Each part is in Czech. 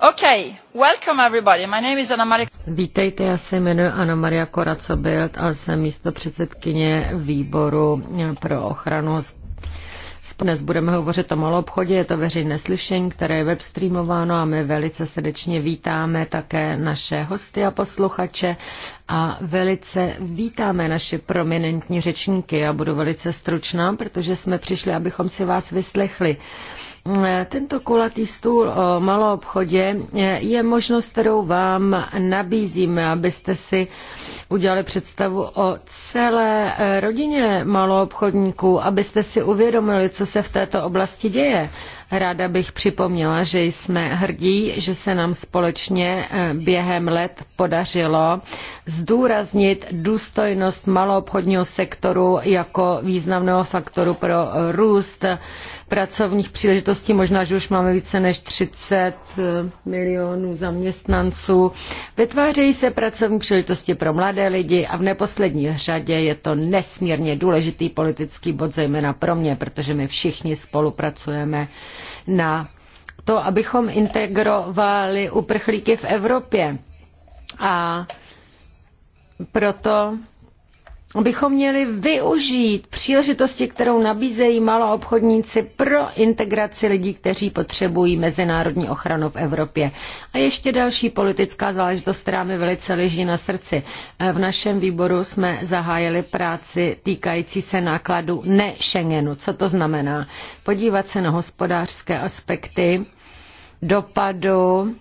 Okay. Welcome everybody. My name is Anna Maria... Vítejte, já se jmenuji Anna Maria Koracobilt a jsem místo předsedkyně výboru pro ochranu dnes budeme hovořit o malou obchodě, je to veřejné slyšení, které je webstreamováno a my velice srdečně vítáme také naše hosty a posluchače a velice vítáme naše prominentní řečníky. Já budu velice stručná, protože jsme přišli, abychom si vás vyslechli. Tento kulatý stůl o malou obchodě je možnost, kterou vám nabízíme, abyste si udělali představu o celé rodině maloobchodníků, abyste si uvědomili, co se v této oblasti děje Ráda bych připomněla, že jsme hrdí, že se nám společně eh, během let podařilo zdůraznit důstojnost maloobchodního sektoru jako významného faktoru pro eh, růst pracovních příležitostí. Možná, že už máme více než 30 eh, milionů zaměstnanců. Vytvářejí se pracovní příležitosti pro mladé lidi a v neposlední řadě je to nesmírně důležitý politický bod, zejména pro mě, protože my všichni spolupracujeme na to, abychom integrovali uprchlíky v Evropě. A proto bychom měli využít příležitosti, kterou nabízejí maloobchodníci pro integraci lidí, kteří potřebují mezinárodní ochranu v Evropě. A ještě další politická záležitost, která mi velice leží na srdci. Eh, v našem výboru jsme zahájili práci týkající se nákladu ne Schengenu. Co to znamená? Podívat se na hospodářské aspekty, dopadu,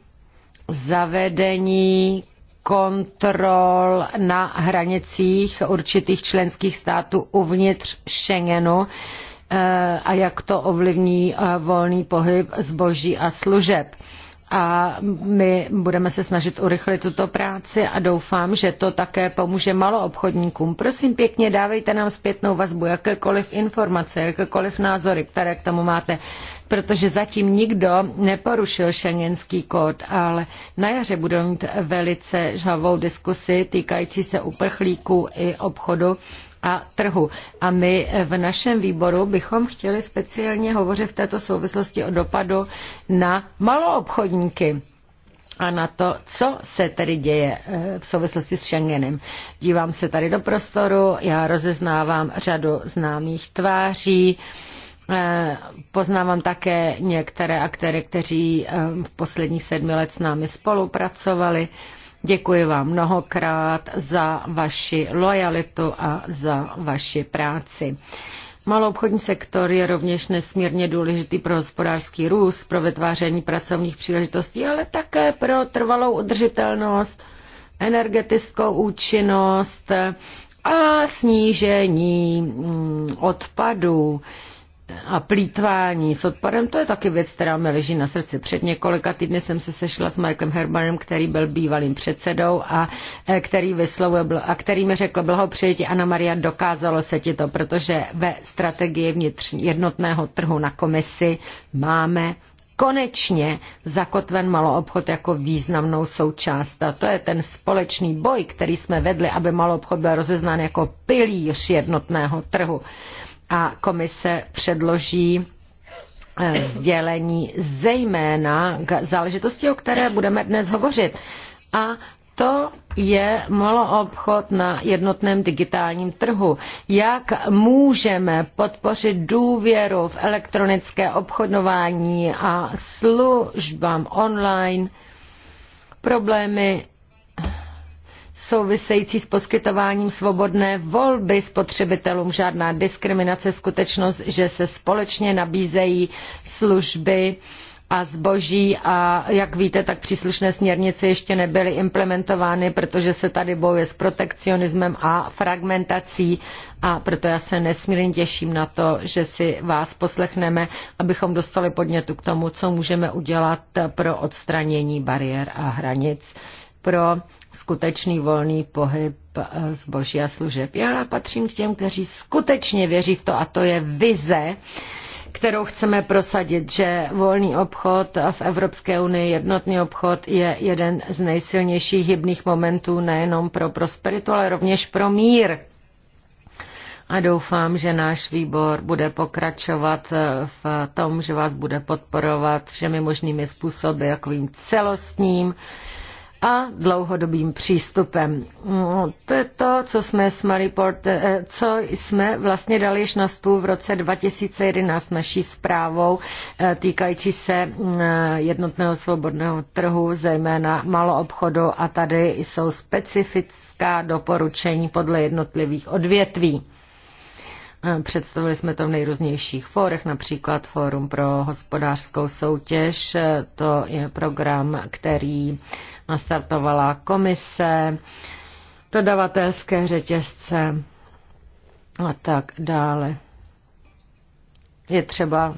zavedení kontrol na hranicích určitých členských států uvnitř Schengenu eh, a jak to ovlivní eh, volný pohyb zboží a služeb a my budeme se snažit urychlit tuto práci a doufám, že to také pomůže maloobchodníkům. Prosím pěkně, dávejte nám zpětnou vazbu, jakékoliv informace, jakékoliv názory, které k tomu máte protože zatím nikdo neporušil šengenský kód, ale na jaře budou mít velice žhavou diskusi týkající se uprchlíků i obchodu a trhu. A my v našem výboru bychom chtěli speciálně hovořit v této souvislosti o dopadu na maloobchodníky a na to, co se tedy děje eh, v souvislosti s Schengenem. Dívám se tady do prostoru, já rozeznávám řadu známých tváří, eh, Poznávám také některé aktéry, kteří eh, v posledních sedmi let s námi spolupracovali. Děkuji vám mnohokrát za vaši lojalitu a za vaši práci. Maloobchodní sektor je rovněž nesmírně důležitý pro hospodářský růst, pro vytváření pracovních příležitostí, ale také pro trvalou udržitelnost, energetickou účinnost a snížení mm, odpadů a plítvání s odpadem, to je taky věc, která mi leží na srdci. Před několika týdny jsem se sešla s Michaelem Hermanem, který byl bývalým předsedou a e, který vyslovil, a který mi řekl, blahopřeji ti, Ana Maria, dokázalo se ti to, protože ve strategii vnitřní jednotného trhu na komisi máme konečně zakotven maloobchod jako významnou součást. A to je ten společný boj, který jsme vedli, aby maloobchod byl rozeznán jako pilíř jednotného trhu a komise předloží eh, sdělení zejména k záležitosti, o které budeme dnes hovořit. A to je obchod na jednotném digitálním trhu. Jak můžeme podpořit důvěru v elektronické obchodování a službám online, problémy související s poskytováním svobodné volby spotřebitelům, žádná diskriminace, skutečnost, že se společně nabízejí služby a zboží a jak víte, tak příslušné směrnice ještě nebyly implementovány, protože se tady bojuje s protekcionismem a fragmentací a proto já se nesmírně těším na to, že si vás poslechneme, abychom dostali podnětu k tomu, co můžeme udělat pro odstranění bariér a hranic pro skutečný volný pohyb eh, zboží a služeb. Já patřím k těm, kteří skutečně věří v to, a to je vize, kterou chceme prosadit, že volný obchod v Evropské unii, jednotný obchod je jeden z nejsilnějších hybných momentů nejenom pro prosperitu, ale rovněž pro mír. A doufám, že náš výbor bude pokračovat eh, v tom, že vás bude podporovat všemi možnými způsoby, jakovým celostním a dlouhodobým přístupem. To je to, co jsme s Mariport, eh, co jsme vlastně dali již na stůl v roce 2011 naší zprávou eh, týkající se mm, jednotného svobodného trhu, zejména maloobchodu a tady jsou specifická doporučení podle jednotlivých odvětví. Představili jsme to v nejrůznějších fórech, například Fórum pro hospodářskou soutěž. To je program, který nastartovala komise, dodavatelské řetězce a tak dále. Je třeba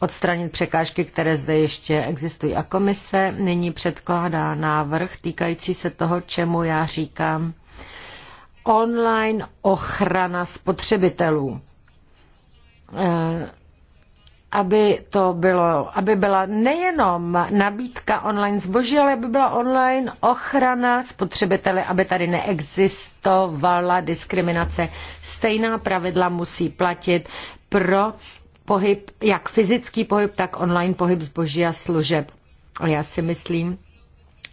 odstranit překážky, které zde ještě existují. A komise nyní předkládá návrh týkající se toho, čemu já říkám online ochrana spotřebitelů eh, aby to bylo, aby byla nejenom nabídka online zboží, ale aby byla online ochrana spotřebitele, aby tady neexistovala diskriminace. Stejná pravidla musí platit pro pohyb, jak fyzický pohyb, tak online pohyb zboží a služeb. A já si myslím,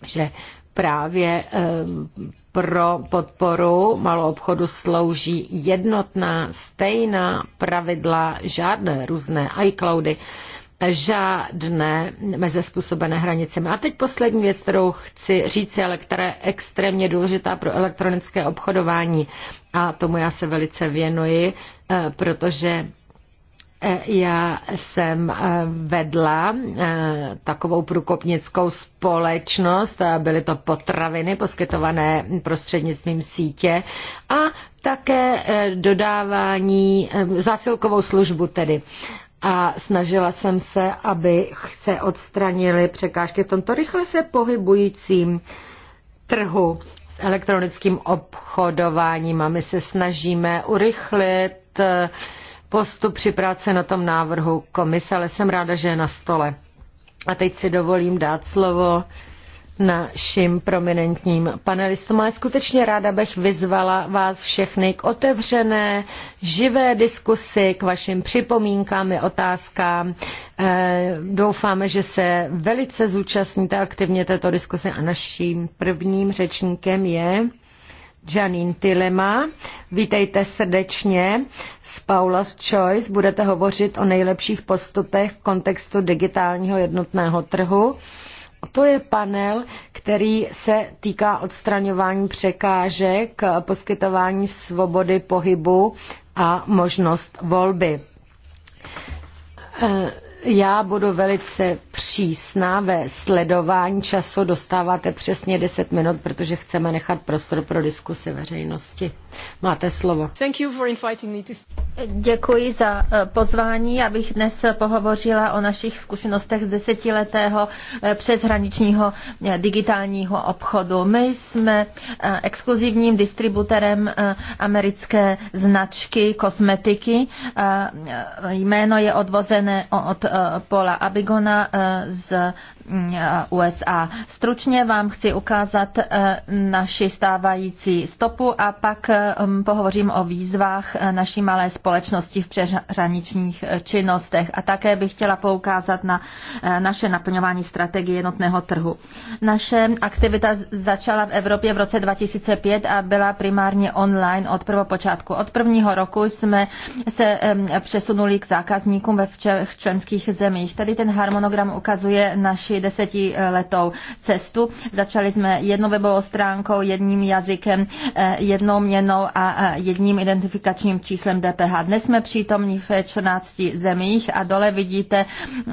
že právě eh, pro podporu malou obchodu slouží jednotná, stejná pravidla, žádné různé iCloudy, žádné mezespůsobené hranicemi. A teď poslední věc, kterou chci říct, ale která je extrémně důležitá pro elektronické obchodování. A tomu já se velice věnuji, eh, protože já jsem eh, vedla eh, takovou průkopnickou společnost, byly to potraviny poskytované prostřednictvím sítě a také eh, dodávání, zásilkovou službu tedy. A snažila jsem se, aby se odstranili překážky v tomto rychle se pohybujícím trhu s elektronickým obchodováním a my se snažíme urychlit uh, postup při práci na tom návrhu komise, ale jsem ráda, že je na stole. A teď si dovolím dát slovo našim prominentním panelistům, ale skutečně ráda bych vyzvala vás všechny k otevřené, živé diskusi, k vašim připomínkám i otázkám. Eh, doufáme, že se velice zúčastníte aktivně této diskuse a naším prvním řečníkem je Janine Tilema. Vítejte srdečně z Paula's Choice. Budete hovořit o nejlepších postupech v kontextu digitálního jednotného trhu. To je panel, který se týká odstraňování překážek, poskytování svobody pohybu a možnost volby já budu velice přísná ve sledování času. Dostáváte přesně 10 minut, protože chceme nechat prostor pro diskusi veřejnosti. Máte slovo. Thank you for me to... Děkuji za eh, pozvání, abych dnes eh, pohovořila o našich zkušenostech z desetiletého eh, přeshraničního digitálního obchodu. My jsme exkluzivním distributorem americké značky kosmetiky. Jméno je odvozené od Eh, Pola Abigona eh, z mm, eh, USA. Stručně vám chci ukázat naši stávající stopu a pak mm, pohovořím o výzvách naší malé společnosti v přehraničních činnostech a také bych chtěla poukázat na naše naplňování strategie jednotného trhu. Naše aktivita začala v Evropě v roce 2005 a byla primárně online od prvopočátku. Od prvního roku jsme se přesunuli k zákazníkům ve všech členských členských zemích. Tady ten harmonogram ukazuje naši desetiletou cestu. Začali jsme jednou webovou stránkou, jedním jazykem, eh, jednou měnou a eh, jedním identifikačním číslem DPH. Dnes jsme přítomní v 14 zemích a dole vidíte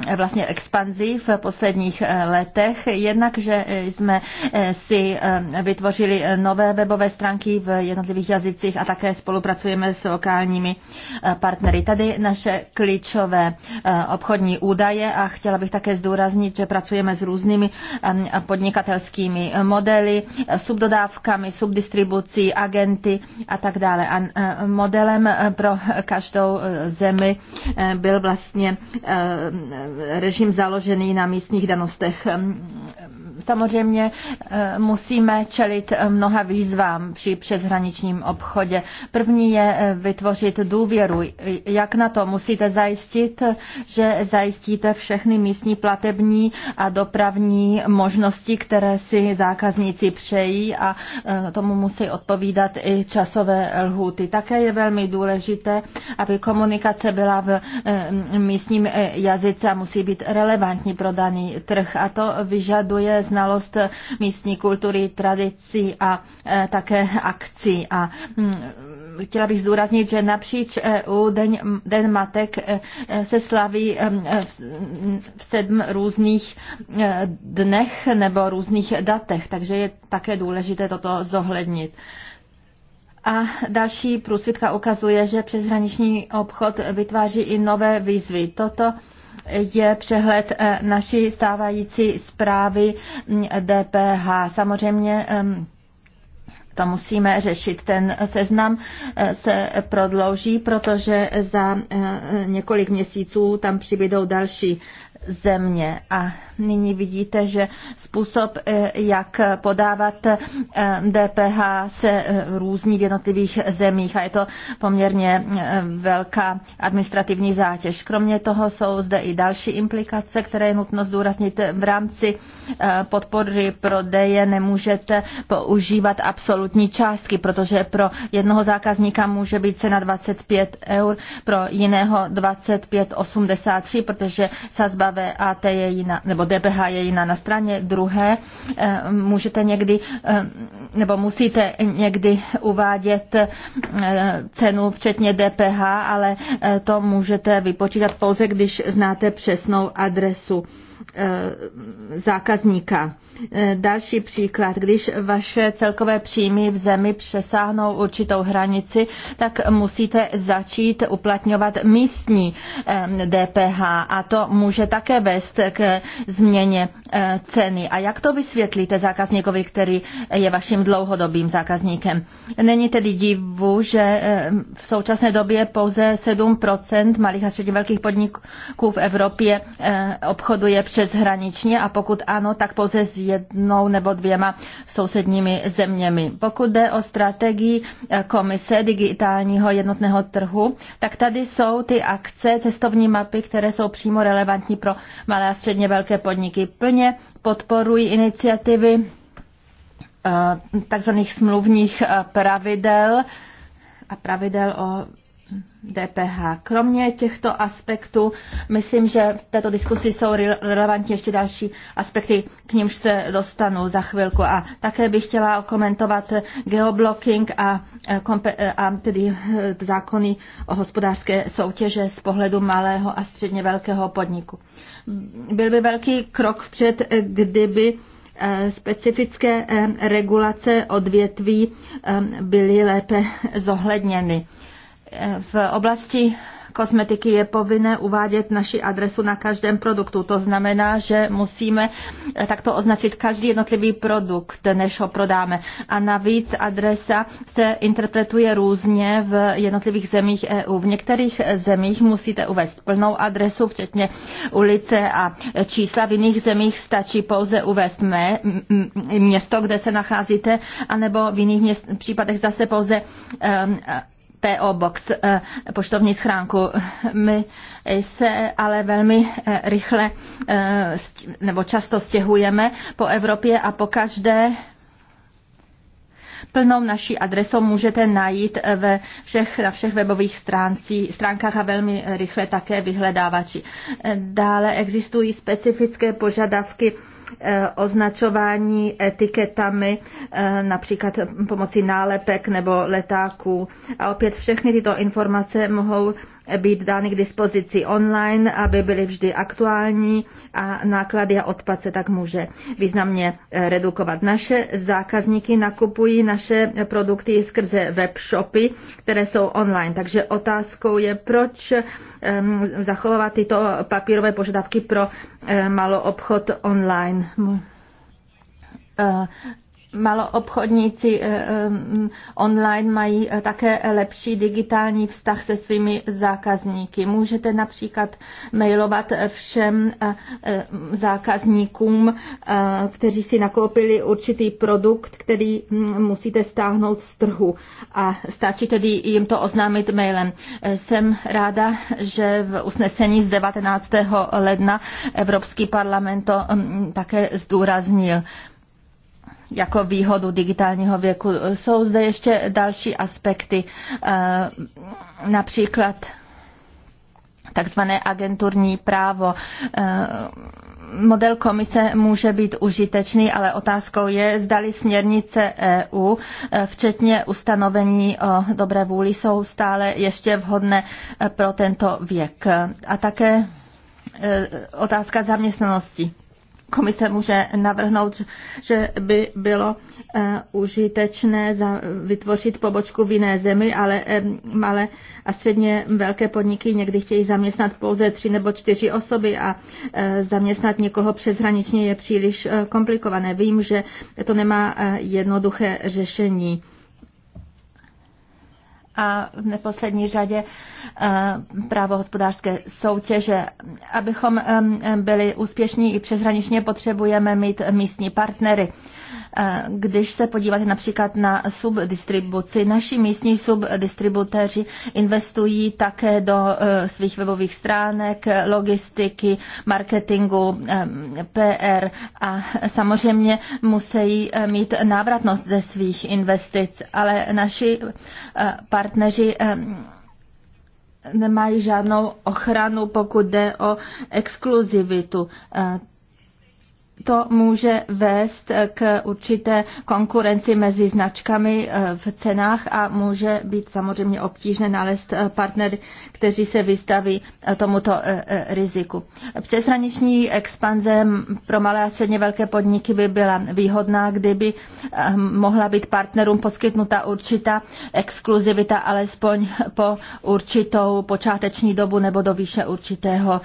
eh, vlastně expanzi v posledních letech. Jednak, že jsme si vytvořili nové webové stránky v jednotlivých jazycích a také spolupracujeme s lokálními partnery. Tady naše klíčové obchodní osobní údaje a chtěla bych také zdůraznit, že pracujeme s různými podnikatelskými modely, subdodávkami, subdistribucí, agenty a tak dále. A e, modelem e, pro každou e, zemi byl vlastně režim založený na místních danostech. Samozřejmě eh, musíme čelit eh, mnoha výzvám při přeshraničním obchodě. První je eh, vytvořit důvěru. Jak na to musíte zajistit, že zajistíte všechny místní platební a dopravní možnosti, které si zákazníci přejí a tomu musí odpovídat i časové lhůty. Také je velmi důležité, aby komunikace byla v místním jazyce a musí být relevantní pro daný trh a to vyžaduje znalost místní kultury, tradicí a e, také akcí. A mm, chtěla bych zdůraznit, že napříč EU Den, Den matek e, e, se slaví v sedm různých dnech nebo různých datech, takže je také důležité toto zohlednit. A další průsvitka ukazuje, že přeshraniční obchod vytváří i nové výzvy. Toto je přehled eh, naší stávající zprávy mm, DPH. Samozřejmě to musíme řešit. Ten seznam eh, se prodlouží, protože za eh, několik měsíců tam přibydou další země. A nyní vidíte, že způsob, eh, jak podávat DPH eh, se eh, různí v jednotlivých zemích a je to poměrně velká administrativní zátěž. Kromě toho jsou zde i další implikace, které je nutno zdůraznit. V rámci podpory prodeje nemůžete používat absolutní částky, protože pro jednoho zákazníka může být cena 25 eur, pro jiného 25,83, protože sazba VAT je jiná, nebo DPH je jiná. Na straně druhé eh, můžete někdy, eh, nebo musíte někdy uvádět eh, cenu včetně DPH, ale to můžete vypočítat pouze, když znáte přesnou adresu Eh, zákazníka. Eh, další příklad. Když vaše celkové příjmy v zemi přesáhnou určitou hranici, tak musíte začít uplatňovat místní DPH eh, a to může také vést k změně ceny. A jak to vysvětlíte zákazníkovi, který je vaším dlouhodobým zákazníkem? Není tedy divu, že v současné době pouze 7% malých a středně velkých podniků v Evropě obchoduje přes přeshraničně a pokud ano, tak pouze s jednou nebo dvěma sousedními zeměmi. Pokud jde o strategii eh, komise digitálního jednotného trhu, tak tady jsou ty akce, cestovní mapy, které jsou přímo relevantní pro malé a středně velké podniky. Plně podporují iniciativy eh, takzvaných smluvních eh, pravidel a pravidel o DPH. Kromě těchto aspektů, myslím, že v této diskusi jsou relevantní ještě další aspekty, k nímž se dostanu za chvilku. A také bych chtěla komentovat geoblocking a, eh, eh, a tedy eh, zákony o hospodářské soutěže z pohledu malého a středně velkého podniku. Byl by velký krok vpřed, kdyby specifické regulace odvětví byly lépe zohledněny. V oblasti kosmetiky je povinné uvádět naši adresu na každém produktu. To znamená, že musíme takto označit každý jednotlivý produkt, než ho prodáme. A navíc adresa se interpretuje různě v jednotlivých zemích EU. V některých zemích musíte uvést plnou adresu, včetně ulice a čísla. V jiných zemích stačí pouze uvést mé, město, kde se nacházíte, anebo v jiných měst, případech zase pouze um, PO Box, eh, poštovní schránku. My se ale velmi eh, rychle eh, nebo často stěhujeme po Evropě a po každé plnou naší adresou můžete najít ve všech, na všech webových stránci, stránkách a velmi rychle také vyhledávači. Dále existují specifické požadavky Eh, označování etiketami, eh, například pomocí nálepek nebo letáků. A opět všechny tyto informace mohou být dány k dispozici online, aby byly vždy aktuální a náklady a odpad se tak může významně eh, redukovat. Naše zákazníky nakupují naše produkty skrze webshopy, které jsou online. Takže otázkou je, proč Ehm, zachovávat tyto papírové požadavky pro eh, maloobchod online eh, maloobchodníci eh, eh, online mají eh, také lepší digitální vztah se svými zákazníky. Můžete například mailovat všem zákazníkům, kteří si nakoupili určitý produkt, který hm, musíte stáhnout z trhu a stačí tedy jim to oznámit mailem. Jsem ráda, že v usnesení z 19. ledna Evropský parlament to hm, také zdůraznil jako výhodu digitálního věku. Jsou zde ještě další aspekty, eh, například takzvané agenturní právo. Eh, model komise může být užitečný, ale otázkou je, zdali směrnice EU, eh, včetně ustanovení o dobré vůli, jsou stále ještě vhodné pro tento věk. A také otázka zaměstnanosti komise může navrhnout, že by bylo eh, užitečné vytvořit pobočku v jiné zemi, ale eh, malé a středně velké podniky někdy chtějí zaměstnat pouze tři nebo čtyři osoby a eh, zaměstnat někoho přeshraničně je příliš komplikované. Vím, že to nemá jednoduché řešení a v neposlední řadě eh, právo hospodářské soutěže. Abychom eh, byli úspěšní i přeshraničně, potřebujeme mít místní partnery. Eh, když se podíváte například na subdistribuci, naši místní subdistributéři investují také do eh, svých webových stránek, logistiky, marketingu, eh, PR a samozřejmě musí mít návratnost ze svých investic, ale naši partneři nemají žádnou ochranu, pokud jde o exkluzivitu to může vést k určité konkurenci mezi značkami eh, v cenách a může být samozřejmě obtížné nalézt eh, partnery, kteří se vystaví eh, tomuto riziku. Přeshraniční expanze pro malé a středně velké podniky by byla výhodná, kdyby mohla být partnerům poskytnuta určitá exkluzivita alespoň po určitou počáteční dobu nebo do výše určitého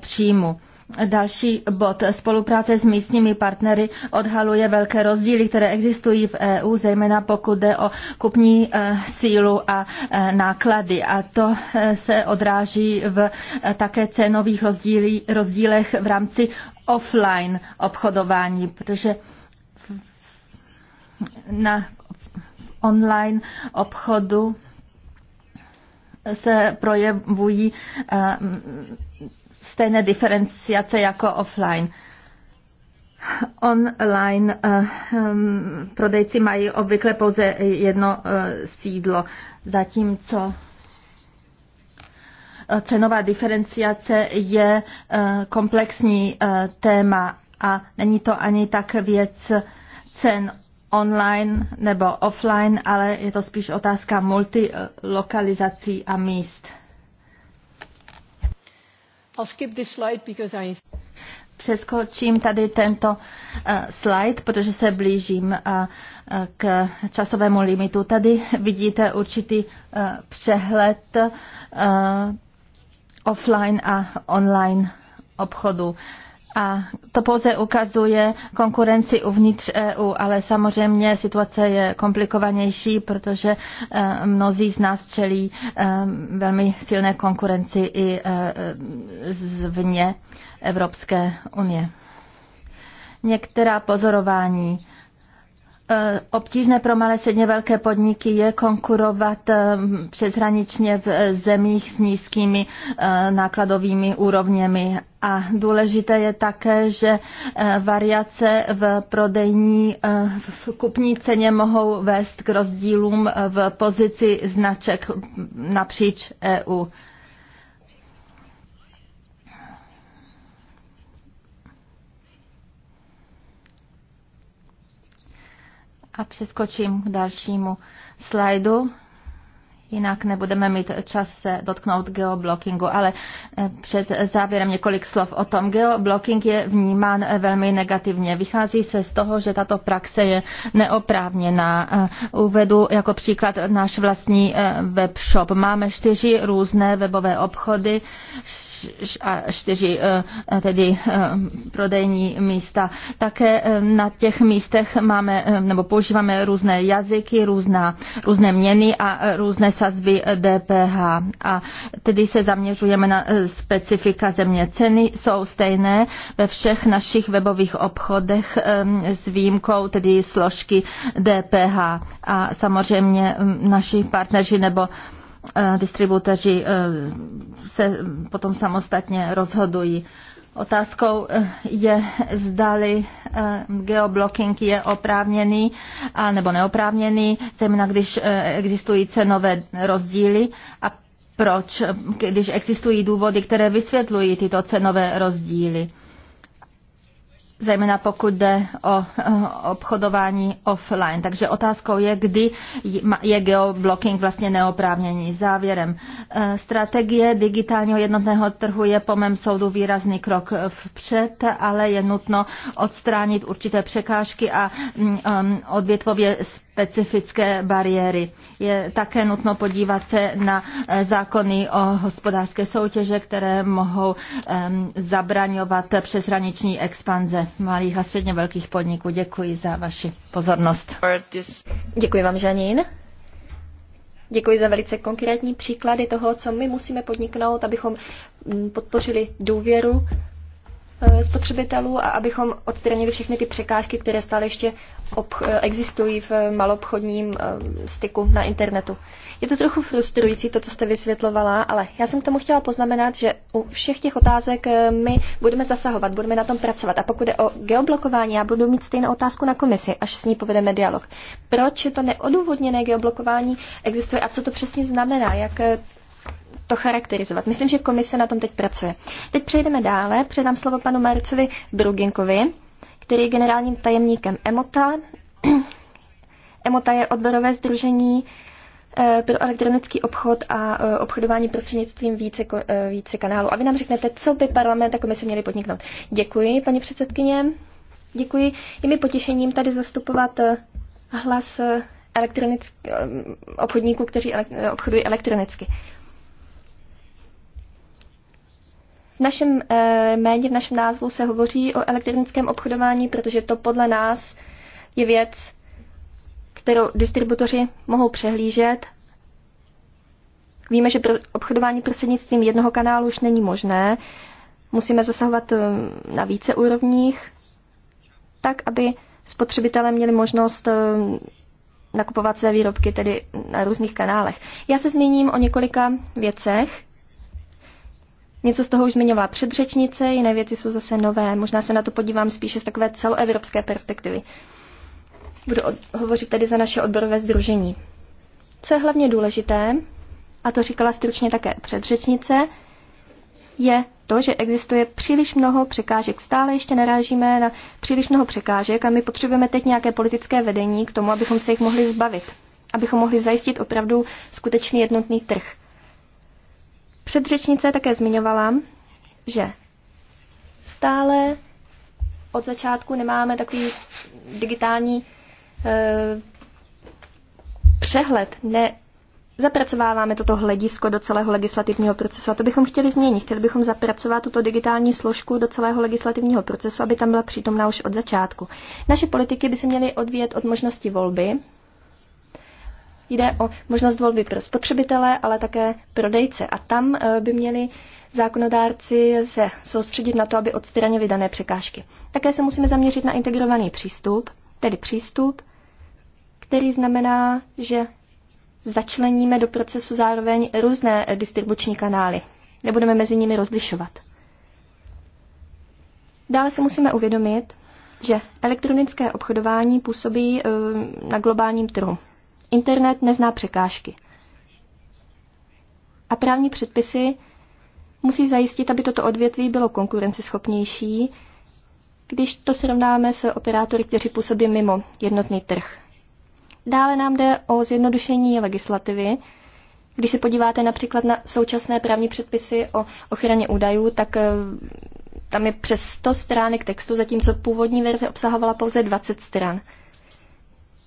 příjmu. Další bod. Spolupráce s místními partnery odhaluje velké rozdíly, které existují v EU, zejména pokud jde o kupní eh, sílu a eh, náklady. A to eh, se odráží v také cenových rozdílech v rámci offline obchodování, protože na online obchodu se projevují stejné diferenciace jako offline. Online um, prodejci mají obvykle pouze jedno uh, sídlo, zatímco eh, cenová diferenciace je uh, komplexní uh, téma a není to ani tak věc cen online nebo offline, ale je to spíš otázka multilokalizací a míst. Přeskočím tady tento uh, slide, protože se blížím uh, k časovému limitu. Tady vidíte určitý uh, přehled uh, offline a online obchodu. Uh, a to pouze ukazuje konkurenci uvnitř EU, ale samozřejmě situace je komplikovanější, protože e, mnozí z nás čelí e, velmi silné konkurenci i e, zvně Evropské unie. Některá pozorování Eh, obtížné pro malé středně velké podniky je konkurovat eh, přeshraničně v zemích s nízkými eh, nákladovými úrovněmi. A důležité je také, že variace v prodejní v kupní ceně mohou vést k rozdílům v pozici značek napříč EU. A přeskočím k dalšímu slajdu, jinak nebudeme mít čas se dotknout geoblockingu, ale e, před závěrem několik slov o tom. Geoblocking je vnímán e, velmi negativně. Vychází se z toho, že tato praxe je neoprávněná. E, uvedu jako příklad náš vlastní webshop. Máme čtyři různé webové obchody, a čtyři eh, tedy eh, prodejní místa. Také eh, na těch místech máme nebo používáme různé jazyky, různá, různé měny a různé sazby DPH. A tedy se zaměřujeme na specifika země. Ceny jsou stejné ve všech našich webových obchodech s výjimkou tedy složky DPH. A samozřejmě hm, naši partneři nebo E, distributeři e, se potom samostatně rozhodují. Otázkou e, je, zdali geoblocking je oprávněný a nebo neoprávněný, zejména když existují cenové rozdíly a proč, když existují důvody, které vysvětlují tyto cenové rozdíly zejména pokud jde o obchodování offline. Takže otázkou je, kdy je geoblocking vlastně neoprávněný. Závěrem, eh, strategie digitálního jednotného trhu je po mém soudu výrazný krok vpřed, ale je nutno odstránit určité překážky a mm, um, odvětvově specifické bariéry. Je také nutno podívat se na eh, zákony o hospodářské soutěže, které mohou zabraňovat přeshraniční expanze malých a středně velkých podniků. Děkuji za vaši pozornost. Děkuji vám, Žanín. Děkuji za velice konkrétní příklady toho, co my musíme podniknout, abychom mm, podpořili důvěru Eh, spotřebitelů a abychom odstranili všechny ty překážky, které stále ještě eh, existují v malobchodním eh, styku na internetu. Je to trochu frustrující, to, co jste vysvětlovala, ale já jsem k tomu chtěla poznamenat, že u všech těch otázek my budeme zasahovat, budeme na tom pracovat. A pokud je o geoblokování, já budu mít stejnou otázku na komisi, až s ní povedeme dialog. Proč je to neodůvodněné geoblokování existuje a co to přesně znamená, jak to charakterizovat. Myslím, že komise na tom teď pracuje. Teď přejdeme dále. Předám slovo panu Marcovi Bruginkovi, který je generálním tajemníkem EMOTA. EMOTA je odborové združení eh, pro elektronický obchod a eh, obchodování prostřednictvím více, eh, více kanálů. A vy nám řeknete, co by parlament a komise měli podniknout. Děkuji, paní předsedkyně. Děkuji. Je mi potěšením tady zastupovat hlas elektronick- obchodníků, kteří obchodují elektronicky. V našem e, méně, v našem názvu se hovoří o elektronickém obchodování, protože to podle nás je věc, kterou distributoři mohou přehlížet. Víme, že pro obchodování prostřednictvím jednoho kanálu už není možné. Musíme zasahovat eh, na více úrovních, tak, aby spotřebitelé měli možnost eh, nakupovat své výrobky tedy na různých kanálech. Já se zmíním o několika věcech, Něco z toho už zmiňovala předřečnice, jiné věci jsou zase nové. Možná se na to podívám spíše z takové celoevropské perspektivy. Budu od, hovořit tedy za naše odborové združení. Co je hlavně důležité, a to říkala stručně také předřečnice, je to, že existuje příliš mnoho překážek. Stále ještě narážíme na příliš mnoho překážek a my potřebujeme teď nějaké politické vedení k tomu, abychom se jich mohli zbavit, abychom mohli zajistit opravdu skutečný jednotný trh. Předřečnice také zmiňovala, že stále od začátku nemáme takový digitální e, přehled, ne, zapracováváme toto hledisko do celého legislativního procesu a to bychom chtěli změnit. Chtěli bychom zapracovat tuto digitální složku do celého legislativního procesu, aby tam byla přítomná už od začátku. Naše politiky by se měly odvíjet od možnosti volby, Jde o možnost volby pro spotřebitele, ale také prodejce. A tam eh, by měli zákonodárci se soustředit na to, aby odstranili dané překážky. Také se musíme zaměřit na integrovaný přístup, tedy přístup, který znamená, že začleníme do procesu zároveň různé eh, distribuční kanály. Nebudeme mezi nimi rozlišovat. Dále se musíme uvědomit, že elektronické obchodování působí eh, na globálním trhu. Internet nezná překážky. A právní předpisy musí zajistit, aby toto odvětví bylo konkurenceschopnější, když to srovnáme s operátory, kteří působí mimo jednotný trh. Dále nám jde o zjednodušení legislativy. Když se podíváte například na současné právní předpisy o ochraně údajů, tak eh, tam je přes 100 stránek textu, zatímco původní verze obsahovala pouze 20 stran.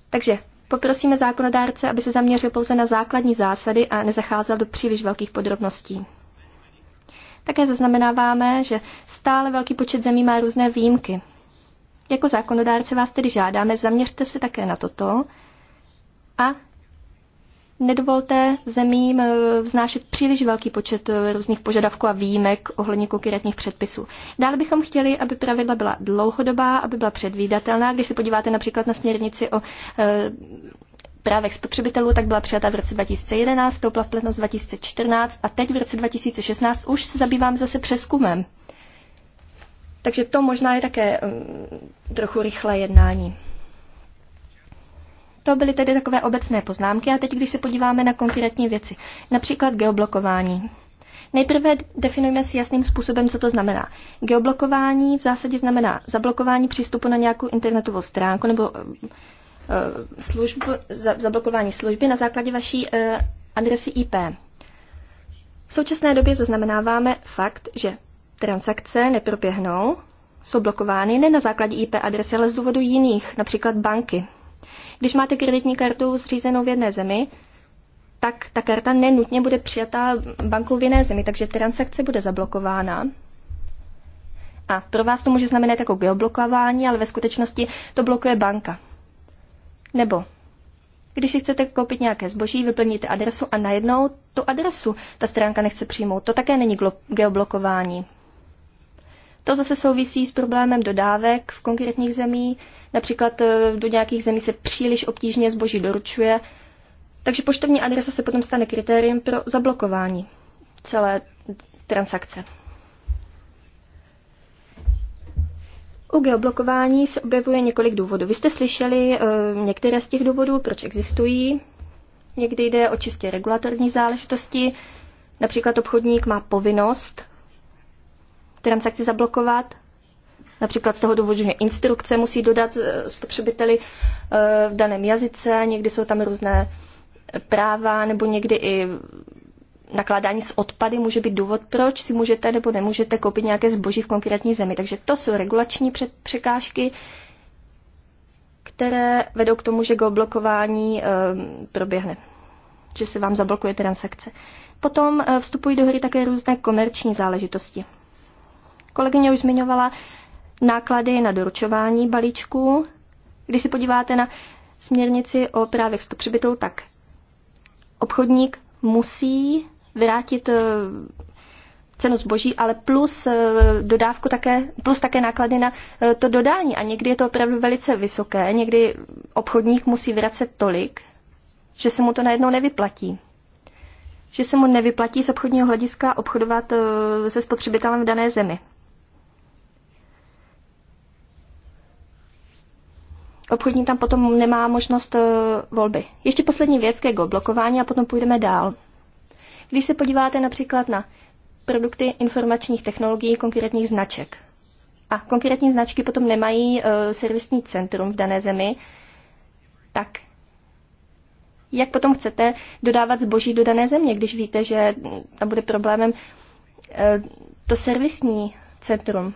Takže Poprosíme zákonodárce, aby se zaměřil pouze na základní zásady a nezacházel do příliš velkých podrobností. Také zaznamenáváme, že stále velký počet zemí má různé výjimky. Jako zákonodárce vás tedy žádáme, zaměřte se také na toto a nedovolte zemím eh, vznášet příliš velký počet eh, různých požadavků a výjimek ohledně konkrétních předpisů. Dále bychom chtěli, aby pravidla byla dlouhodobá, aby byla předvídatelná. Když se podíváte například na směrnici o eh, právech spotřebitelů, tak byla přijata v roce 2011, stoupla v platnost 2014 a teď v roce 2016 už se zabývám zase přeskumem. Takže to možná je také um, trochu rychlé jednání. To byly tedy takové obecné poznámky a teď, když se podíváme na konkrétní věci, například geoblokování. Nejprve definujeme si jasným způsobem, co to znamená. Geoblokování v zásadě znamená zablokování přístupu na nějakou internetovou stránku nebo eh, eh, službu, za, zablokování služby na základě vaší uh, adresy IP. V současné době zaznamenáváme fakt, že transakce neproběhnou, jsou blokovány ne na základě IP adresy, ale z důvodu jiných, například banky. Když máte kreditní kartu zřízenou v jedné zemi, tak ta karta nenutně bude přijatá bankou v jiné zemi, takže transakce bude zablokována. A pro vás to může znamenat jako geoblokování, ale ve skutečnosti to blokuje banka. Nebo když si chcete koupit nějaké zboží, vyplníte adresu a najednou tu adresu ta stránka nechce přijmout. To také není geoblokování. To zase souvisí s problémem dodávek v konkrétních zemí. Například eh, do nějakých zemí se příliš obtížně zboží doručuje, takže poštovní adresa se potom stane kritériem pro zablokování celé transakce. U geoblokování se objevuje několik důvodů. Vy jste slyšeli e, některé z těch důvodů, proč existují. Někdy jde o čistě regulatorní záležitosti. Například obchodník má povinnost transakci zablokovat. Například z toho důvodu, že instrukce musí dodat spotřebiteli eh, v daném jazyce, někdy jsou tam různé práva, nebo někdy i nakládání s odpady může být důvod, proč si můžete nebo nemůžete koupit nějaké zboží v konkrétní zemi. Takže to jsou regulační překážky, které vedou k tomu, že go blokování eh, proběhne, že se vám zablokuje transakce. Potom eh, vstupují do hry také různé komerční záležitosti. Kolegyně už zmiňovala náklady na doručování balíčků. Když se podíváte na směrnici o právech spotřebitelů, tak obchodník musí vrátit eh, cenu zboží, ale plus eh, dodávku také, plus také náklady na eh, to dodání. A někdy je to opravdu velice vysoké, někdy obchodník musí vracet tolik, že se mu to najednou nevyplatí. Že se mu nevyplatí z obchodního hlediska obchodovat se spotřebitelem v dané zemi. obchodník tam potom nemá možnost eh, volby. Ještě poslední věc ke blokování a potom půjdeme dál. Když se podíváte například na produkty informačních technologií konkrétních značek, a konkrétní značky potom nemají uh, servisní centrum v dané zemi, tak jak potom chcete dodávat zboží do dané země, když víte, že tam bude problémem eh, to servisní centrum?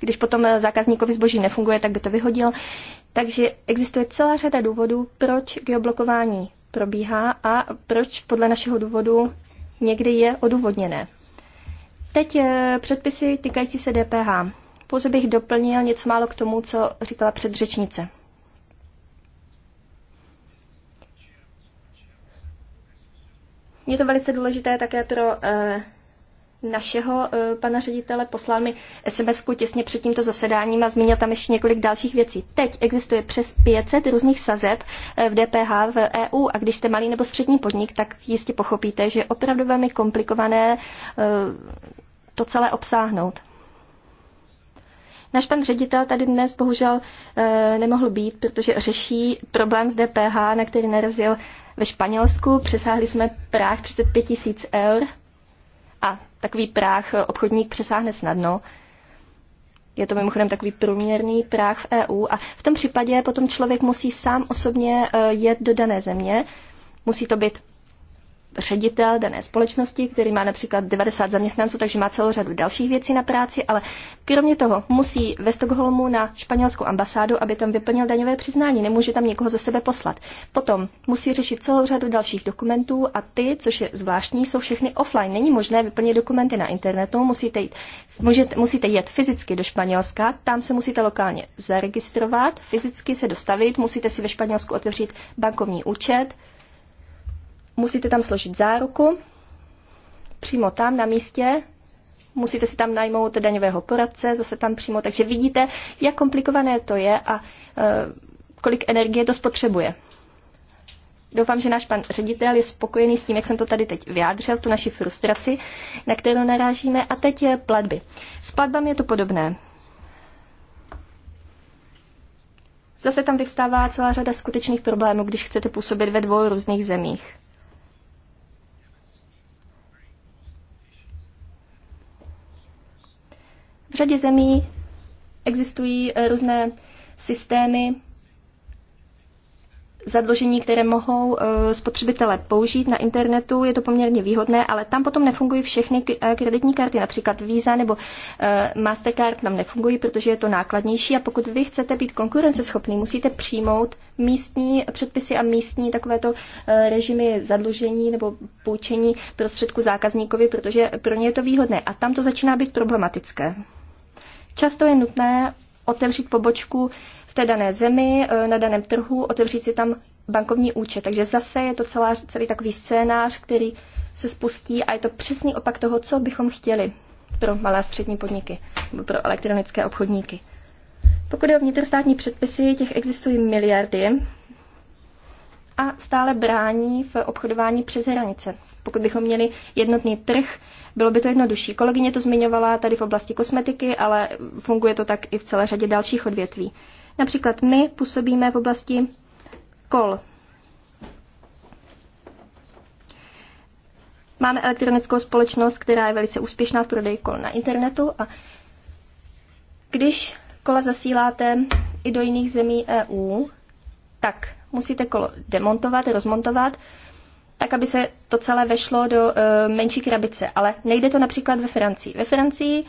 Když potom zákazníkovi zboží nefunguje, tak by to vyhodil. Takže existuje celá řada důvodů, proč geoblokování probíhá a proč podle našeho důvodu někdy je odůvodněné. Teď eh, předpisy týkající se DPH. Pouze bych doplnil něco málo k tomu, co říkala předřečnice. Je to velice důležité také pro eh, našeho eh, pana ředitele, poslal mi sms těsně před tímto zasedáním a zmínil tam ještě několik dalších věcí. Teď existuje přes 500 různých sazeb eh, v DPH v EU a když jste malý nebo střední podnik, tak jistě pochopíte, že je opravdu velmi komplikované eh, to celé obsáhnout. Náš pan ředitel tady dnes bohužel e, nemohl být, protože řeší problém s DPH, na který narazil ve Španělsku. Přesáhli jsme práh 35 tisíc eur a takový práh obchodník přesáhne snadno. Je to mimochodem takový průměrný práh v EU a v tom případě potom člověk musí sám osobně eh, jet do dané země. Musí to být ředitel dané společnosti, který má například 90 zaměstnanců, takže má celou řadu dalších věcí na práci, ale kromě toho musí ve Stockholmu na španělskou ambasádu, aby tam vyplnil daňové přiznání, nemůže tam někoho ze sebe poslat. Potom musí řešit celou řadu dalších dokumentů a ty, což je zvláštní, jsou všechny offline. Není možné vyplnit dokumenty na internetu, musíte jít, můžete, musíte jet fyzicky do Španělska, tam se musíte lokálně zaregistrovat, fyzicky se dostavit, musíte si ve Španělsku otevřít bankovní účet, Musíte tam složit záruku, přímo tam na místě, musíte si tam najmout daňového poradce, zase tam přímo, takže vidíte, jak komplikované to je a e, kolik energie to spotřebuje. Doufám, že náš pan ředitel je spokojený s tím, jak jsem to tady teď vyjádřil, tu naši frustraci, na kterou narážíme. A teď je platby. S platbami je to podobné. Zase tam vyvstává celá řada skutečných problémů, když chcete působit ve dvou různých zemích. V řadě zemí existují eh, různé systémy zadlužení, které mohou eh, spotřebitelé použít na internetu, je to poměrně výhodné, ale tam potom nefungují všechny eh, kreditní karty, například Visa nebo Mastercard tam nefungují, protože je to nákladnější a pokud vy chcete být konkurenceschopný, musíte přijmout místní předpisy a místní takovéto režimy zadlužení nebo půjčení prostředku zákazníkovi, protože pro ně je to výhodné a tam to začíná být problematické. Často je nutné otevřít pobočku v té dané zemi, eh, na daném trhu, otevřít si tam bankovní účet. Takže zase je to celá, celý takový scénář, který se spustí a je to přesný opak toho, co bychom chtěli pro malé a střední podniky pro elektronické obchodníky. Pokud je o vnitrostátní předpisy, těch existují miliardy, a stále brání v obchodování přes hranice. Pokud bychom měli jednotný trh, bylo by to jednodušší. Kolegyně to zmiňovala tady v oblasti kosmetiky, ale funguje to tak i v celé řadě dalších odvětví. Například my působíme v oblasti kol. Máme elektronickou společnost, která je velice úspěšná v prodeji kol na internetu a když kola zasíláte i do jiných zemí EU, tak musíte kolo demontovat, rozmontovat, tak, aby se to celé vešlo do e, menší krabice. Ale nejde to například ve Francii. Ve Francii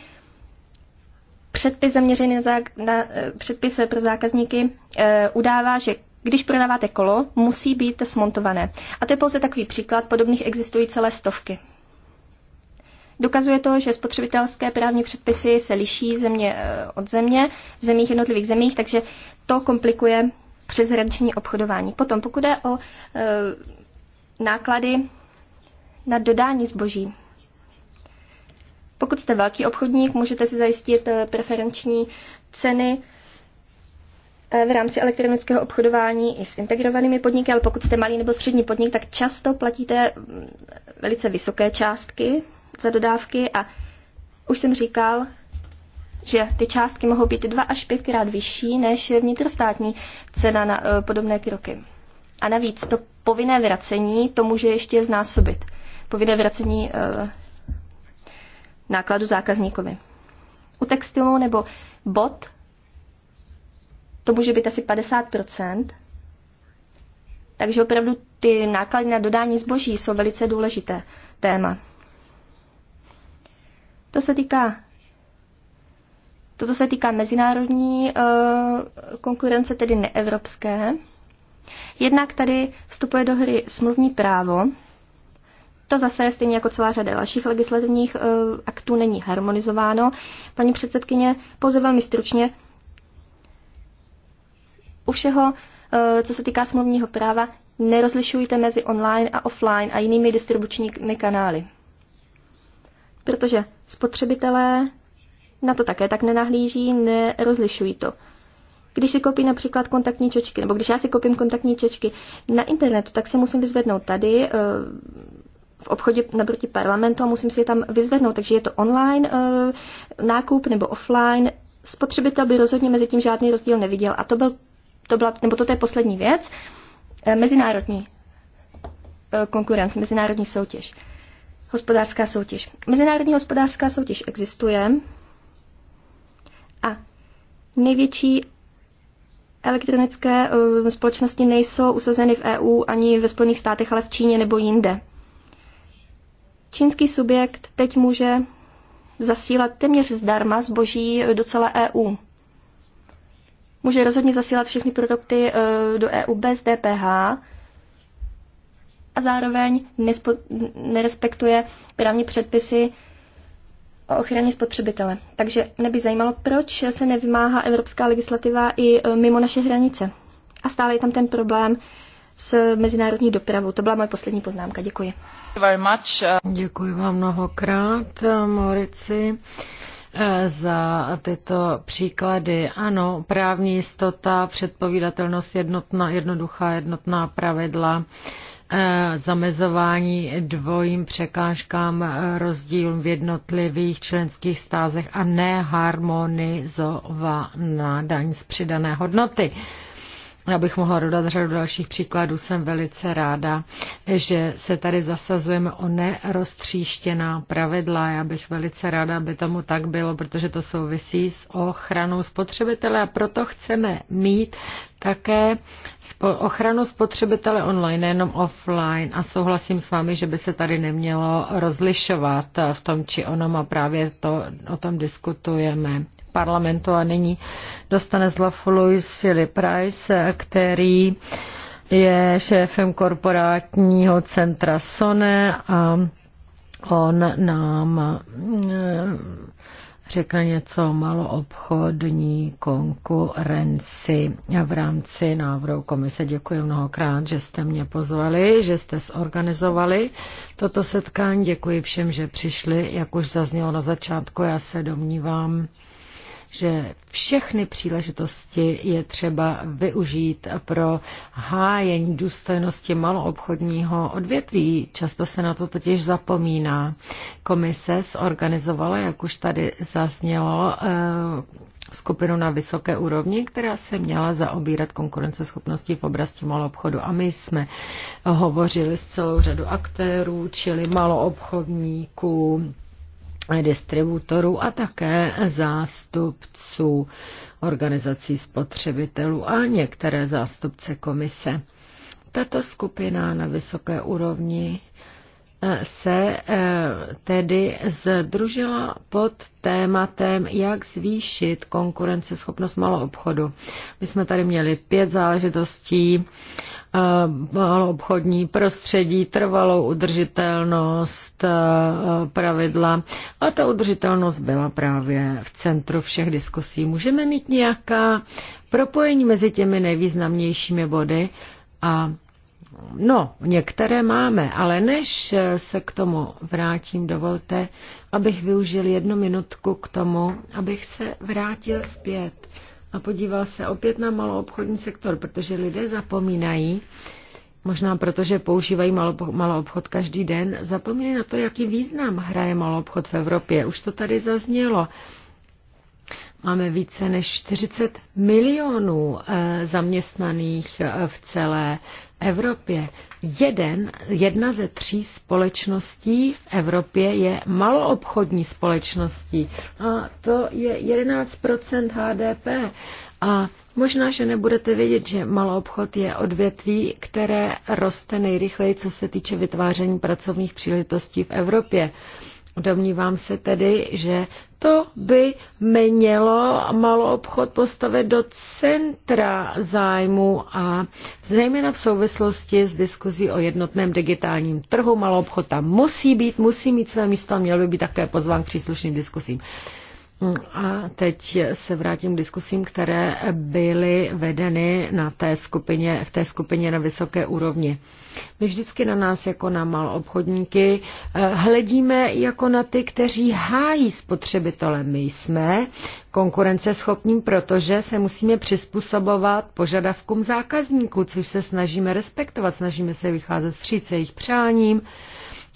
předpis zaměřený na, na e, předpis pro zákazníky e, udává, že když prodáváte kolo, musí být smontované. A to je pouze takový příklad, podobných existují celé stovky. Dokazuje to, že spotřebitelské právní předpisy se liší země od země, v zemích jednotlivých zemích, takže to komplikuje přeshraniční obchodování. Potom, pokud je o e, náklady na dodání zboží. Pokud jste velký obchodník, můžete si zajistit e, preferenční ceny e, v rámci elektronického obchodování i s integrovanými podniky, ale pokud jste malý nebo střední podnik, tak často platíte velice vysoké částky za dodávky a už jsem říkal, že ty částky mohou být dva až pětkrát vyšší než vnitrostátní cena na eh, podobné kroky. A navíc to povinné vracení to může ještě znásobit. Povinné vracení eh, nákladu zákazníkovi. U textilu nebo bot to může být asi 50%. Takže opravdu ty náklady na dodání zboží jsou velice důležité téma. To se týká Toto se týká mezinárodní eh, konkurence, tedy neevropské. Jednak tady vstupuje do hry smluvní právo. To zase, stejně jako celá řada dalších legislativních eh, aktů, není harmonizováno. Paní předsedkyně, pouze velmi stručně, u všeho, eh, co se týká smluvního práva, nerozlišujte mezi online a offline a jinými distribučními kanály. Protože spotřebitelé na to také tak nenahlíží, nerozlišují to. Když si kopí například kontaktní čočky, nebo když já si koupím kontaktní čočky na internetu, tak si musím vyzvednout tady eh, v obchodě naproti parlamentu a musím si je tam vyzvednout. Takže je to online eh, nákup nebo offline. Spotřebitel by rozhodně mezi tím žádný rozdíl neviděl. A to, byl, to byla, nebo toto je poslední věc, eh, mezinárodní konkurence, mezinárodní soutěž. Hospodářská soutěž. Mezinárodní hospodářská soutěž existuje. Největší elektronické eh, společnosti nejsou usazeny v EU ani ve Spojených státech, ale v Číně nebo jinde. Čínský subjekt teď může zasílat téměř zdarma zboží eh, do celé EU. Může rozhodně zasílat všechny produkty eh, do EU bez DPH a zároveň nerespektuje právní předpisy o ochraně spotřebitele. Takže mě by zajímalo, proč se nevymáhá evropská legislativa i e, mimo naše hranice. A stále je tam ten problém s mezinárodní dopravou. To byla moje poslední poznámka. Děkuji. Uh, Děkuji vám mnohokrát, Morici e, za tyto příklady. Ano, právní jistota, předpovídatelnost, jednotná, jednoduchá, jednotná pravidla Eh, zamezování dvojím překážkám eh, rozdíl v jednotlivých členských stázech a neharmonizovaná daň z přidané hodnoty. Já bych mohla dodat řadu dalších příkladů. Jsem velice ráda, že se tady zasazujeme o neroztříštěná pravidla. Já bych velice ráda, aby tomu tak bylo, protože to souvisí s ochranou spotřebitele a proto chceme mít také ochranu spotřebitele online, nejenom offline a souhlasím s vámi, že by se tady nemělo rozlišovat v tom či onom a právě to o tom diskutujeme parlamentu a nyní dostane zlov Louis Philip Price, který je šéfem korporátního centra Sone a on nám eh, řekne něco o maloobchodní konkurenci v rámci návrhu komise. Děkuji mnohokrát, že jste mě pozvali, že jste zorganizovali toto setkání. Děkuji všem, že přišli. Jak už zaznělo na začátku, já se domnívám, že všechny příležitosti je třeba využít pro hájení důstojnosti maloobchodního odvětví. Často se na to totiž zapomíná. Komise zorganizovala, jak už tady zaznělo, eh, skupinu na vysoké úrovni, která se měla zaobírat konkurenceschopností v oblasti maloobchodu. A my jsme hovořili s celou řadu aktérů, čili maloobchodníků, distributorů a také zástupců organizací spotřebitelů a některé zástupce komise. Tato skupina na vysoké úrovni eh, se eh, tedy združila pod tématem, jak zvýšit konkurenceschopnost malou obchodu. My jsme tady měli pět záležitostí, Eh, obchodní prostředí, trvalou udržitelnost eh, pravidla a ta udržitelnost byla právě v centru všech diskusí. Můžeme mít nějaká propojení mezi těmi nejvýznamnějšími body a No, některé máme, ale než se k tomu vrátím, dovolte, abych využil jednu minutku k tomu, abych se vrátil zpět a podíval se opět na maloobchodní sektor, protože lidé zapomínají, možná protože používají maloobchod každý den, zapomínají na to, jaký význam hraje maloobchod v Evropě. Už to tady zaznělo. Máme více než 40 milionů eh, zaměstnaných eh, v celé Evropě. Jeden, jedna ze tří společností v Evropě je maloobchodní společností a to je 11 HDP. A možná, že nebudete vědět, že maloobchod je odvětví, které roste nejrychleji, co se týče vytváření pracovních příležitostí v Evropě. Domnívám se tedy, že to by mělo malou obchod postavit do centra zájmu a zejména v souvislosti s diskuzí o jednotném digitálním trhu malou obchod tam musí být, musí mít své místo a měl by být také pozván k příslušným diskusím. A teď se vrátím k diskusím, které byly vedeny na té skupině, v té skupině na vysoké úrovni. My vždycky na nás jako na mal obchodníky eh, hledíme jako na ty, kteří hájí spotřebitele. My jsme konkurenceschopní, protože se musíme přizpůsobovat požadavkům zákazníků, což se snažíme respektovat, snažíme se vycházet stříce jejich přáním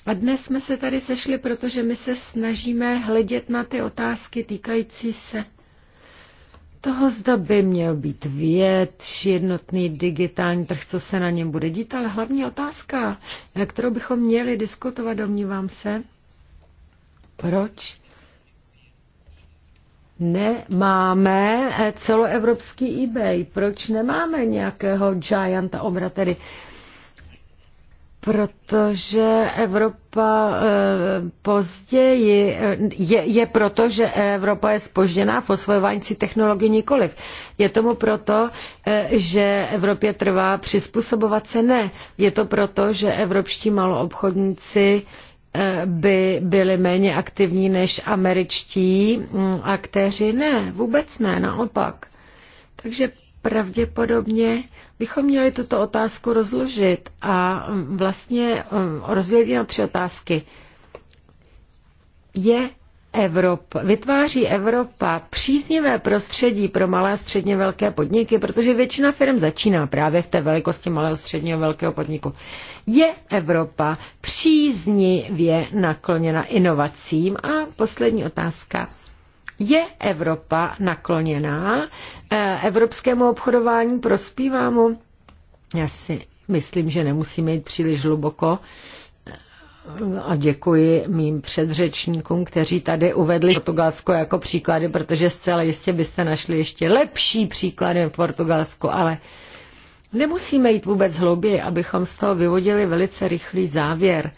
a dnes jsme se tady sešli, protože my se snažíme hledět na ty otázky týkající se toho, zda by měl být větší jednotný digitální trh, co se na něm bude dít, ale hlavní otázka, kterou bychom měli diskutovat, domnívám se, proč nemáme eh, celoevropský eBay, proč nemáme nějakého gianta obra, tedy Protože Evropa eh, později eh, je, je proto, že Evropa je spožděná v osvojování si technologií nikoliv. Je tomu proto, eh, že Evropě trvá přizpůsobovat se ne. Je to proto, že evropští maloobchodníci by byli méně aktivní než američtí mm, aktéři. Ne, vůbec ne, naopak. Takže Pravděpodobně bychom měli tuto otázku rozložit a vlastně um, rozdělit na tři otázky. Je Evropa, vytváří Evropa příznivé prostředí pro malé a středně velké podniky, protože většina firm začíná právě v té velikosti malého středního velkého podniku. Je Evropa příznivě nakloněna inovacím? A poslední otázka. Je Evropa nakloněná eh, evropskému obchodování, prospívá mu? Já si myslím, že nemusíme jít příliš hluboko eh, a děkuji mým předřečníkům, kteří tady uvedli Portugalsko jako příklady, protože zcela jistě byste našli ještě lepší příklady v Portugalsku, ale nemusíme jít vůbec hlouběji, abychom z toho vyvodili velice rychlý závěr.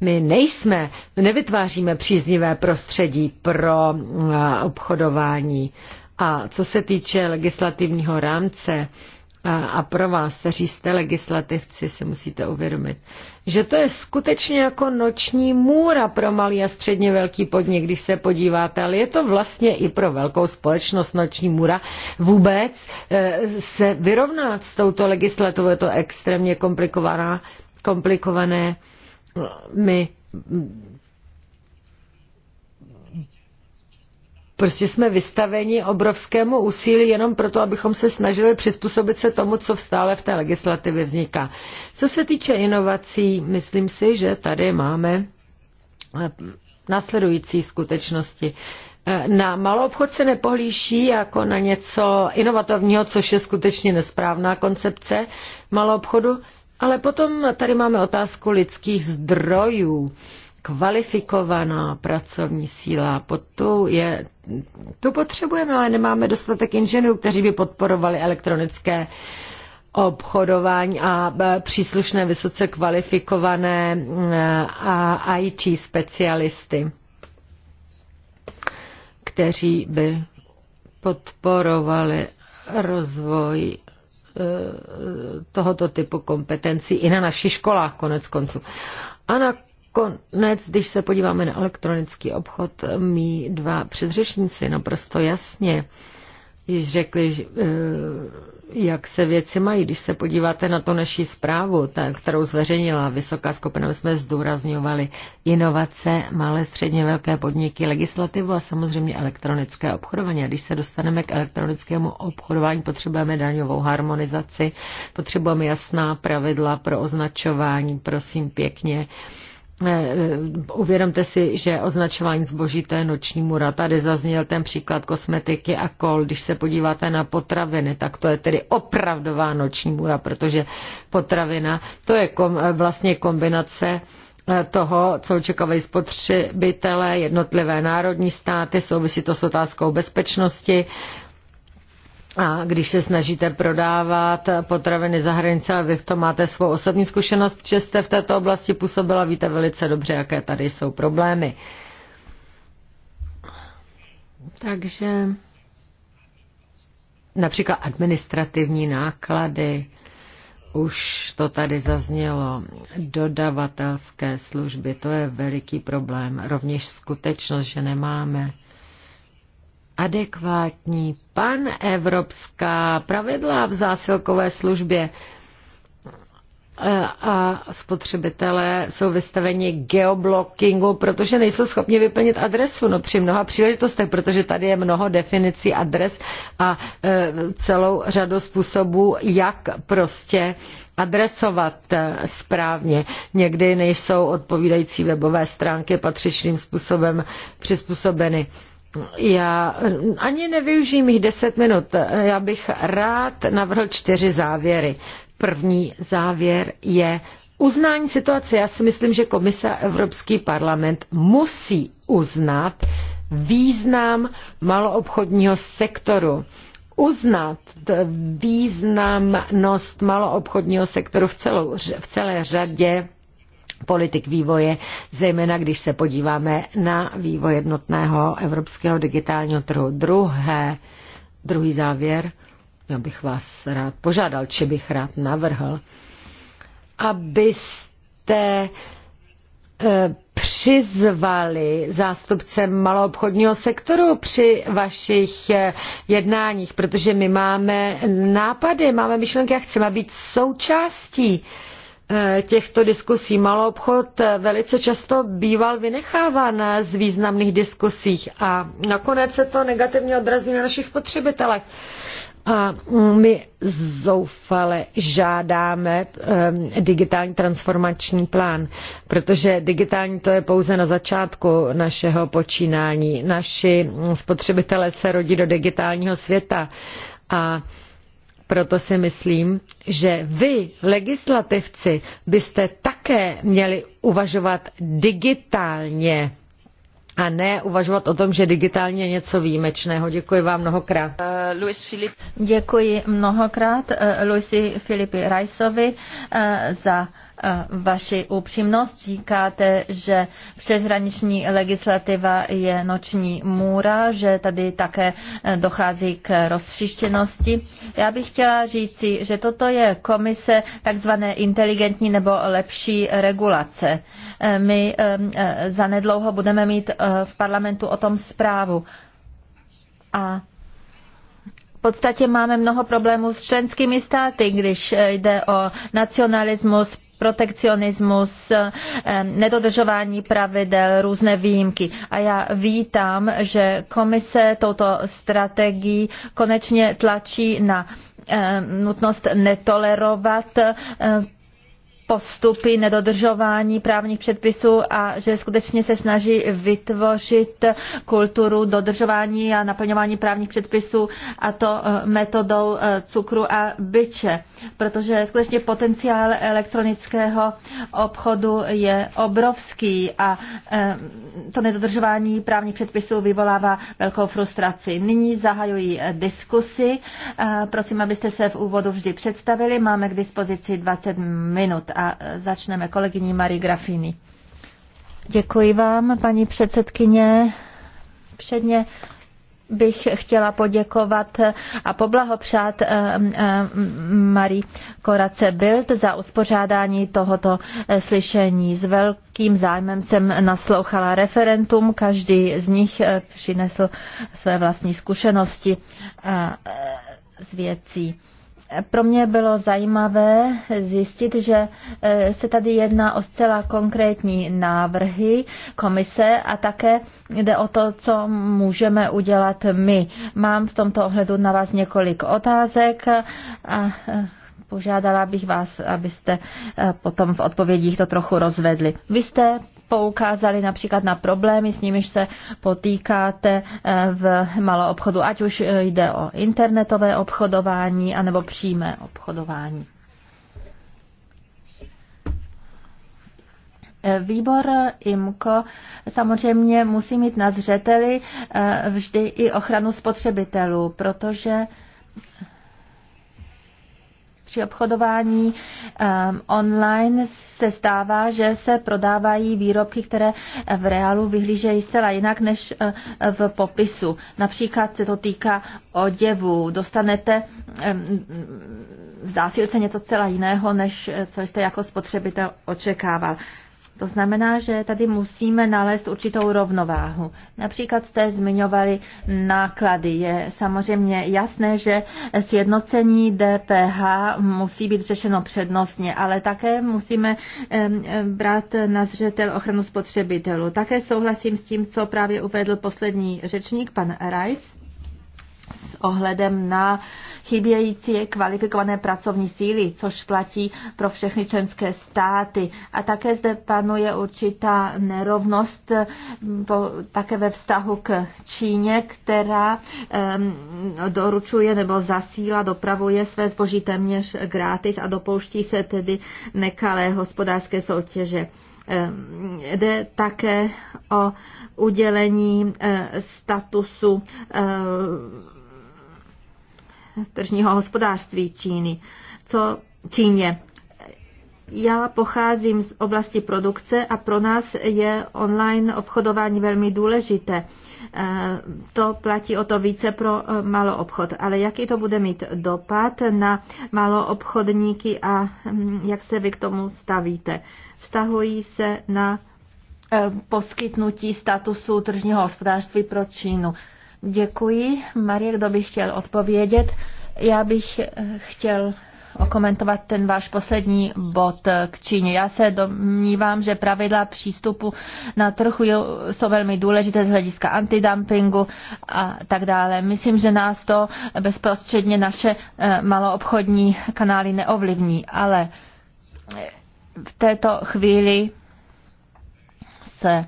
My nejsme, nevytváříme příznivé prostředí pro eh, obchodování. A co se týče legislativního rámce, a pro vás, kteří jste legislativci, si musíte uvědomit, že to je skutečně jako noční můra pro malý a středně velký podnik, když se podíváte, ale je to vlastně i pro velkou společnost noční můra vůbec eh, se vyrovnat s touto legislativou. Je to extrémně komplikovaná, komplikované my prostě jsme vystaveni obrovskému úsilí jenom proto, abychom se snažili přizpůsobit se tomu, co stále v té legislativě vzniká. Co se týče inovací, myslím si, že tady máme eh, následující skutečnosti. Eh, na malou obchod se nepohlíší jako na něco inovativního, což je skutečně nesprávná koncepce malou obchodu. Ale potom tady máme otázku lidských zdrojů. Kvalifikovaná pracovní síla, pod tu, je, tu potřebujeme, ale nemáme dostatek inženýrů, kteří by podporovali elektronické obchodování a e, příslušné vysoce kvalifikované e, a IT specialisty, kteří by podporovali rozvoj Eh, tohoto typu kompetencí i na našich školách konec konců. A na konec, když se podíváme na elektronický obchod, mý dva předřečníci naprosto jasně uh, již řekli, eh, jak se věci mají. Když se podíváte na to naší zprávu, ta, kterou zveřejnila Vysoká skupina, jsme zdůrazňovali inovace, malé, středně velké podniky, legislativu a samozřejmě elektronické obchodování. A když se dostaneme k elektronickému obchodování, potřebujeme daňovou harmonizaci, potřebujeme jasná pravidla pro označování, prosím pěkně. Uh, Eh, eh, uvědomte si, že označování zboží té noční mura. Tady zazněl ten příklad kosmetiky a kol. Když se podíváte na potraviny, tak to je tedy opravdová noční mura, protože potravina to je kom, eh, vlastně kombinace toho, co očekávají spotřebitelé, jednotlivé národní státy, souvisí to s otázkou bezpečnosti a když se snažíte prodávat potraviny za hranice a vy v tom máte svou osobní zkušenost, že jste v této oblasti působila, víte velice dobře, jaké tady jsou problémy. Takže například administrativní náklady, už to tady zaznělo, dodavatelské služby, to je veliký problém. Rovněž skutečnost, že nemáme adekvátní pan evropská pravidla v zásilkové službě a spotřebitelé jsou vystaveni geoblockingu, protože nejsou schopni vyplnit adresu. No při mnoha příležitostech, protože tady je mnoho definicí adres a e, celou řadu způsobů, jak prostě adresovat e, správně. Někdy nejsou odpovídající webové stránky patřičným způsobem přizpůsobeny. Já ani nevyužím jich deset minut. Já bych rád navrhl čtyři závěry. První závěr je uznání situace. Já si myslím, že Komise a Evropský parlament musí uznat význam maloobchodního sektoru uznat významnost maloobchodního sektoru v, celou, v celé řadě politik vývoje, zejména když se podíváme na vývoj jednotného evropského digitálního trhu. Druhé, druhý závěr, já bych vás rád požádal, či bych rád navrhl, abyste eh, přizvali zástupce maloobchodního sektoru při vašich eh, jednáních, protože my máme nápady, máme myšlenky a chceme být součástí Eh, těchto diskusí. Malou obchod eh, velice často býval vynecháván eh, z významných diskusích a nakonec se to negativně odrazí na našich spotřebitelech. A mm, my zoufale žádáme um, digitální transformační plán, protože digitální to je pouze na začátku našeho počínání. Naši mm, spotřebitelé se rodí do digitálního světa a proto si myslím, že vy, legislativci, byste také měli uvažovat digitálně a ne uvažovat o tom, že digitálně je něco výjimečného. Děkuji vám mnohokrát. Uh, eh, Luis Filip. Děkuji mnohokrát uh, eh, Luisi Filipi Rajsovi uh, eh, za Eh, vaši upřímnost. Říkáte, že přeshraniční legislativa je noční můra, že tady také eh, dochází k rozšištěnosti. Já bych chtěla říci, že toto je komise takzvané inteligentní nebo lepší regulace. Eh, my zanedlouho budeme mít v parlamentu o tom zprávu. A podstatě máme mnoho problémů s členskými státy, když jde o nacionalismus, protekcionismus, eh, nedodržování pravidel, různé výjimky. A já vítám, že komise touto strategií konečně tlačí na eh, nutnost netolerovat eh, postupy nedodržování právních předpisů a že skutečně se snaží vytvořit kulturu dodržování a naplňování právních předpisů a to eh, metodou eh, cukru a byče, protože skutečně potenciál elektronického obchodu je obrovský a eh, to nedodržování právních předpisů vyvolává velkou frustraci. Nyní zahajují diskusy. Prosím, abyste se v úvodu vždy představili. Máme k dispozici 20 minut a začneme kolegyní Marie Grafini. Děkuji vám, paní předsedkyně. Předně bych chtěla poděkovat a poblahopřát eh, eh, Marie Korace Bild za uspořádání tohoto eh, slyšení. S velkým zájmem jsem naslouchala referentům, každý z nich přinesl své vlastní zkušenosti z věcí. Pro mě bylo zajímavé zjistit, že e, se tady jedná o zcela konkrétní návrhy komise a také jde o to, co můžeme udělat my. Mám v tomto ohledu na vás několik otázek a požádala bych vás, abyste e, potom v odpovědích to trochu rozvedli. Vy jste poukázali například na problémy, s nimiž se potýkáte eh, v maloobchodu, ať už eh, jde o internetové obchodování anebo přímé obchodování. Eh, výbor IMCO samozřejmě musí mít na zřeteli vždy i ochranu spotřebitelů, protože při obchodování ehm, online se stává, že se prodávají výrobky, které v reálu vyhlížejí zcela jinak než eh, v popisu. Například se to týká oděvu. Dostanete ehm, v zásilce něco zcela jiného, než eh, co jste jako spotřebitel očekával. To znamená, že tady musíme nalézt určitou rovnováhu. Například jste zmiňovali náklady. Je samozřejmě jasné, že sjednocení DPH musí být řešeno přednostně, ale také musíme brát na zřetel ochranu spotřebitelů. Také souhlasím s tím, co právě uvedl poslední řečník, pan Rice s ohledem na chybějící kvalifikované pracovní síly, což platí pro všechny členské státy. A také zde panuje určitá nerovnost po, mm, také ve vztahu k Číně, která um, doručuje nebo zasíla, dopravuje své zboží téměř gratis a dopouští se tedy nekalé hospodářské soutěže jde také o udělení eh, statusu eh, tržního hospodářství Číny. Co Číně? Já pocházím z oblasti produkce a pro nás je online obchodování velmi důležité. Eh, to platí o to více pro eh, maloobchod. Ale jaký to bude mít dopad na maloobchodníky a hm, jak se vy k tomu stavíte? Vztahují se na eh, poskytnutí statusu tržního hospodářství pro Čínu. Děkuji. Marie, kdo by chtěl odpovědět? Já bych eh, chtěl okomentovat ten váš poslední bod eh, k Číně. Já se domnívám, že pravidla přístupu na trhu jsou velmi důležité z hlediska antidumpingu a tak dále. Myslím, že nás to bezprostředně naše eh, maloobchodní kanály neovlivní, ale v této chvíli se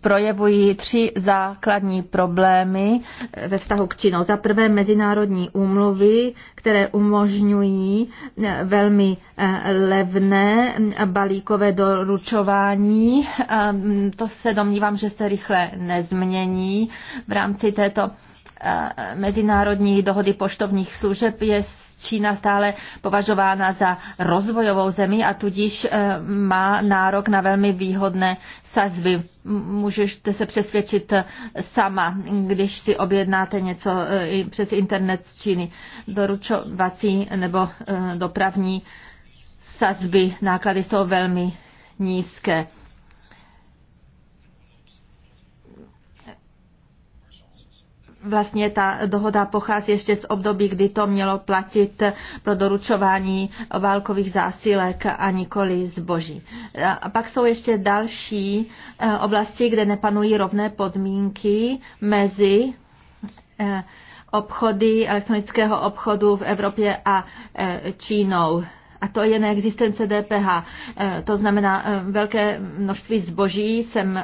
projevují tři základní problémy eh, ve vztahu k činu. Za prvé mezinárodní úmluvy, které umožňují eh, velmi eh, levné mm, balíkové doručování. Ehm, to se domnívám, že se rychle nezmění v rámci této mezinárodní dohody poštovních služeb je Čína stále považována za rozvojovou zemi a tudíž eh, má nárok na velmi výhodné sazby. Můžete se přesvědčit eh, sama, když si objednáte něco eh, přes internet z Číny, doručovací nebo dopravní sazby, náklady jsou velmi nízké. Vlastně ta dohoda pochází ještě z období, kdy to mělo platit pro doručování válkových zásilek a nikoli zboží. A pak jsou ještě další eh, oblasti, kde nepanují rovné podmínky mezi eh, obchody elektronického obchodu v Evropě a eh, Čínou a to je neexistence DPH. To znamená, velké množství zboží sem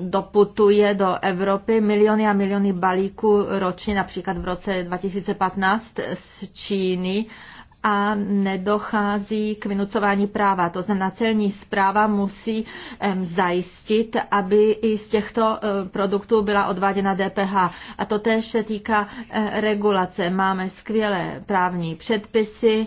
doputuje do Evropy miliony a miliony balíků ročně, například v roce 2015 z Číny a nedochází k vynucování práva. To znamená, celní zpráva musí um, zajistit, aby i z těchto um, produktů byla odváděna DPH. A to též se týká uh, regulace. Máme skvělé právní předpisy,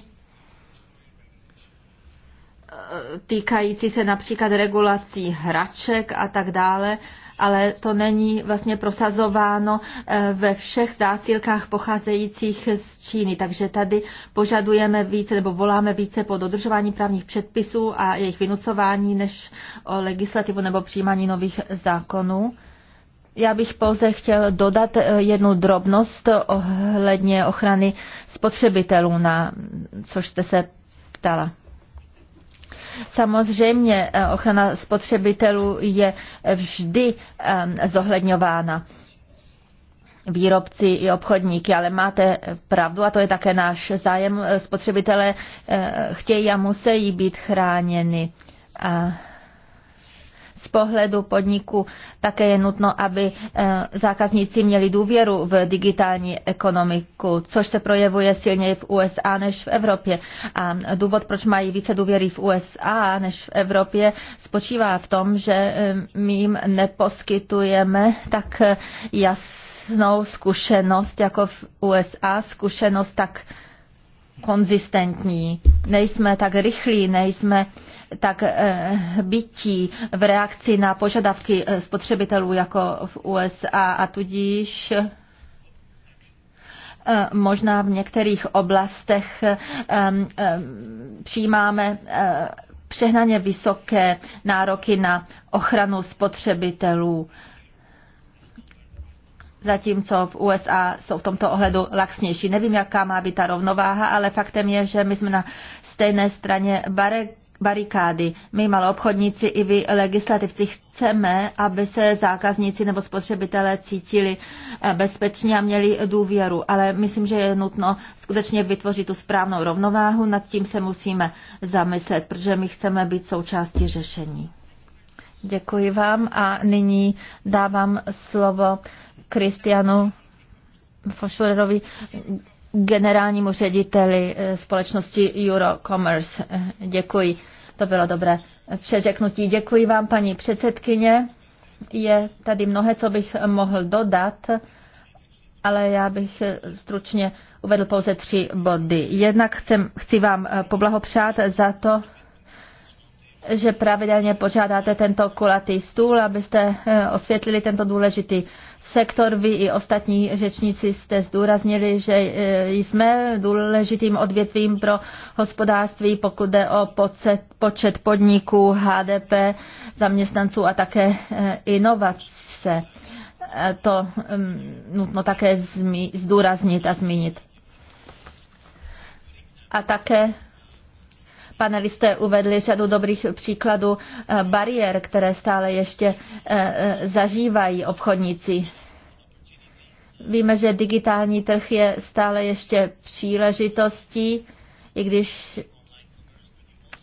týkající se například regulací hraček a tak dále, ale to není vlastně prosazováno eh, ve všech zásilkách pocházejících z Číny. Takže tady požadujeme více nebo voláme více po dodržování právních předpisů a jejich vynucování než o legislativu nebo přijímání nových zákonů. Já bych pouze chtěl dodat eh, jednu drobnost ohledně ochrany spotřebitelů, na což jste se ptala. Samozřejmě eh, ochrana spotřebitelů je eh, vždy ehm, zohledňována výrobci i obchodníky, ale máte eh, pravdu a to je také náš zájem. Spotřebitelé chtějí a musí být chráněni. A z pohledu podniku také je nutno, aby eh, zákazníci měli důvěru v digitální ekonomiku, což se projevuje silněji v USA než v Evropě. A důvod, proč mají více důvěry v USA než v Evropě, spočívá v tom, že eh, my jim neposkytujeme tak eh, jasnou zkušenost jako v USA, zkušenost tak konzistentní. Nejsme tak rychlí, nejsme uh, tak eh, bytí v reakci na požadavky eh, spotřebitelů jako v USA a tudíž eh, možná v některých oblastech přijímáme přehnaně vysoké nároky na ochranu spotřebitelů zatímco v USA jsou v tomto ohledu laxnější. Nevím, jaká má být ta rovnováha, ale faktem je, že my jsme na stejné straně barek, barikády. My obchodníci i vy legislativci chceme, aby se zákazníci nebo spotřebitelé cítili eh, bezpečně a měli důvěru, ale myslím, že je nutno skutečně vytvořit tu správnou rovnováhu, nad tím se musíme zamyslet, protože my chceme být součástí řešení. Děkuji vám a nyní dávám slovo Kristianu Fošlerovi generálnímu řediteli eh, společnosti Eurocommerce. Eh, děkuji, to bylo dobré přeřeknutí. Děkuji vám, paní předsedkyně. Je tady mnohé, co bych mohl dodat, ale já bych eh, stručně uvedl pouze tři body. Jednak chcem, chci vám poblahopřát za to, že pravidelně požádáte tento kulatý stůl, abyste osvětlili tento důležitý sektor. Vy i ostatní řečníci jste zdůraznili, že e, jsme důležitým odvětvím pro hospodářství, pokud jde o počet, podniků, HDP, zaměstnanců a také e, inovace. E, to nutno také zdůraznit a zmínit. A také panelisté uvedli řadu dobrých příkladů eh, bariér, které stále ještě eh, eh, zažívají obchodníci. Víme, že digitální trh je stále ještě příležitostí, i když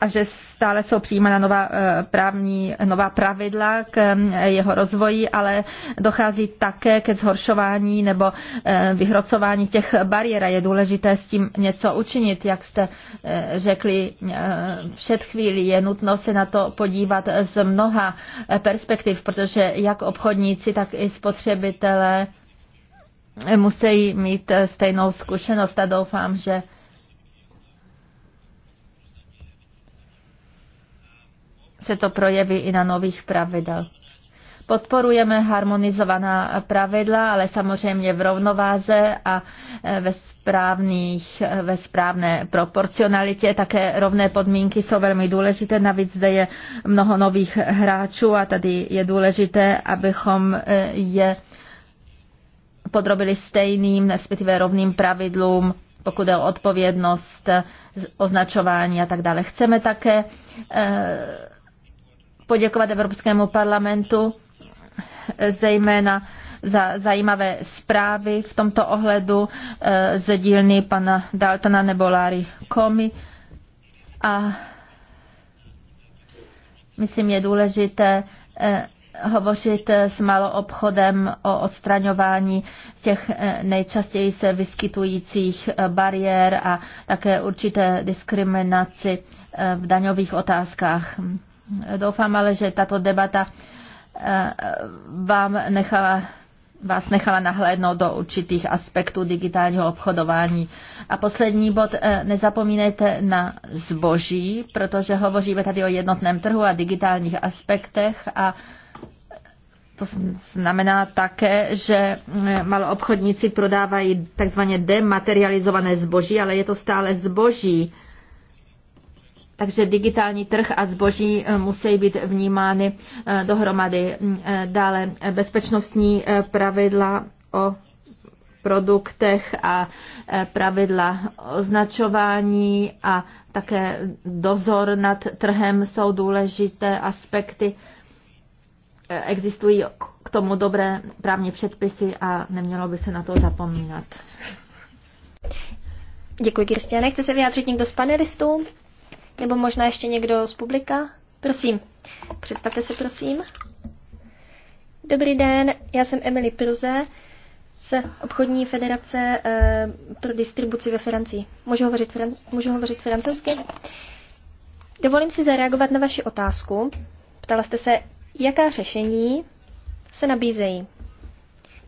a že stále jsou přijímána nová, eh, právní, nová pravidla k eh, jeho rozvoji, ale dochází také ke zhoršování nebo eh, vyhrocování těch bariér. Je důležité s tím něco učinit, jak jste řekli před chvíli. Je nutno se na to podívat z mnoha perspektiv, protože jak obchodníci, tak i spotřebitelé musí mít stejnou zkušenost a doufám, že se to projeví i na nových pravidel. Podporujeme harmonizovaná pravidla, ale samozřejmě v rovnováze a e, ve, správných, e, ve správné proporcionalitě. Také rovné podmínky jsou velmi důležité. Navíc zde je mnoho nových hráčů a tady je důležité, abychom e, je podrobili stejným, respektive rovným pravidlům, pokud je odpovědnost, označování a tak dále. Chceme také poděkovat Evropskému parlamentu eh, zejména za zajímavé zprávy v tomto ohledu eh, ze dílny pana Daltona nebo Larry Komi. A myslím, je důležité eh, hovořit s maloobchodem o odstraňování těch nejčastěji se vyskytujících bariér a také určité diskriminaci v daňových otázkách. Doufám ale, že tato debata eh, vám nechala vás nechala nahlédnout do určitých aspektů digitálního obchodování. A poslední bod, eh, nezapomínejte na zboží, protože hovoříme tady o jednotném trhu a digitálních aspektech a to znamená také, že eh, maloobchodníci prodávají takzvaně dematerializované zboží, ale je to stále zboží takže digitální trh a zboží eh, musí být vnímány eh, dohromady. Mm, eh, dále bezpečnostní pravidla o produktech a pravidla označování a také dozor nad trhem jsou důležité aspekty. Existují k tomu dobré právní předpisy a nemělo by se na to zapomínat. Děkuji, Kristiane. Chce se vyjádřit někdo z panelistů? Nebo možná ještě někdo z publika? Prosím, představte se, prosím. Dobrý den, já jsem Emily Prze z obchodní federace e, pro distribuci ve Francii. Můžu hovořit, fran- můžu hovořit francouzsky? Dovolím si zareagovat na vaši otázku. Ptala jste se, jaká řešení se nabízejí.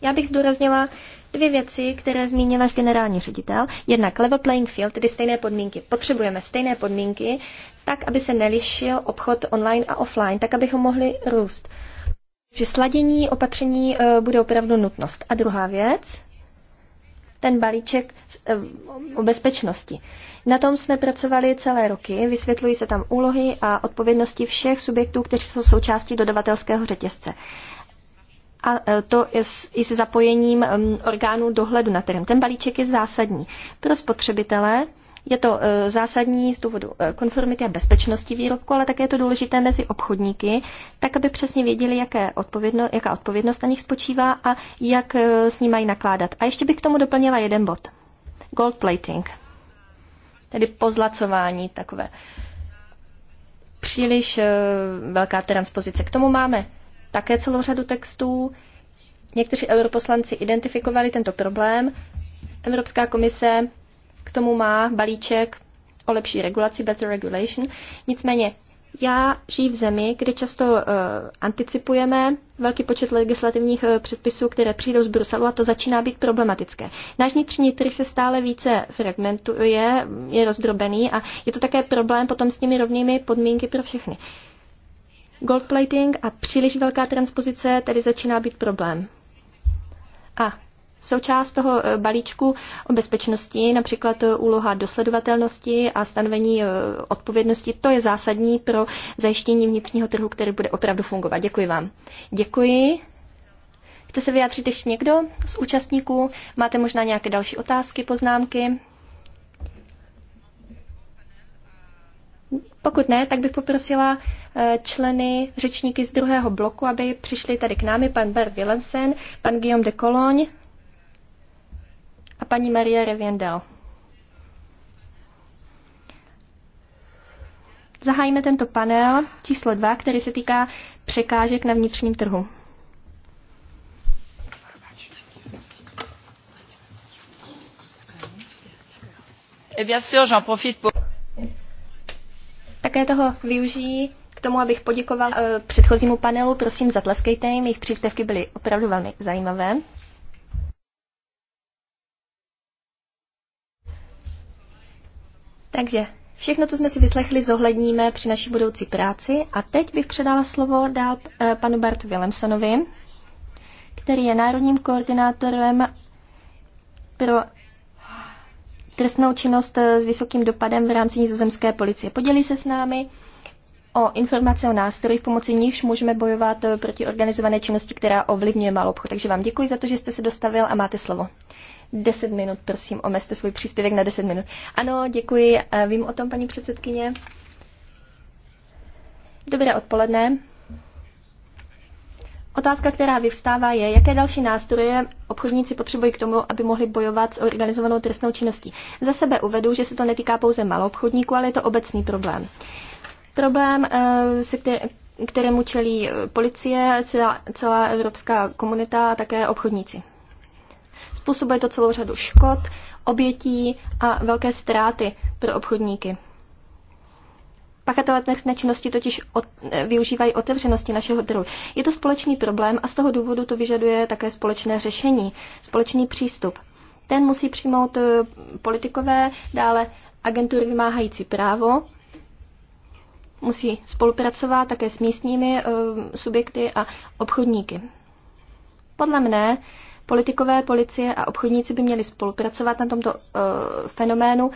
Já bych zdůraznila dvě věci, které zmínil náš generální ředitel. Jednak level playing field, tedy stejné podmínky. Potřebujeme stejné podmínky, tak, aby se nelišil obchod online a offline, tak, abychom mohli růst. Že sladění opatření eh, bude opravdu nutnost. A druhá věc, ten balíček eh, o bezpečnosti. Na tom jsme pracovali celé roky, vysvětlují se tam úlohy a odpovědnosti všech subjektů, kteří jsou součástí dodavatelského řetězce a e, to i se zapojením orgánů dohledu na trhem. Ten balíček je zásadní pro spotřebitele, je to e, zásadní z důvodu e, konformity a bezpečnosti výrobku, ale také je to důležité mezi obchodníky, tak aby přesně věděli, jaké odpovědno, jaká odpovědnost na nich spočívá a jak s ní mají nakládat. A ještě bych k tomu doplnila jeden bod. Gold plating, tedy pozlacování takové. Příliš velká transpozice. K tomu máme také celou řadu textů. Někteří europoslanci identifikovali tento problém. Evropská komise k tomu má balíček o lepší regulaci, better regulation. Nicméně já žiju v zemi, kde často uh, anticipujeme velký počet legislativních uh, předpisů, které přijdou z Bruselu a to začíná být problematické. Náš vnitřní trh se stále více fragmentuje, je rozdrobený a je to také problém potom s těmi rovnými podmínky pro všechny. Uh, Goldplating a příliš velká transpozice tedy začíná být problém. A součást toho e, balíčku o bezpečnosti, například e, úloha dosledovatelnosti a stanovení e, odpovědnosti, to je zásadní pro zajištění vnitřního trhu, který bude opravdu fungovat. Děkuji vám. Děkuji. Chce se vyjádřit ještě někdo z účastníků? Máte možná nějaké další otázky, poznámky? Pokud ne, tak bych poprosila eh, členy řečníky z druhého bloku, aby přišli tady k námi, pan Bert Willensen, pan Guillaume de Cologne a paní Maria Reviendel. Zahájíme tento panel číslo 2, který se týká překážek na vnitřním trhu. Et eh bien sûr, j'en profite pour také toho využijí k tomu, abych poděkoval eh, předchozímu panelu. Prosím, zatleskejte jim, jejich příspěvky byly opravdu velmi zajímavé. Takže všechno, co jsme si vyslechli, zohledníme při naší budoucí práci. A teď bych předala slovo dál eh, panu Bartu Willemsonovi, který je národním koordinátorem pro trestnou činnost eh, s vysokým dopadem v rámci nizozemské policie. Podělí se s námi o informace o nástrojích, pomocí nichž můžeme bojovat eh, proti organizované činnosti, která ovlivňuje malou obchod. Takže vám děkuji za to, že jste se dostavil a máte slovo. 10 minut, prosím, omezte svůj příspěvek na 10 minut. Ano, děkuji, eh, vím o tom, paní předsedkyně. Dobré odpoledne. Otázka, která vyvstává, je, jaké další nástroje obchodníci potřebují k tomu, aby mohli bojovat s organizovanou trestnou činností. Za sebe uvedu, že se to netýká pouze maloobchodníků, ale je to obecný problém. Problém, eh, se kterému čelí eh, policie, celá, celá evropská komunita a také obchodníci. Způsobuje to celou řadu škod, obětí a velké ztráty pro obchodníky. Pachatelé trestné činnosti totiž od, e, využívají otevřenosti našeho trhu. Je to společný problém a z toho důvodu to vyžaduje také společné řešení, společný přístup. Ten musí přijmout e, politikové, dále agentury vymáhající právo, musí spolupracovat také s místními e, subjekty a obchodníky. Podle mne politikové, policie a obchodníci by měli spolupracovat na tomto fenoménu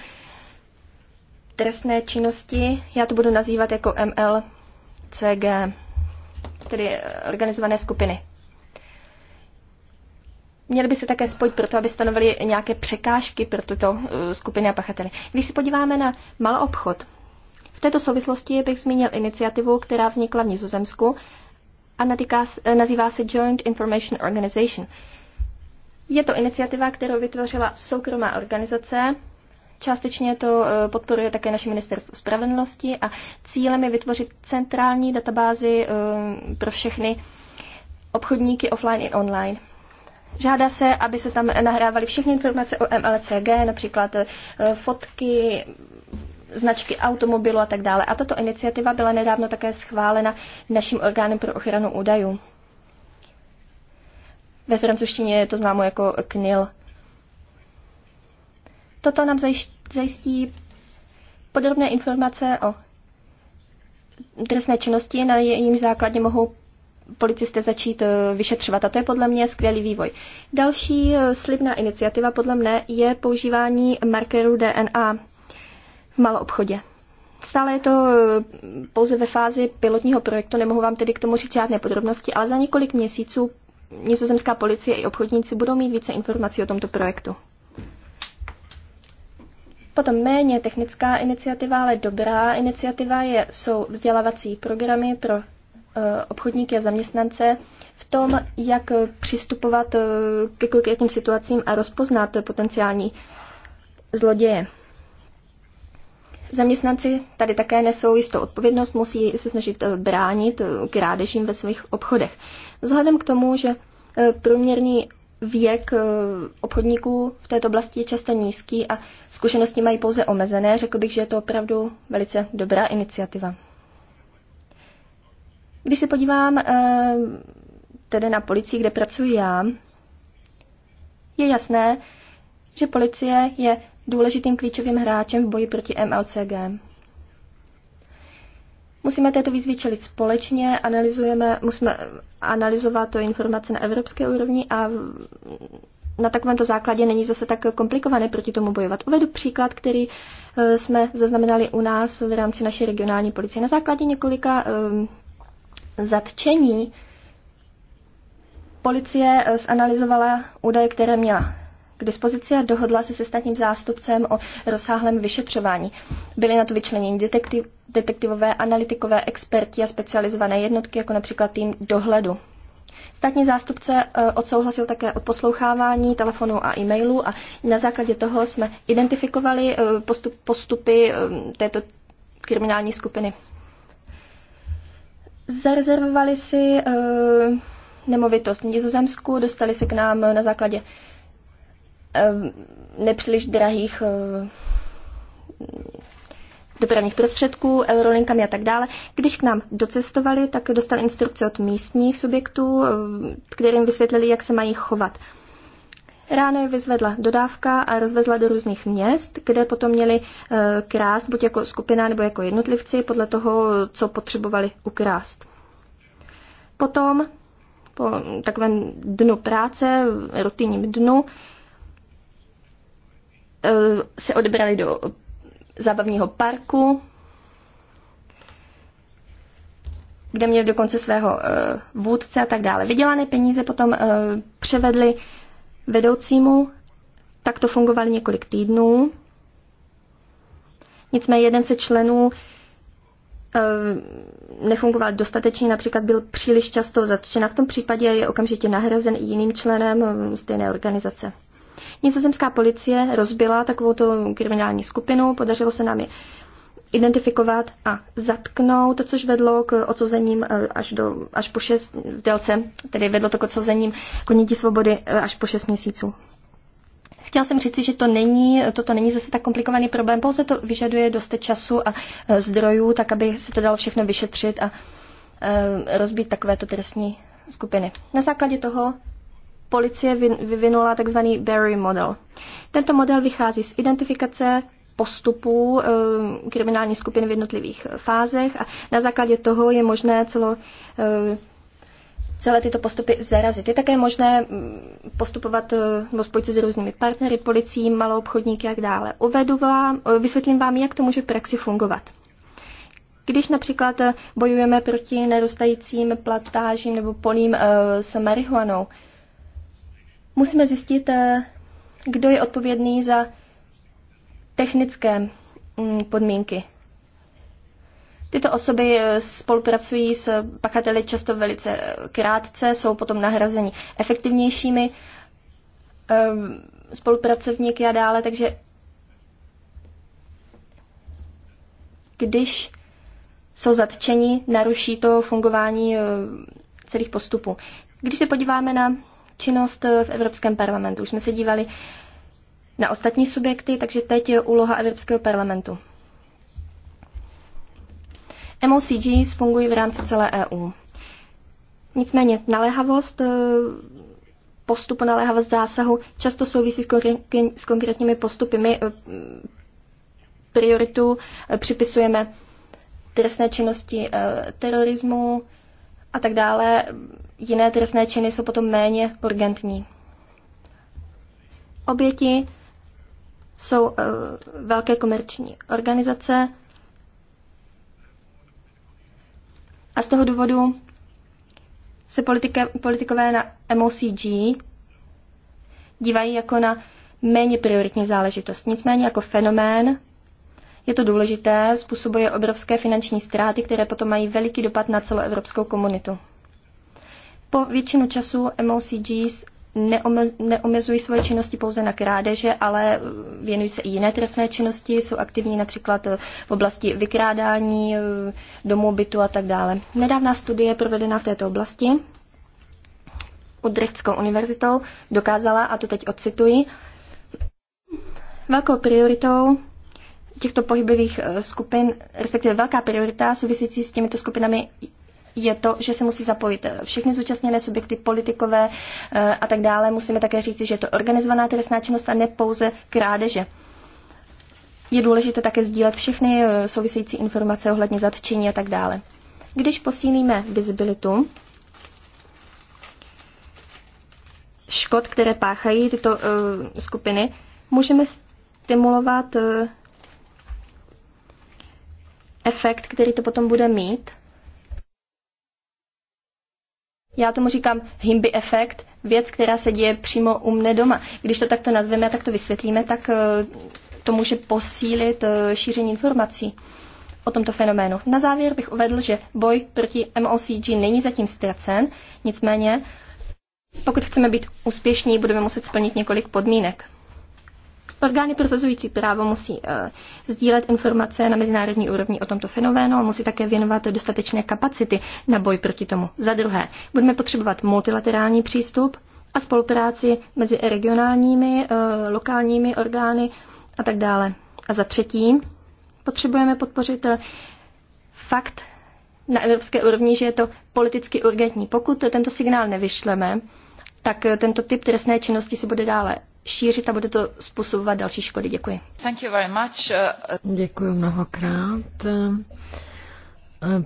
trestné činnosti, já to budu nazývat jako MLCG, tedy eh, organizované skupiny. Měly by se také spojit proto, aby stanovili nějaké překážky pro tuto eh, skupiny a pachateli. Když se podíváme na malý obchod, v této souvislosti bych zmínil iniciativu, která vznikla v Nizozemsku a natýká, eh, nazývá se Joint Information Organization. Je to iniciativa, kterou vytvořila soukromá organizace, Částečně to eh, podporuje také naše ministerstvo spravedlnosti a cílem je vytvořit centrální databázi eh, pro všechny obchodníky offline i online. Žádá se, aby se tam nahrávaly všechny informace o MLCG, například eh, fotky, značky automobilu a tak dále. A tato iniciativa byla nedávno také schválena naším orgánem pro ochranu údajů. Ve francouzštině je to známo jako KNIL. Toto nám zajistí podrobné informace o trestné činnosti, na jejím základě mohou policisté začít eh, vyšetřovat. A to je podle mě skvělý vývoj. Další eh, slibná iniciativa podle mne je používání markerů DNA v maloobchodě. Stále je to eh, pouze ve fázi pilotního projektu, nemohu vám tedy k tomu říct žádné podrobnosti, ale za několik měsíců nizozemská policie i obchodníci budou mít více informací o tomto projektu. Potom méně technická iniciativa, ale dobrá iniciativa je, jsou vzdělávací programy pro e, obchodníky a zaměstnance v tom, jak přistupovat e, ke konkrétním situacím a rozpoznat potenciální zloděje. Zaměstnanci tady také nesou jistou odpovědnost, musí se snažit e, bránit e, krádežím ve svých obchodech. Vzhledem k tomu, že průměrný věk eh, obchodníků v této oblasti je často nízký a zkušenosti mají pouze omezené. Řekl bych, že je to opravdu velice dobrá iniciativa. Když se podívám eh, tedy na policii, kde pracuji já, je jasné, že policie je důležitým klíčovým hráčem v boji proti MLCG. Musíme této výzvy čelit společně, analyzujeme, musíme analyzovat to informace na evropské úrovni a na takovémto základě není zase tak komplikované proti tomu bojovat. Uvedu příklad, který eh, jsme zaznamenali u nás v rámci naší regionální policie. Na základě několika eh, zatčení policie eh, zanalizovala údaje, které měla k dispozici a dohodla se se státním zástupcem o rozsáhlém vyšetřování. Byly na to vyčleněni detektiv, detektivové, analytikové, experti a specializované jednotky, jako například tým dohledu. Státní zástupce eh, odsouhlasil také odposlouchávání telefonu a e-mailu a na základě toho jsme identifikovali eh, postup, postupy eh, této kriminální skupiny. Zarezervovali si nemovitost v Nizozemsku, dostali se k nám na základě nepříliš drahých eh, dopravních prostředků, eurolinkami a tak dále. Když k nám docestovali, tak dostali instrukce od místních subjektů, eh, kterým vysvětlili, jak se mají chovat. Ráno je vyzvedla dodávka a rozvezla do různých měst, kde potom měli eh, krást buď jako skupina nebo jako jednotlivci podle toho, co potřebovali ukrást. Potom po takovém dnu práce, rutinním dnu, Eh, se odebrali do zábavního parku, kde měli dokonce svého eh, vůdce a tak dále. Vydělané peníze potom eh, převedli vedoucímu, tak to fungovali několik týdnů. Nicméně jeden ze členů nefungoval dostatečně, například byl příliš často zatčen a v tom případě je okamžitě nahrazen i jiným členem stejné organizace. Nizozemská policie rozbila takovou tu kriminální skupinu, podařilo se nám je identifikovat a zatknout, to, což vedlo k odsouzením e, až, do, až po šest v délce, tedy vedlo to k odsouzením koněti svobody e, až po šest měsíců. Chtěla jsem říci, že to není, toto není zase tak komplikovaný problém, pouze to vyžaduje dost času a e, zdrojů, tak aby se to dalo všechno vyšetřit a rozbít takovéto trestní skupiny. Na základě toho policie vyvinula tzv. Barry model. Tento model vychází z identifikace postupů eh, kriminální skupiny v jednotlivých eh, fázech a na základě toho je možné celo, eh, celé tyto postupy zarazit. Je také možné mm, postupovat nebo spojit se s různými partnery, policií, malou obchodníky a tak dále. Uvedu vám, vysvětlím vám, jak to může v praxi fungovat. Když například bojujeme proti nedostajícím platážím nebo polím s marihuanou, Musíme zjistit, eh, kdo je odpovědný za technické mm, podmínky. Tyto osoby eh, spolupracují s pachateli často velice eh, krátce, jsou potom nahrazeni efektivnějšími ehm, spolupracovníky a dále, takže když jsou zatčeni, naruší to fungování celých postupů. Když se podíváme na činnost eh, v Evropském parlamentu. Už jsme se dívali na ostatní subjekty, takže teď je úloha Evropského parlamentu. MOCGs fungují v rámci celé EU. Nicméně naléhavost eh, postupu, naléhavost zásahu často souvisí s konkrétními postupy. My eh, prioritu připisujeme trestné činnosti terorismu a tak dále jiné trestné činy jsou potom méně urgentní. Oběti jsou uh, velké komerční organizace a z toho důvodu se politike, politikové na MOCG dívají jako na méně prioritní záležitost. Nicméně jako fenomén je to důležité, způsobuje obrovské finanční ztráty, které potom mají veliký dopad na celou evropskou komunitu. Po většinu času MOCGs neomezují svoje činnosti pouze na krádeže, ale eh, věnují se i jiné trestné činnosti, jsou aktivní například eh, v oblasti vykrádání eh, domů, bytu a tak dále. Nedávná studie provedená v této oblasti Udrechtskou univerzitou dokázala, a to teď ocituji, velkou prioritou těchto pohyblivých skupin, respektive velká priorita související s těmito skupinami je to, že se musí zapojit eh, všechny zúčastněné subjekty, politikové eh, a tak dále. Musíme také říci, že je to organizovaná trestná činnost a ne pouze krádeže. Je důležité také sdílet všechny eh, související informace ohledně zatčení a tak dále. Když posílíme vizibilitu, škod, které páchají tyto uh, skupiny, můžeme stimulovat uh, efekt, který to potom bude mít já tomu říkám himby efekt, věc, která se děje přímo u mne doma. Když to takto nazveme a takto vysvětlíme, tak eh, to může posílit eh, šíření informací o tomto fenoménu. Na závěr bych uvedl, že boj proti MOCG není zatím ztracen, nicméně pokud chceme být úspěšní, budeme muset splnit několik podmínek. Orgány prosazující právo musí eh, sdílet informace na mezinárodní úrovni o tomto fenoménu a musí také věnovat dostatečné kapacity na boj proti tomu. Za druhé, budeme potřebovat multilaterální přístup a spolupráci mezi regionálními, eh, lokálními orgány a tak dále. A za třetí, potřebujeme podpořit eh, fakt na evropské úrovni, že je to politicky urgentní. Pokud tento signál nevyšleme, tak tento typ trestné činnosti se bude dále šířit a bude to způsobovat další škody. Děkuji. Thank you very much. Děkuji mnohokrát.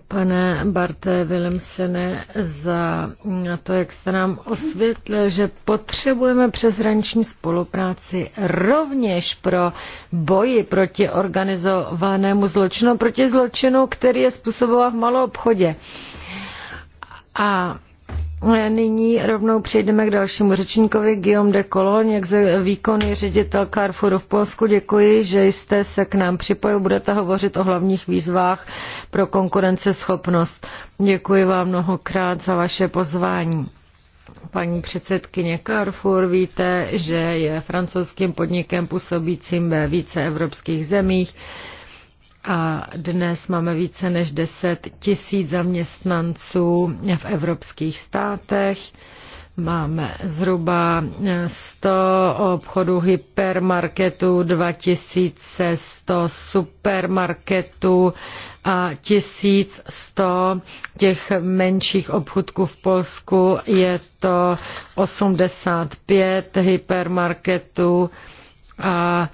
Pane Barté Willemsene, za to, jak jste nám osvětlil, že potřebujeme přeshraniční spolupráci rovněž pro boji proti organizovanému zločinu, proti zločinu, který je způsobován v malou obchodě. A Nyní rovnou přejdeme k dalšímu řečníkovi Guillaume de Cologne, jak výkony ředitel Carrefouru v Polsku. Děkuji, že jste se k nám připojil. Budete hovořit o hlavních výzvách pro konkurenceschopnost. Děkuji vám mnohokrát za vaše pozvání. Paní předsedkyně Carrefour, víte, že je francouzským podnikem působícím ve více evropských zemích a dnes máme více než 10 tisíc zaměstnanců v evropských státech. Máme zhruba 100 obchodů hypermarketů, 2100 supermarketů a 1100 těch menších obchodků v Polsku. Je to 85 hypermarketů a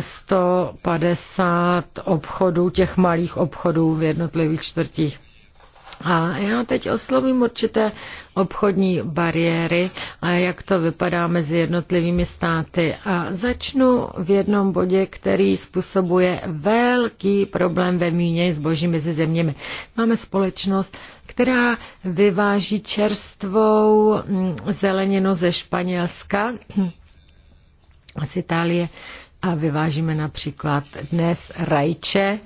150 obchodů, těch malých obchodů v jednotlivých čtvrtích. A já teď oslovím určité obchodní bariéry a jak to vypadá mezi jednotlivými státy. A začnu v jednom bodě, který způsobuje velký problém ve míně zboží mezi zeměmi. Máme společnost, která vyváží čerstvou hm, zeleninu ze Španělska z Itálie a vyvážíme například dnes rajče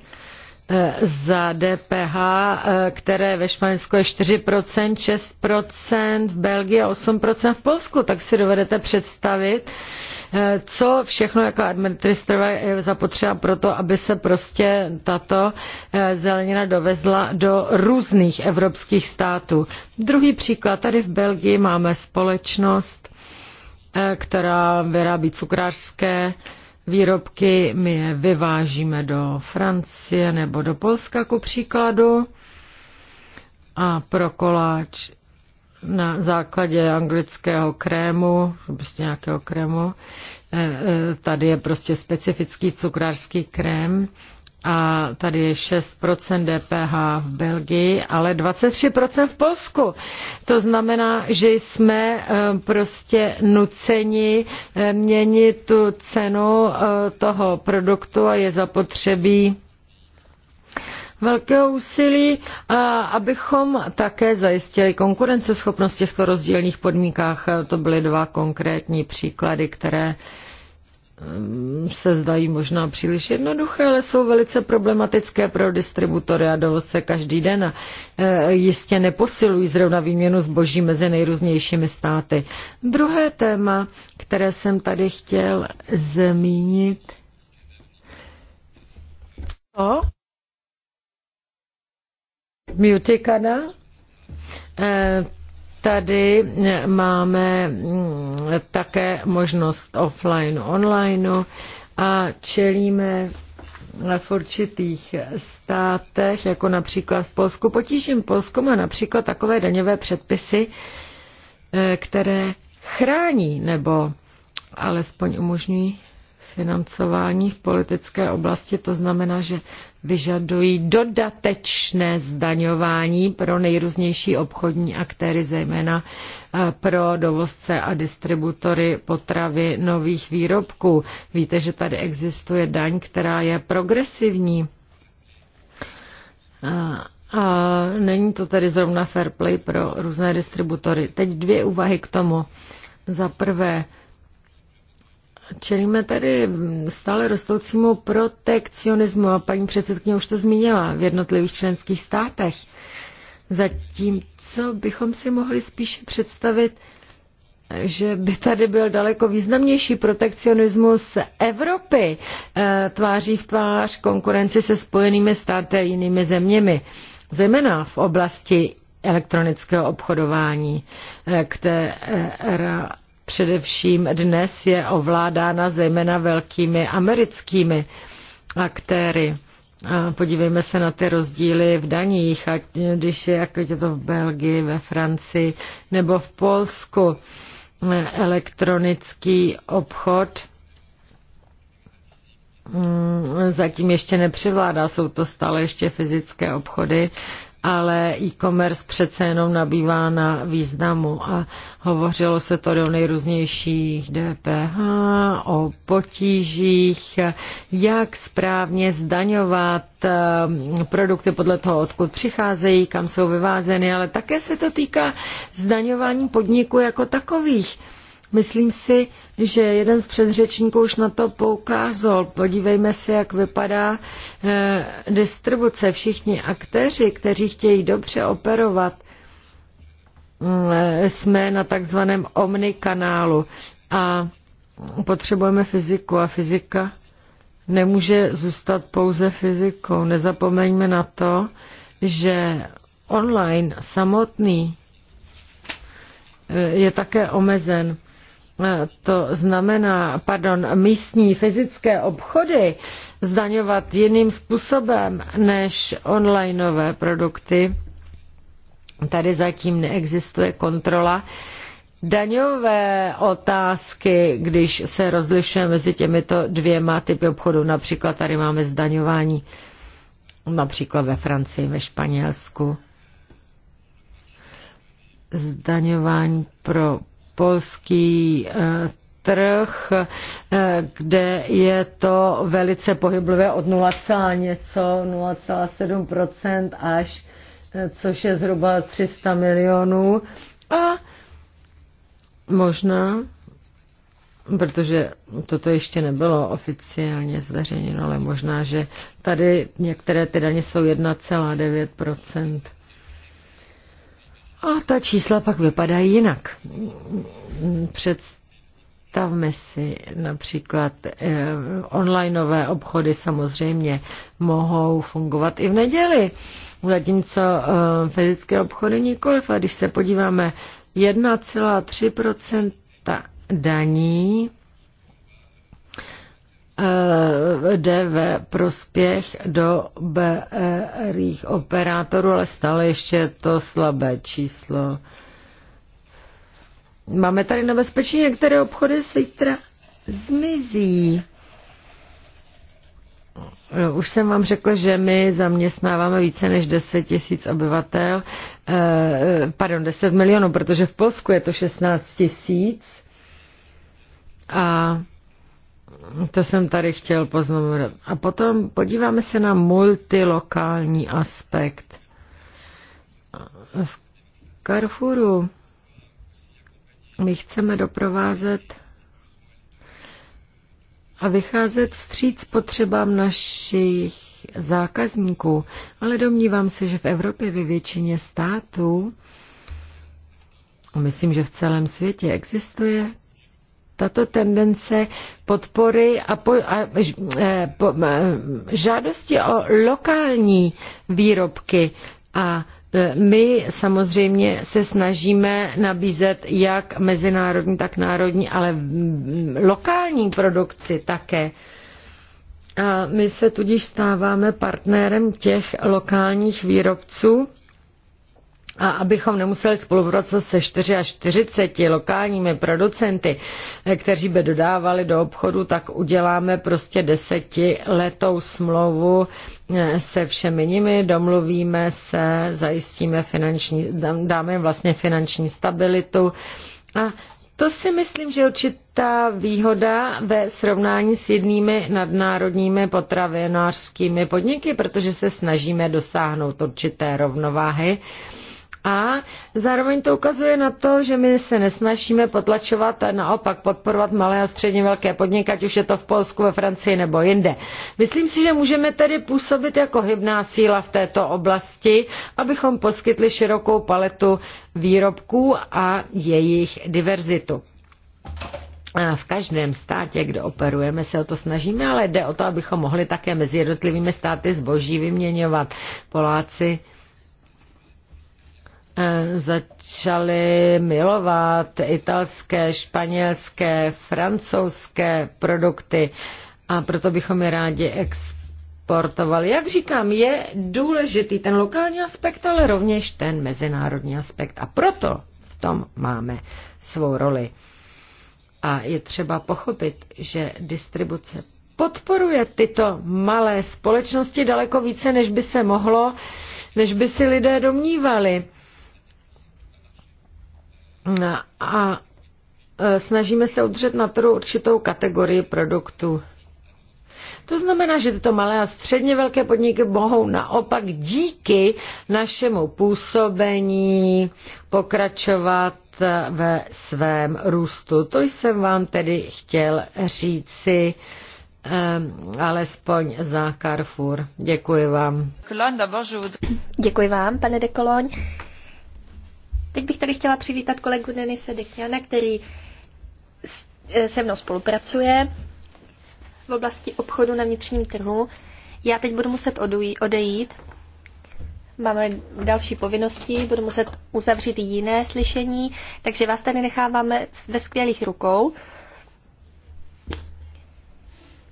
eh, za DPH, eh, které ve Španělsku je 4%, 6%, v Belgii 8%, v Polsku. Tak si dovedete představit, eh, co všechno jako administrativa je zapotřeba pro to, aby se prostě tato zelenina dovezla do různých evropských států. Druhý příklad, tady v Belgii máme společnost, která vyrábí cukrářské výrobky, my je vyvážíme do Francie nebo do Polska ku příkladu a pro koláč na základě anglického krému, prostě nějakého krému, eh, eh, tady je prostě specifický cukrářský krém a tady je 6% DPH v Belgii, ale 23% v Polsku. To znamená, že jsme eh, prostě nuceni eh, měnit tu cenu eh, toho produktu a je zapotřebí velkého úsilí, abychom také zajistili konkurenceschopnost v těchto rozdílných podmínkách. To byly dva konkrétní příklady, které Mm, se zdají možná příliš jednoduché, ale jsou velice problematické pro distributory a dovozce každý den a e, jistě neposilují zrovna výměnu zboží mezi nejrůznějšími státy. Druhé téma, které jsem tady chtěl zmínit, to Muticada, Tady máme mm, také možnost offline, online a čelíme v určitých státech, jako například v Polsku. Potížím Polsku má například takové daňové předpisy, eh, které chrání nebo alespoň umožňují financování v politické oblasti, to znamená, že vyžadují dodatečné zdaňování pro nejrůznější obchodní aktéry, zejména eh, pro dovozce a distributory potravy nových výrobků. Víte, že tady existuje daň, která je progresivní. Eh, a není to tedy zrovna fair play pro různé distributory. Teď dvě úvahy k tomu. Za prvé, Čelíme tady stále rostoucímu protekcionismu a paní předsedkyně už to zmínila v jednotlivých členských státech. Zatímco bychom si mohli spíše představit, že by tady byl daleko významnější protekcionismus Evropy eh, tváří v tvář konkurenci se spojenými státy a jinými zeměmi, zejména v oblasti elektronického obchodování, eh, která především dnes je ovládána zejména velkými americkými aktéry. A podívejme se na ty rozdíly v daních, ať když je, jako je to v Belgii, ve Francii nebo v Polsku. Elektronický obchod mm, zatím ještě nepřevládá, jsou to stále ještě fyzické obchody, ale e-commerce přece jenom nabývá na významu a hovořilo se to do nejrůznějších DPH, o potížích, jak správně zdaňovat eh, produkty podle toho, odkud přicházejí, kam jsou vyvázeny, ale také se to týká zdaňování podniků jako takových Myslím si, že jeden z předřečníků už na to poukázal. Podívejme se, jak vypadá e, distribuce. Všichni aktéři, kteří chtějí dobře operovat, e, jsme na takzvaném omnikanálu a potřebujeme fyziku a fyzika nemůže zůstat pouze fyzikou. Nezapomeňme na to, že online samotný eh, je také omezen to znamená, pardon, místní fyzické obchody zdaňovat jiným způsobem než onlineové produkty. Tady zatím neexistuje kontrola. Daňové otázky, když se rozlišuje mezi těmito dvěma typy obchodů, například tady máme zdaňování například ve Francii, ve Španělsku, zdaňování pro polský eh, trh, eh, kde je to velice pohyblivé od 0, něco 0,7% až, eh, což je zhruba 300 milionů. A možná, protože toto ještě nebylo oficiálně zveřejněno, ale možná, že tady některé ty daně jsou 1,9%. A ta čísla pak vypadají jinak. Představme si například eh, onlineové obchody samozřejmě mohou fungovat i v neděli, zatímco eh, fyzické obchody nikoliv. A když se podíváme, 1,3% daní jde ve prospěch do BRých operátorů, ale stále ještě to slabé číslo. Máme tady nebezpečí některé obchody, zítra zmizí. No, už jsem vám řekla, že my zaměstnáváme více než 10 tisíc obyvatel, eh, pardon, 10 milionů, protože v Polsku je to 16 tisíc. A to jsem tady chtěl poznamenat. A potom podíváme se na multilokální aspekt. V Carrefouru my chceme doprovázet a vycházet vstříc potřebám našich zákazníků, ale domnívám se, že v Evropě ve většině států, a myslím, že v celém světě existuje tato tendence podpory a, po, a, eh, po, eh, žádosti o lokální výrobky a eh, my samozřejmě se snažíme nabízet jak mezinárodní, tak národní, ale lokální produkci také. A my se tudíž stáváme partnerem těch lokálních výrobců a abychom nemuseli spolupracovat se 44 lokálními producenty, eh, kteří by dodávali do obchodu, tak uděláme prostě desetiletou smlouvu eh, se všemi nimi, domluvíme se, zajistíme finanční, dáme vlastně finanční stabilitu a to si myslím, že určitá výhoda ve srovnání s jednými nadnárodními potravinářskými podniky, protože se snažíme dosáhnout určité rovnováhy. A zároveň to ukazuje na to, že my se nesnažíme potlačovat a naopak podporovat malé a středně velké podniky, ať už je to v Polsku, ve Francii nebo jinde. Myslím si, že můžeme tedy působit jako hybná síla v této oblasti, abychom poskytli širokou paletu výrobků a jejich diverzitu. A v každém státě, kde operujeme, se o to snažíme, ale jde o to, abychom mohli také mezi jednotlivými státy zboží vyměňovat. Poláci začali milovat italské, španělské, francouzské produkty a proto bychom je rádi exportovali. Jak říkám, je důležitý ten lokální aspekt, ale rovněž ten mezinárodní aspekt a proto v tom máme svou roli. A je třeba pochopit, že distribuce podporuje tyto malé společnosti daleko více, než by se mohlo, než by si lidé domnívali a e, snažíme se udržet na trhu určitou kategorii produktů. To znamená, že tyto malé a středně velké podniky mohou naopak díky našemu působení pokračovat e, ve svém růstu. To jsem vám tedy chtěl říci um, alespoň za Carrefour. Děkuji vám. Děkuji vám, pane de Teď bych tady chtěla přivítat kolegu Denise Dekňana, který eh, se mnou spolupracuje v oblasti obchodu na vnitřním trhu. Já teď budu muset odejít. Máme další povinnosti, budu muset uzavřít jiné slyšení, takže vás tady necháváme ve skvělých rukou.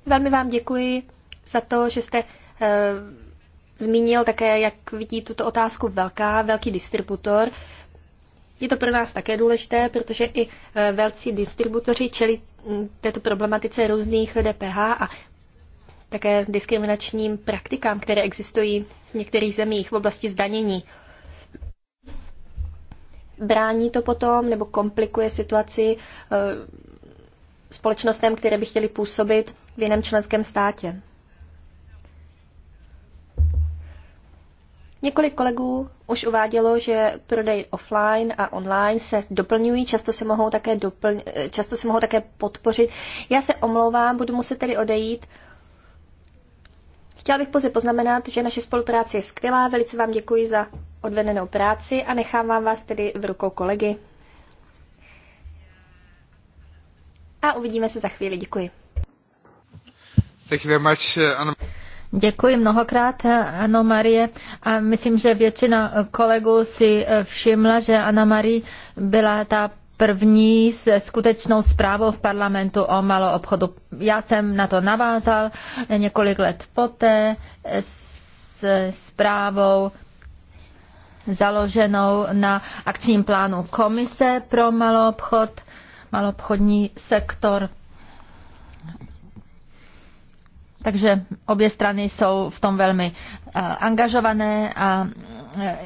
Velmi vám děkuji za to, že jste e, zmínil také, jak vidí tuto otázku velká, velký distributor. E, je to pro nás také důležité, protože i e, velcí distributoři čelí této problematice různých DPH a také diskriminačním praktikám, které existují v některých zemích v oblasti zdanění. Brání to potom nebo komplikuje situaci e, společnostem, které by chtěly působit v jiném členském státě. Několik kolegů už uvádělo, že prodej offline a online se doplňují, často se mohou také, doplň, často se mohou také podpořit. Já se omlouvám, budu muset tedy odejít. Chtěla bych pouze poznamenat, že naše spolupráce je skvělá, velice vám děkuji za odvedenou práci a nechám vám vás tedy v rukou kolegy. A uvidíme se za chvíli. Děkuji. Thank you very much, uh, Děkuji mnohokrát, Ano Marie. A myslím, že většina kolegů si eh, všimla, že Ana Marie byla ta první s skutečnou zprávou v parlamentu o malou obchodu. Já jsem na to navázal několik let poté s zprávou založenou na akčním plánu Komise pro malou obchod, obchodní sektor. Takže obě strany jsou v tom velmi eh, angažované a eh,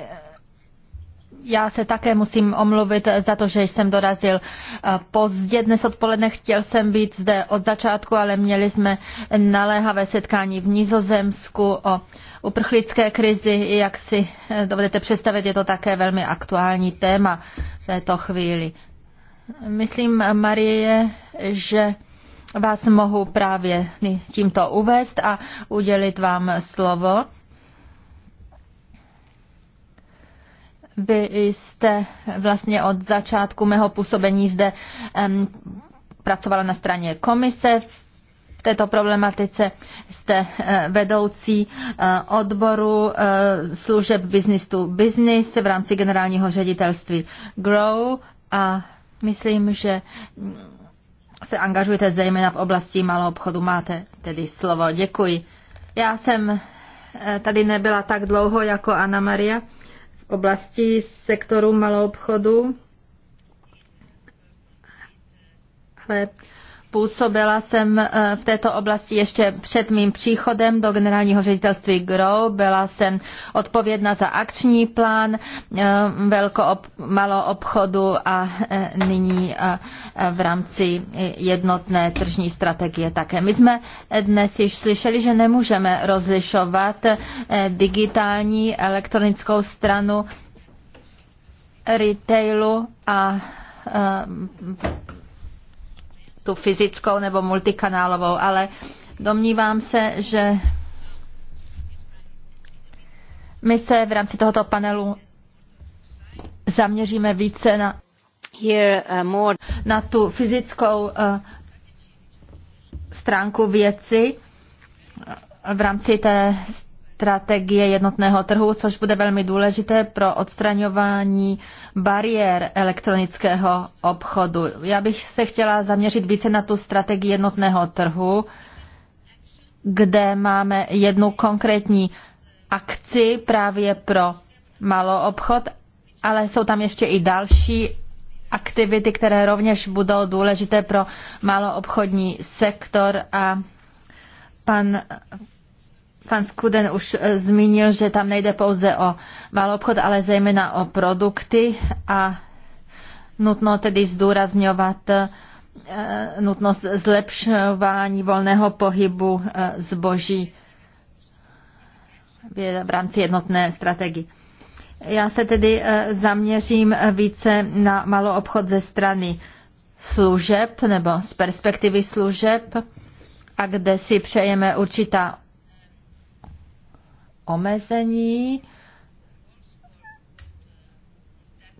já se také musím omluvit za to, že jsem dorazil eh, pozdě dnes odpoledne. Chtěl jsem být zde od začátku, ale měli jsme naléhavé setkání v Nizozemsku o uprchlické krizi. Jak si dovedete představit, je to také velmi aktuální téma v této chvíli. Myslím, Marie, že vás mohu právě tímto uvést a udělit vám slovo. Vy jste vlastně od začátku mého působení zde um, pracovala na straně komise. V této problematice jste e, vedoucí e, odboru e, služeb business to business v rámci generálního ředitelství Grow a myslím, že se angažujete zejména v oblasti malou obchodu. Máte tedy slovo. Děkuji. Já jsem eh, tady nebyla tak dlouho jako Anna Maria v oblasti sektoru malou obchodu, ale Působila jsem eh, v této oblasti ještě před mým příchodem do generálního ředitelství GROW. Byla jsem odpovědna za akční plán eh, velko ob, malo obchodu a eh, nyní v rámci jednotné tržní strategie také. My jsme dnes již slyšeli, že nemůžeme rozlišovat digitální elektronickou stranu retailu a tu fyzickou nebo multikanálovou, ale domnívám se, že my se v rámci tohoto panelu zaměříme více na, uh, na tu fyzickou uh, stránku věci v rámci té strategie jednotného trhu, což bude velmi důležité pro odstraňování bariér elektronického obchodu. Já bych se chtěla zaměřit více na tu strategii jednotného trhu, kde máme jednu konkrétní akci právě pro malou obchod, ale jsou tam ještě i další aktivity, které rovněž budou důležité pro maloobchodní sektor a pan Pan Skuden už eh, zmínil, že tam nejde pouze o malou obchod, ale zejména o produkty a nutno tedy zdůrazňovat eh, nutnost zlepšování volného pohybu eh, zboží v rámci jednotné strategie. Já se tedy zaměřím více na malou obchod ze strany služeb nebo z perspektivy služeb a kde si přejeme určitá omezení,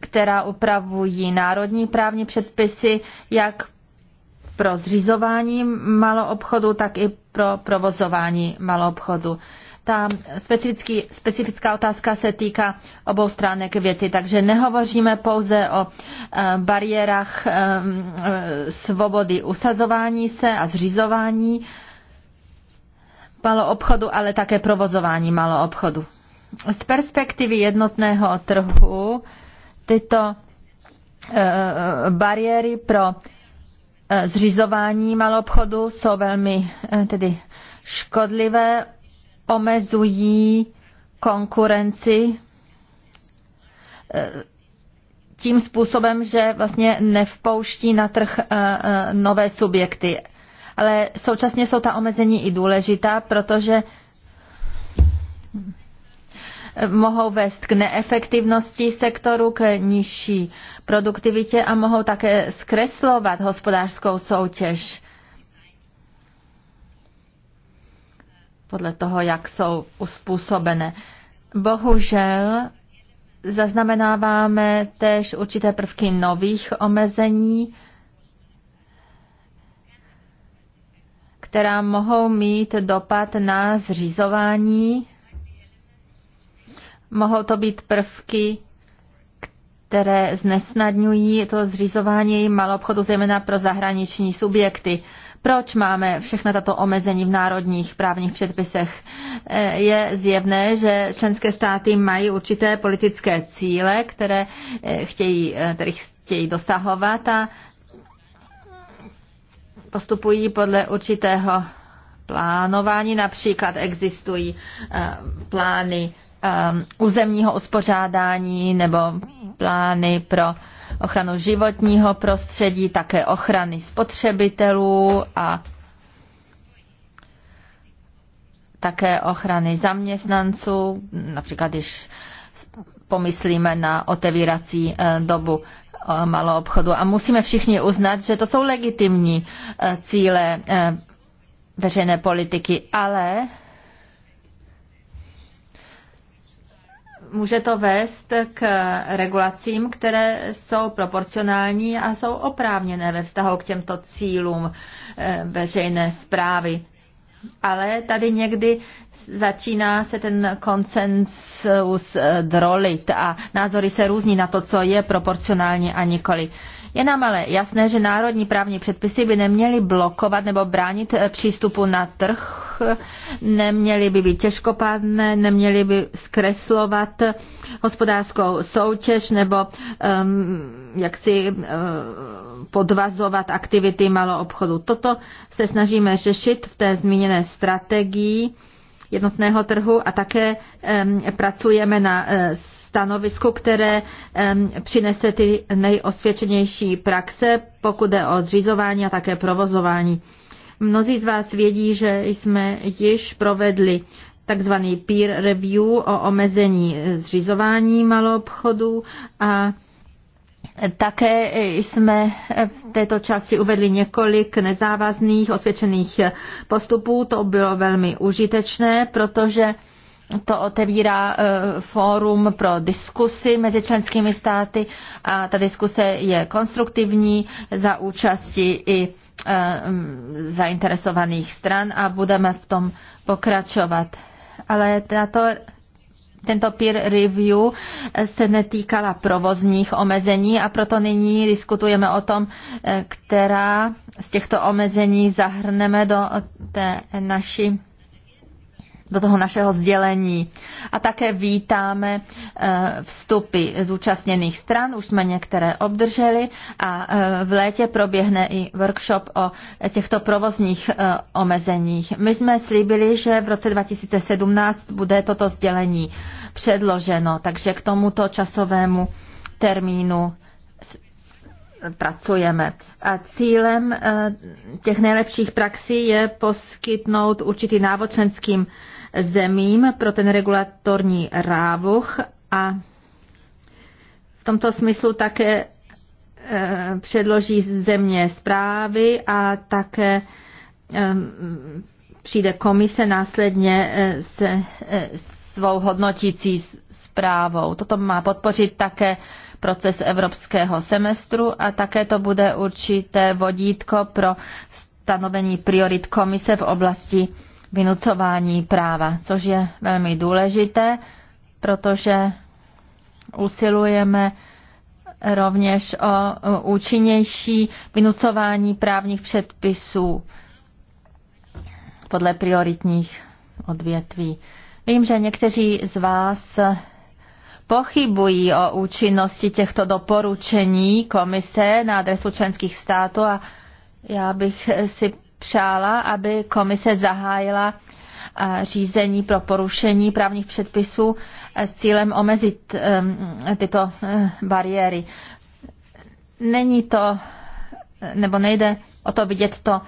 která upravují národní právní předpisy, jak pro zřizování maloobchodu, tak i pro provozování maloobchodu. Ta specifická otázka se týká obou stránek věci, takže nehovoříme pouze o eh, bariérách eh, eh, svobody usazování se a zřizování, maloobchodu, ale také provozování maloobchodu. Z perspektivy jednotného trhu tyto e, e, bariéry pro e, zřizování maloobchodu jsou velmi tedy škodlivé, omezují konkurenci tím způsobem, že vlastně nevpouští na trh nové subjekty ale současně jsou ta omezení i důležitá, protože mohou vést k neefektivnosti sektoru, k nižší produktivitě a mohou také zkreslovat hospodářskou soutěž podle toho, jak jsou uspůsobené. Bohužel zaznamenáváme též určité prvky nových omezení, která mohou mít dopad na zřizování. Mohou to být prvky, které znesnadňují to zřizování malou obchodu, zejména pro zahraniční subjekty. Proč máme všechna tato omezení v národních právních předpisech? Eh, je zjevné, že členské státy mají určité politické cíle, které eh, chtějí, kterých eh, chtějí dosahovat a postupují podle určitého plánování. Například existují eh, plány eh, územního uspořádání nebo plány pro ochranu životního prostředí, také ochrany spotřebitelů a také ochrany zaměstnanců, například když pomyslíme na otevírací eh, dobu malou obchodu. A musíme všichni uznat, že to jsou legitimní eh, cíle eh, veřejné politiky, ale může to vést k regulacím, které jsou proporcionální a jsou oprávněné ve vztahu k těmto cílům eh, veřejné zprávy ale tady někdy začíná se ten konsensus drolit a názory se různí na to, co je proporcionální a nikoli. Je nám ale jasné, že národní právní předpisy by neměly blokovat nebo bránit eh, přístupu na trh, neměly by být těžkopádné, neměly by zkreslovat eh, hospodářskou soutěž nebo um, ehm, jaksi uh, eh, podvazovat aktivity maloobchodu. Toto se snažíme řešit v té zmíněné strategii jednotného trhu a také um, pracujeme na uh, stanovisku, které přinese ty nejosvědčenější praxe, pokud jde o zřizování a také provozování. Mnozí z vás vědí, že jsme již provedli takzvaný peer review o omezení zřizování maloobchodu a také jsme v této části uvedli několik nezávazných osvědčených postupů. To bylo velmi užitečné, protože to otevírá eh, fórum pro diskusy mezi členskými státy a ta diskuse je konstruktivní za účasti i eh, zainteresovaných stran a budeme v tom pokračovat. Ale tato tento peer review eh, se netýkala provozních omezení a proto nyní diskutujeme o tom, která z těchto omezení zahrneme do té naší do toho našeho sdělení. A také vítáme eh, vstupy zúčastněných stran, už jsme některé obdrželi a eh, v létě proběhne i workshop o těchto provozních eh, omezeních. My jsme slíbili, že v roce 2017 bude toto sdělení předloženo, takže k tomuto časovému termínu pracujeme. A cílem těch nejlepších praxí je poskytnout určitý návod členským zemím pro ten regulatorní rávoch a v tomto smyslu také e, předloží země zprávy a také e, přijde komise následně e, se svou hodnotící zprávou. Toto má podpořit také proces evropského semestru a také to bude určité vodítko pro stanovení priorit komise v oblasti vynucování práva, což je velmi důležité, protože usilujeme rovněž o účinnější vynucování právních předpisů podle prioritních odvětví. Vím, že někteří z vás pochybují o účinnosti těchto doporučení komise na adresu členských států a já bych si přála, aby komise zahájila eh, řízení pro porušení právních předpisů eh, s cílem omezit ehm, tyto eh, bariéry. Není to, nebo nejde o to vidět to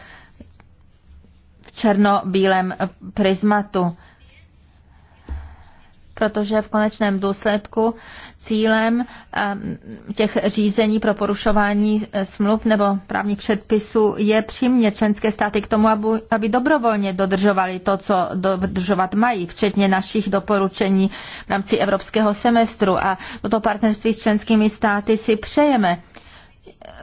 v černobílém prismatu protože v konečném důsledku cílem ehm, těch řízení pro porušování eh, smluv nebo právních předpisů je přimět členské státy k tomu, aby dobrovolně dodržovali to, co dodržovat mají, včetně našich doporučení v rámci evropského semestru. A toto partnerství s členskými státy si přejeme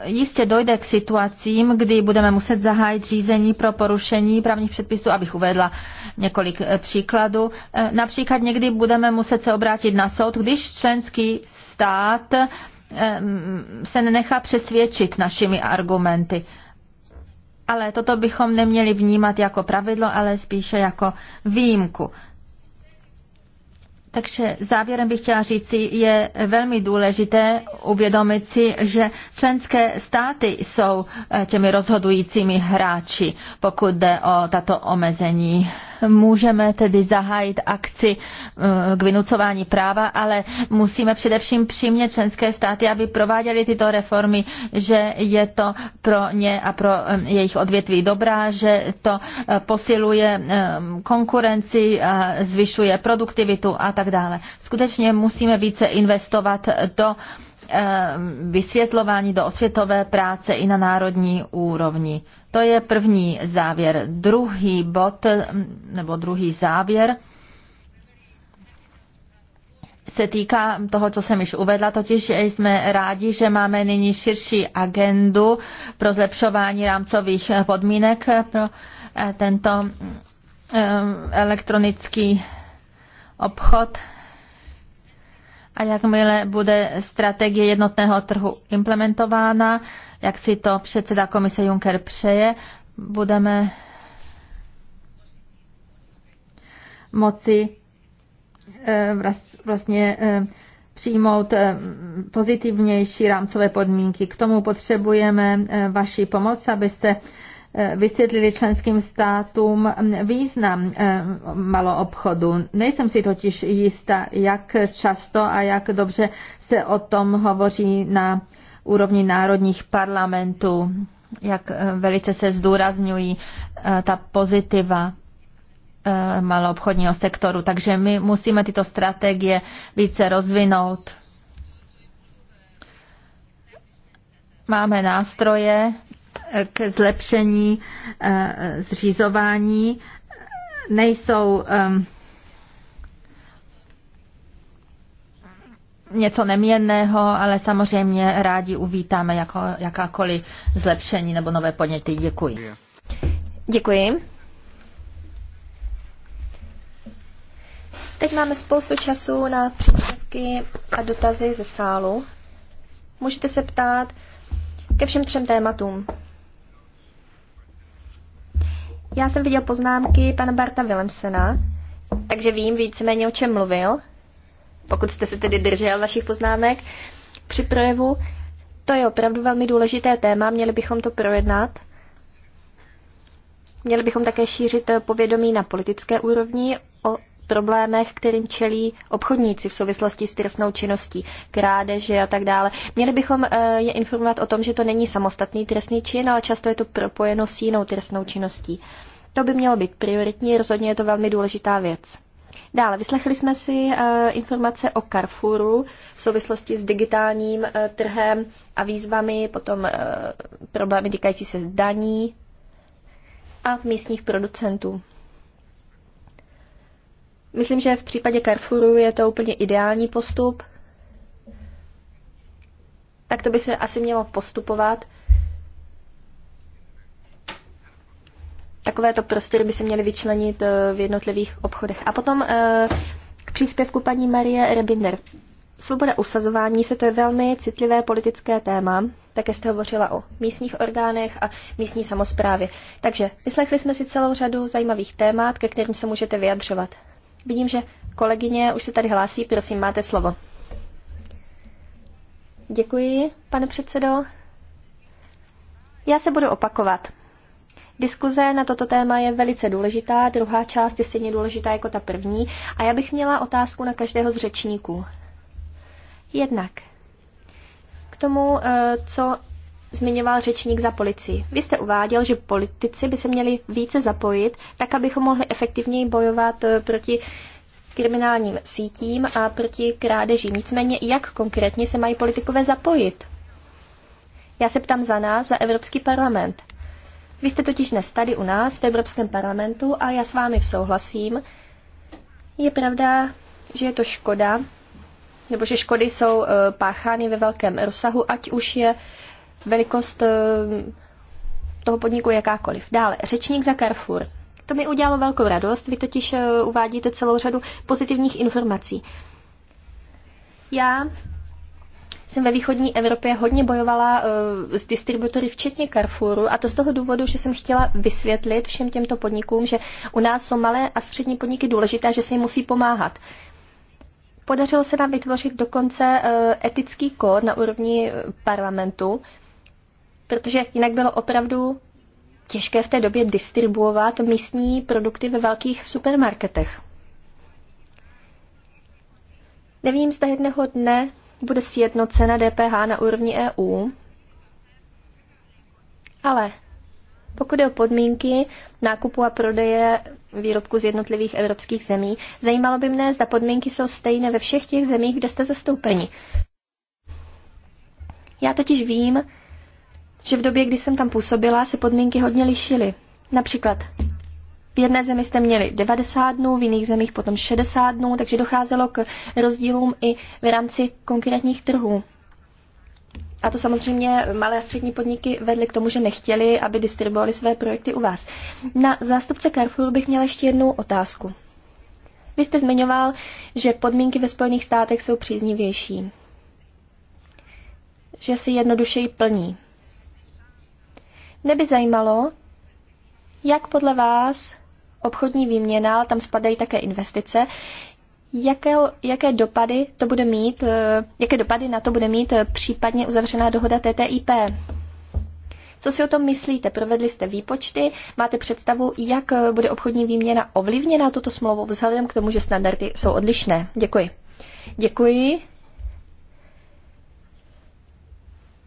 jistě dojde k situacím, kdy budeme muset zahájit řízení pro porušení právních předpisů, abych uvedla několik eh, příkladů. Eh, například někdy budeme muset se obrátit na soud, když členský stát eh, mm, se nenechá přesvědčit našimi argumenty. Ale toto bychom neměli vnímat jako pravidlo, ale spíše jako výjimku. Takže závěrem bych chtěla říci, je velmi důležité uvědomit si, že členské státy jsou eh, těmi rozhodujícími hráči, pokud jde o tato omezení můžeme tedy zahájit akci eh, k vynucování práva, ale musíme především přimět členské státy, aby prováděly tyto reformy, že je to pro ně a pro eh, jejich odvětví dobrá, že to eh, posiluje konkurenci, zvyšuje produktivitu a tak dále. Skutečně musíme více investovat do vysvětlování do osvětové práce i na národní úrovni. To je první závěr. Druhý bod, mm, nebo druhý závěr, se týká toho, co jsem již uvedla, totiž jsme rádi, že máme nyní širší agendu pro zlepšování rámcových podmínek pro eh, tento eh, elektronický obchod. A jakmile bude strategie jednotného trhu implementována, jak si to předseda komise Juncker přeje, budeme moci eh, vlastně eh, přijmout eh, pozitivnější rámcové podmínky. K tomu potřebujeme vaši pomoc, abyste vysvětlili členským státům mm, význam maloobchodu. Nejsem si totiž jista, jak často a jak dobře se o tom hovoří na úrovni národních parlamentů, jak eh, velice se zdůrazňují eh, ta pozitiva eh, maloobchodního sektoru. Takže my musíme tyto strategie více rozvinout. Máme nástroje k zlepšení zřizování. Nejsou ehm, něco neměnného, ale samozřejmě rádi uvítáme jako, jakákoliv zlepšení nebo nové podněty. Děkuji. Děkuji. Teď máme spoustu času na příspěvky a dotazy ze sálu. Můžete se ptát ke všem třem tématům. Já jsem viděl poznámky pana Barta Willemsena, takže vím víceméně, o čem mluvil pokud jste se tedy držel vašich poznámek při projevu. To je opravdu velmi důležité téma, měli bychom to projednat. Měli bychom také šířit povědomí na politické úrovni o problémech, kterým čelí obchodníci v souvislosti s trestnou činností, krádeže a tak dále. Měli bychom eh, je informovat o tom, že to není samostatný trestný čin, ale často je to propojeno s jinou trestnou činností. To by mělo být prioritní, rozhodně je to velmi důležitá věc. Dále vyslechli jsme si eh, informace o Carrefouru v souvislosti s digitálním eh, trhem a výzvami, potom eh, problémy týkající se daní a místních producentů. Myslím, že v případě Carrefouru je to úplně ideální postup. Tak to by se asi mělo postupovat. takovéto prostory by se měly vyčlenit eh, v jednotlivých obchodech. A potom eh, k příspěvku paní Marie Rebinder. Svoboda usazování se to je velmi citlivé politické téma. Také jste hovořila o místních orgánech a místní samozprávě. Takže vyslechli jsme si celou řadu zajímavých témat, ke kterým se můžete vyjadřovat. Vidím, že kolegyně už se tady hlásí. Prosím, máte slovo. Děkuji, pane předsedo. Já se budu opakovat. Diskuze na toto téma je velice důležitá, druhá část je stejně důležitá jako ta první a já bych měla otázku na každého z řečníků. Jednak k tomu, eh, co zmiňoval řečník za policii. Vy jste uváděl, že politici by se měli více zapojit, tak abychom mohli efektivněji bojovat eh, proti kriminálním sítím a proti krádežím. Nicméně, jak konkrétně se mají politikové zapojit? Já se ptám za nás, za Evropský parlament. Vy jste totiž dnes tady u nás v Evropském parlamentu a já s vámi souhlasím. Je pravda, že je to škoda, nebo že škody jsou eh, páchány ve velkém rozsahu, ať už je velikost eh, toho podniku jakákoliv. Dále, řečník za Carrefour. To mi udělalo velkou radost, vy totiž eh, uvádíte celou řadu pozitivních informací. Já jsem ve východní Evropě hodně bojovala eh, s distributory, včetně Carrefouru, a to z toho důvodu, že jsem chtěla vysvětlit všem těmto podnikům, že u nás jsou malé a střední podniky důležité, že se jim musí pomáhat. Podařilo se nám vytvořit dokonce eh, etický kód na úrovni eh, parlamentu, protože jinak bylo opravdu těžké v té době distribuovat místní produkty ve velkých supermarketech. Nevím, zda jednoho dne bude sjednocena DPH na úrovni EU, ale pokud je o podmínky nákupu a prodeje výrobku z jednotlivých evropských zemí, zajímalo by mne, zda podmínky jsou stejné ve všech těch zemích, kde jste zastoupeni. Já totiž vím, že v době, kdy jsem tam působila, se podmínky hodně lišily. Například v jedné zemi jste měli 90 dnů, v jiných zemích potom 60 dnů, takže docházelo k rozdílům i v rámci konkrétních trhů. A to samozřejmě malé a střední podniky vedly k tomu, že nechtěli, aby distribuovali své projekty u vás. Na zástupce Carrefour bych měla ještě jednu otázku. Vy jste zmiňoval, že podmínky ve Spojených státech jsou příznivější. Že si jednodušeji plní. Neby zajímalo, jak podle vás obchodní výměna, ale tam spadají také investice. Jaké, jaké dopady to bude mít, eh, jaké dopady na to bude mít eh, případně uzavřená dohoda TTIP? Co si o tom myslíte? Provedli jste výpočty? Máte představu, jak eh, bude obchodní výměna ovlivněna tuto smlouvou vzhledem k tomu, že standardy jsou odlišné? Děkuji. Děkuji.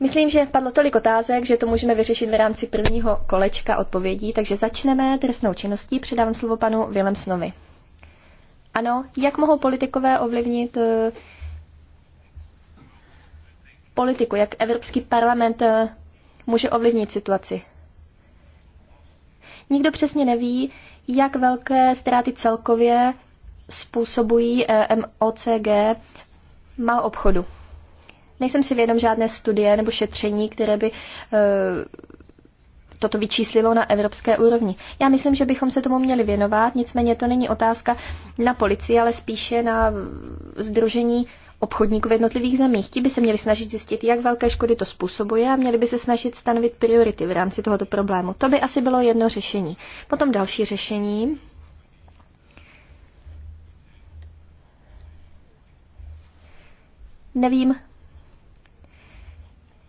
Myslím, že padlo tolik otázek, že to můžeme vyřešit v rámci prvního kolečka odpovědí, takže začneme trestnou činností. Předávám slovo panu Willemsnovi. Ano, jak mohou politikové ovlivnit eh, politiku, jak Evropský parlament eh, může ovlivnit situaci? Nikdo přesně neví, jak velké ztráty celkově způsobují eh, MOCG mal obchodu. Nejsem si vědom žádné studie nebo šetření, které by eh, toto vyčíslilo na evropské úrovni. Já myslím, že bychom se tomu měli věnovat, nicméně to není otázka na policii, ale spíše na združení obchodníků v jednotlivých zemích. Ti by se měli snažit zjistit, jak velké škody to způsobuje a měli by se snažit stanovit priority v rámci tohoto problému. To by asi bylo jedno řešení. Potom další řešení. Nevím,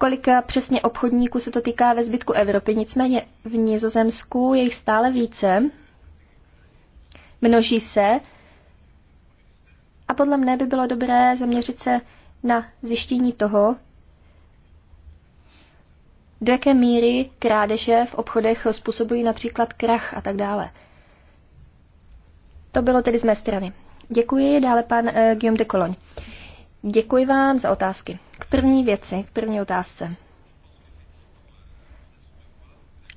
kolika eh, přesně obchodníků se to týká ve zbytku Evropy, nicméně v Nizozemsku je jich stále více, množí se a podle mne by bylo dobré zaměřit se na zjištění toho, do jaké míry krádeže v obchodech způsobují například krach a tak dále. To bylo tedy z mé strany. Děkuji, dále pan uh, Guillaume de Cologne. Děkuji vám za otázky. K první věci, k první otázce.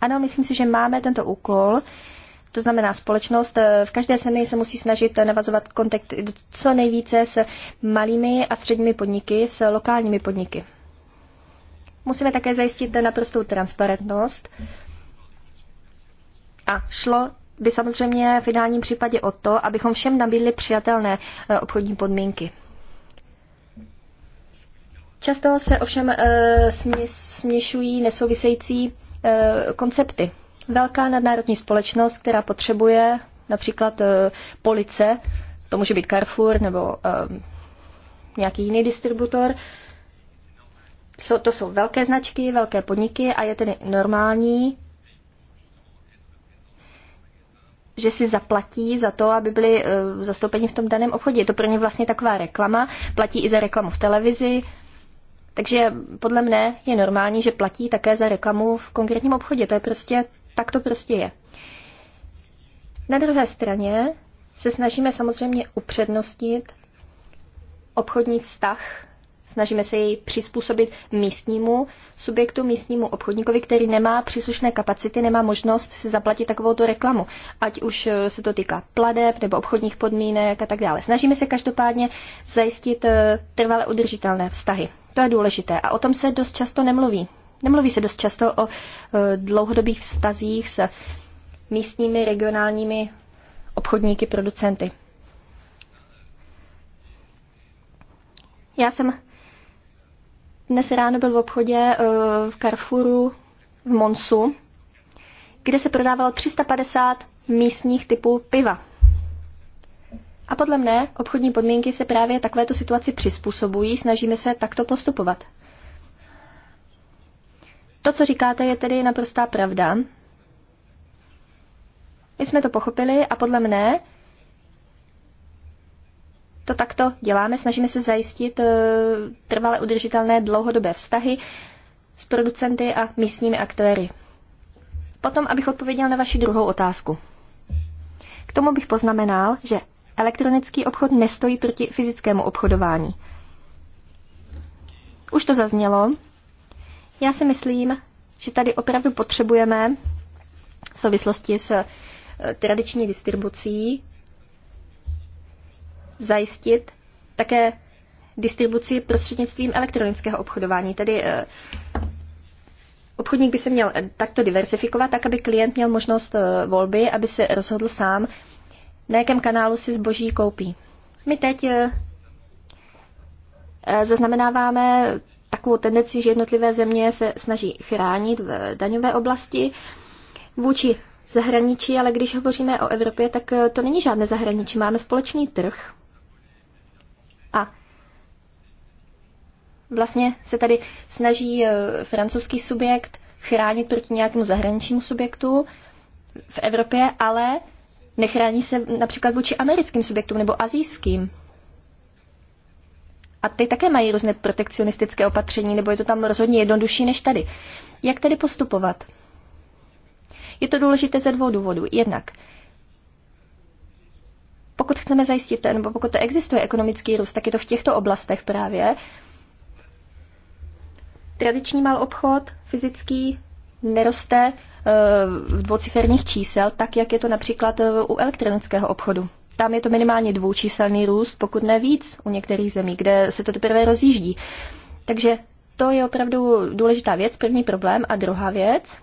Ano, myslím si, že máme tento úkol. To znamená, společnost eh, v každé zemi se musí snažit navazovat kontakt co nejvíce s malými a středními podniky, s lokálními podniky. Musíme také zajistit naprostou transparentnost. A šlo by samozřejmě v ideálním případě o to, abychom všem nabídli přijatelné eh, obchodní podmínky. Často se ovšem eh, směšují nesouvisející eh, koncepty. Velká nadnárodní společnost, která potřebuje například eh, police, to může být Carrefour nebo nějaký jiný distributor, jsou, to jsou velké značky, velké podniky a je tedy normální, že si zaplatí za to, aby byli uh, zastoupeni v tom daném obchodě. Je to pro ně vlastně taková reklama. Platí i za reklamu v televizi, takže podle mne je normální, že platí také za reklamu v konkrétním obchodě. To je prostě, tak to prostě je. Na druhé straně se snažíme samozřejmě upřednostnit obchodní vztah, snažíme se jej přizpůsobit místnímu subjektu, místnímu obchodníkovi, který nemá příslušné kapacity, nemá možnost si zaplatit takovou tu reklamu, ať už eh, se to týká pladeb nebo obchodních podmínek a tak dále. Snažíme se každopádně zajistit eh, trvale udržitelné vztahy. To je důležité a o tom se dost často nemluví. Nemluví se dost často o e, dlouhodobých vztazích s místními regionálními obchodníky, producenty. Já jsem dnes ráno byl v obchodě e, v Carrefouru v Monsu, kde se prodávalo 350 místních typů piva. A podle mne obchodní podmínky se právě takovéto situaci přizpůsobují, snažíme se takto postupovat. To, co říkáte, je tedy naprostá pravda. My jsme to pochopili a podle mne to takto děláme. Snažíme se zajistit eh, trvale udržitelné dlouhodobé vztahy s producenty a místními aktéry. Potom, abych odpověděl na vaši druhou otázku. K tomu bych poznamenal, že elektronický obchod nestojí proti fyzickému obchodování. Už to zaznělo. Já si myslím, že tady opravdu potřebujeme v souvislosti s eh, tradiční distribucí zajistit také distribuci prostřednictvím elektronického obchodování. Tedy eh, obchodník by se měl eh, takto diversifikovat, tak aby klient měl možnost volby, aby se rozhodl sám, na jakém kanálu si zboží koupí. My teď eh, eh, zaznamenáváme takovou tendenci, že jednotlivé země se snaží chránit v daňové oblasti vůči zahraničí, ale když hovoříme o Evropě, tak eh, to není žádné zahraničí. Máme společný trh a vlastně se tady snaží francouzský subjekt chránit proti nějakému zahraničnímu subjektu v Evropě, ale Nechrání se například vůči americkým subjektům nebo azijským. A ty také mají různé protekcionistické opatření, nebo je to tam rozhodně jednodušší než tady. Jak tedy postupovat? Je to důležité ze dvou důvodů. Jednak, pokud chceme zajistit, nebo pokud to existuje ekonomický růst, tak je to v těchto oblastech právě. Tradiční mal obchod, fyzický, neroste dvouciferních čísel, tak jak je to například eh, u elektronického obchodu. Tam je to minimálně dvoučíselný růst, pokud ne víc u některých zemí, kde se to teprve rozjíždí. Takže to je opravdu důležitá věc, první problém. A druhá věc,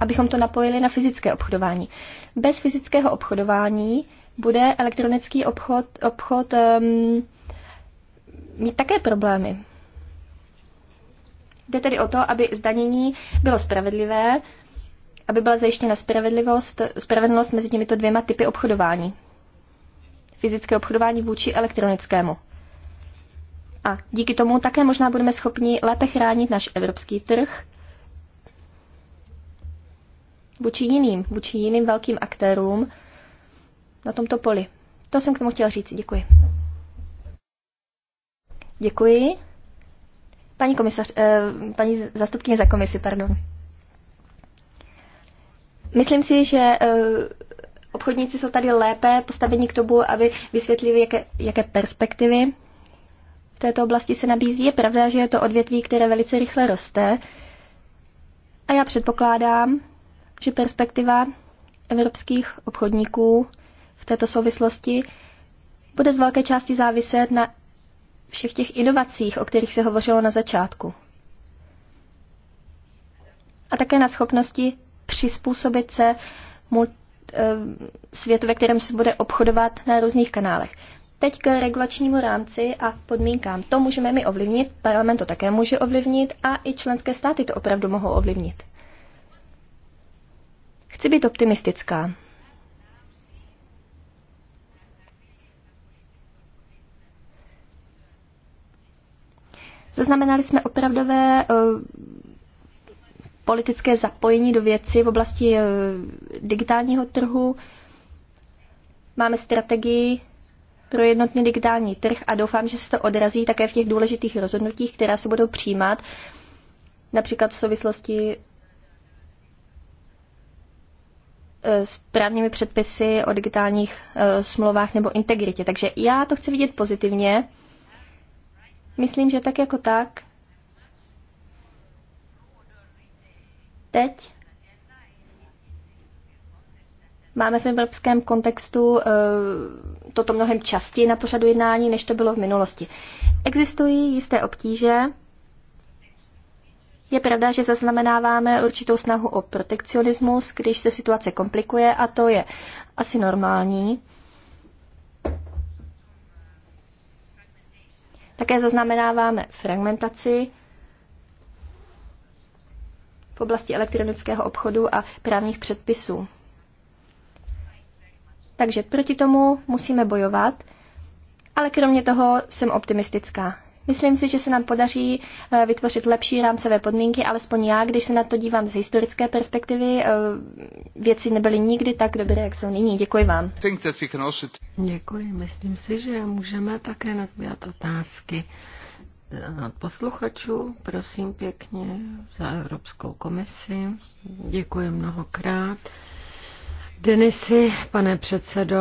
abychom to napojili na fyzické obchodování. Bez fyzického obchodování bude elektronický obchod, obchod um, mít také problémy. Jde tedy o to, aby zdanění bylo spravedlivé, aby byla zajištěna spravedlivost, spravedlnost mezi těmito dvěma typy obchodování. Fyzické obchodování vůči elektronickému. A díky tomu také možná budeme schopni lépe chránit náš evropský trh vůči jiným, vůči jiným velkým aktérům na tomto poli. To jsem k tomu chtěla říct. Děkuji. Děkuji. Paní, komisař, eh, paní zastupkyně za komisi, pardon. Myslím si, že eh, obchodníci jsou tady lépe postaveni k tomu, aby vysvětlili, jaké, jaké perspektivy v této oblasti se nabízí. Je pravda, že je to odvětví, které velice rychle roste. A já předpokládám, že perspektiva evropských obchodníků v této souvislosti bude z velké části záviset na všech těch inovacích, o kterých se hovořilo na začátku. A také na schopnosti přizpůsobit se mu, eh, světu, ve kterém se bude obchodovat na různých kanálech. Teď k regulačnímu rámci a podmínkám. To můžeme my ovlivnit, parlament to také může ovlivnit a i členské státy to opravdu mohou ovlivnit. Chci být optimistická. Zaznamenali jsme opravdové eh, politické zapojení do věci v oblasti eh, digitálního trhu. Máme strategii pro jednotný digitální trh a doufám, že se to odrazí také v těch důležitých rozhodnutích, která se budou přijímat, například v souvislosti eh, s právními předpisy o digitálních eh, smlouvách nebo integritě. Takže já to chci vidět pozitivně. Myslím, že tak jako tak Teď máme v evropském kontextu eh, toto mnohem častěji na pořadu jednání, než to bylo v minulosti. Existují jisté obtíže. Je pravda, že zaznamenáváme určitou snahu o protekcionismus, když se situace komplikuje a to je asi normální. Také zaznamenáváme fragmentaci v oblasti elektronického obchodu a právních předpisů. Takže proti tomu musíme bojovat, ale kromě toho jsem optimistická. Myslím si, že se nám podaří eh, vytvořit lepší rámcové podmínky, alespoň já, když se na to dívám z historické perspektivy, eh, věci nebyly nikdy tak dobré, jak jsou nyní. Děkuji vám. Děkuji. Myslím si, že můžeme také nazbírat otázky posluchačů, prosím pěkně, za Evropskou komisi. Děkuji mnohokrát. Denisy, pane předsedo,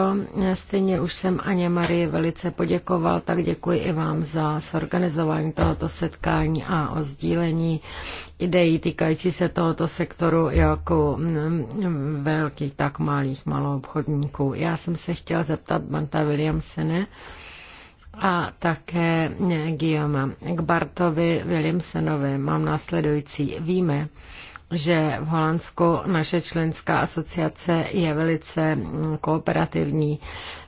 stejně už jsem Aně Marie velice poděkoval, tak děkuji i vám za sorganizování tohoto setkání a o sdílení ideí týkající se tohoto sektoru jako mm, mm, velkých, tak malých malou obchodníků. Já jsem se chtěl zeptat Banta Williamsene, a také eh, Guillaume. K Bartovi Williamsonovi mám následující. Víme, že v Holandsku naše členská asociace je velice mm, kooperativní.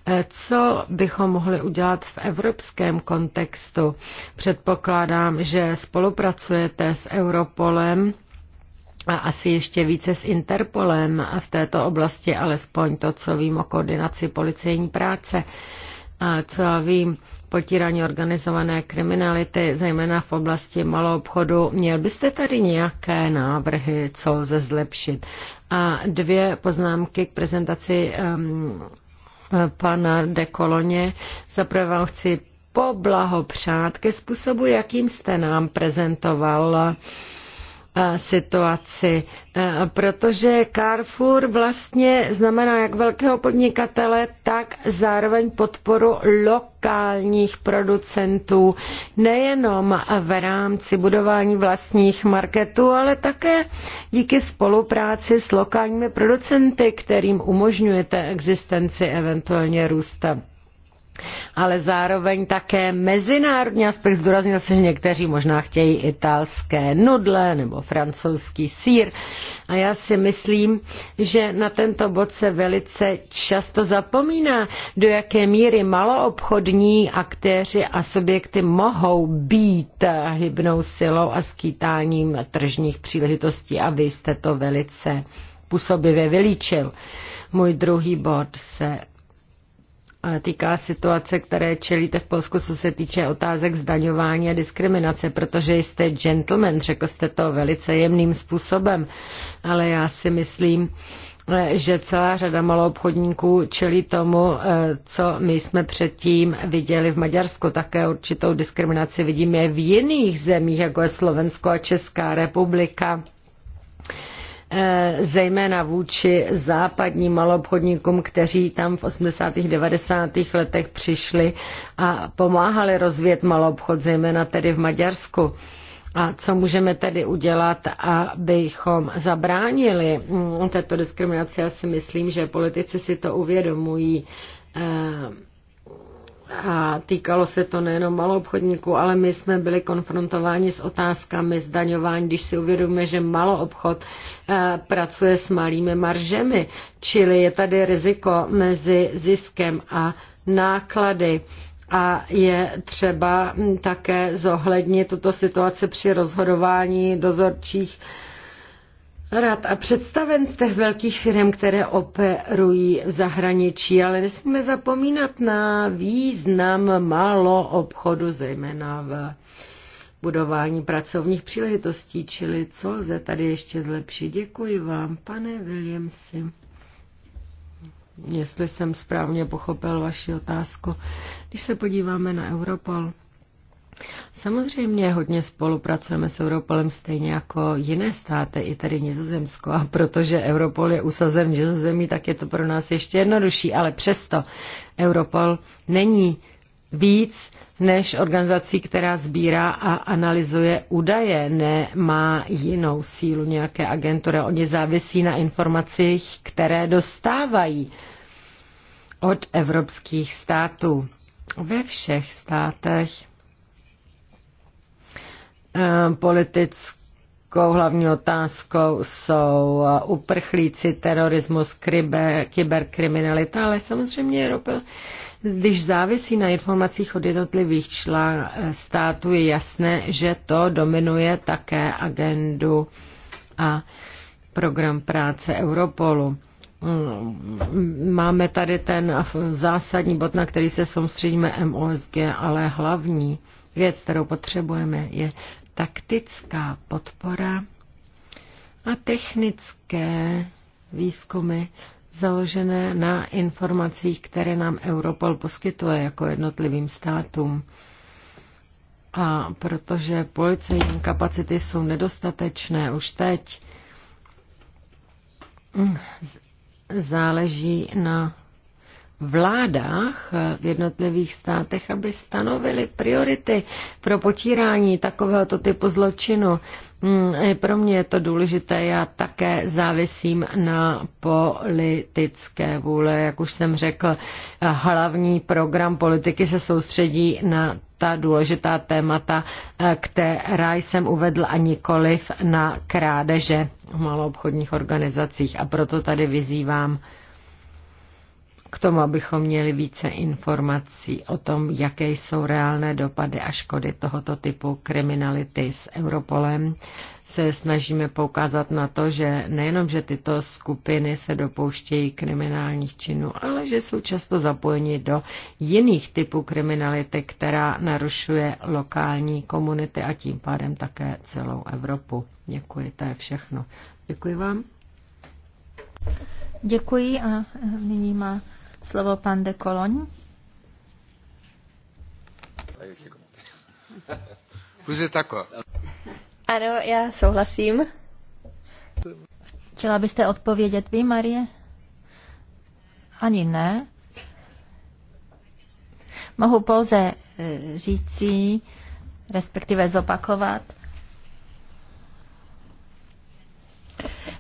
Eh, co bychom mohli udělat v evropském kontextu? Předpokládám, že spolupracujete s Europolem a asi ještě více s Interpolem v této oblasti, alespoň to, co vím o koordinaci policejní práce. A co já vím, potírání organizované kriminality, zejména v oblasti malou obchodu. Měl byste tady nějaké návrhy, co lze zlepšit? A dvě poznámky k prezentaci um, pana de Koloně. Zaprvé vám chci poblahopřát ke způsobu, jakým jste nám prezentoval uh, situaci, e, protože Carrefour vlastně znamená jak velkého podnikatele, tak zároveň podporu lokálních producentů, nejenom v rámci budování vlastních marketů, ale také díky spolupráci s lokálními producenty, kterým umožňujete existenci, eventuálně růsta ale zároveň také mezinárodní aspekt. Zdůraznil se, že někteří možná chtějí italské nudle nebo francouzský sír. A já si myslím, že na tento bod se velice často zapomíná, do jaké míry maloobchodní aktéři a subjekty mohou být hybnou silou a skýtáním tržních příležitostí. A vy jste to velice působivě vylíčil. Můj druhý bod se týká situace, které čelíte v Polsku, co se týče otázek zdaňování a diskriminace, protože jste gentleman, řekl jste to velice jemným způsobem, ale já si myslím, že celá řada maloobchodníků čelí tomu, eh, co my jsme předtím viděli v Maďarsku. Také určitou diskriminaci vidíme v jiných zemích, jako je Slovensko a Česká republika Eh, zejména vůči západním malobchodníkům, kteří tam v 80. a 90. letech přišli a pomáhali rozvíjet malobchod, zejména tedy v Maďarsku. A co můžeme tedy udělat, abychom zabránili mm, této diskriminaci? Já si myslím, že politici si to uvědomují eh, a týkalo se to nejenom malou obchodníků, ale my jsme byli konfrontováni s otázkami zdaňování, když si uvědomíme, že malou obchod eh, pracuje s malými maržemi, čili je tady riziko mezi ziskem a náklady. A je třeba mm, také zohlednit tuto situaci při rozhodování dozorčích uh, rad a těch velkých firm, které operují v zahraničí, ale nesmíme zapomínat na význam malo obchodu, zejména v budování pracovních příležitostí, čili co lze tady ještě zlepšit. Děkuji vám, pane Williamsi. Jestli jsem správně pochopil vaši otázku. Když se podíváme na Europol, Samozřejmě hodně spolupracujeme s Europolem stejně jako jiné státy, i tady Nizozemsko, a protože Europol je usazen v Nizozemí, tak je to pro nás ještě jednodušší, ale přesto Europol není víc než organizací, která sbírá a analyzuje údaje, nemá jinou sílu nějaké agentury. Oni závisí na informacích, které dostávají od evropských států. Ve všech státech Eh, politickou hlavní otázkou jsou eh, uprchlíci, terorismus, kyberkriminalita, ale samozřejmě Evropa, když závisí na informacích od jednotlivých člen eh, států, je jasné, že to dominuje také agendu a program práce Europolu. Mm, máme tady ten zásadní bod, na který se soustředíme MOSG, ale hlavní věc, kterou potřebujeme, je taktická podpora a technické výzkumy založené na informacích, které nám Europol poskytuje jako jednotlivým státům. A protože policejní kapacity jsou nedostatečné už teď, záleží na vládách eh, v jednotlivých státech, aby stanovili priority pro potírání takovéhoto typu zločinu. Hmm, pro mě je to důležité, já také závisím na politické vůle. Jak už jsem řekl, hlavní program politiky se soustředí na ta důležitá témata, eh, která jsem uvedl a nikoliv na krádeže v maloobchodních organizacích. A proto tady vyzývám k tomu, abychom měli více informací o tom, jaké jsou reálné dopady a škody tohoto typu kriminality s Europolem, se snažíme poukázat na to, že nejenom, že tyto skupiny se dopouštějí kriminálních činů, ale že jsou často zapojeni do jiných typů kriminality, která narušuje lokální komunity a tím pádem také celou Evropu. Děkuji, to je všechno. Děkuji vám. Děkuji a nyní má slovo pan de Koloň. Ano, já souhlasím. Chtěla byste odpovědět vy, Marie? Ani ne. Mohu pouze eh, říci, respektive zopakovat,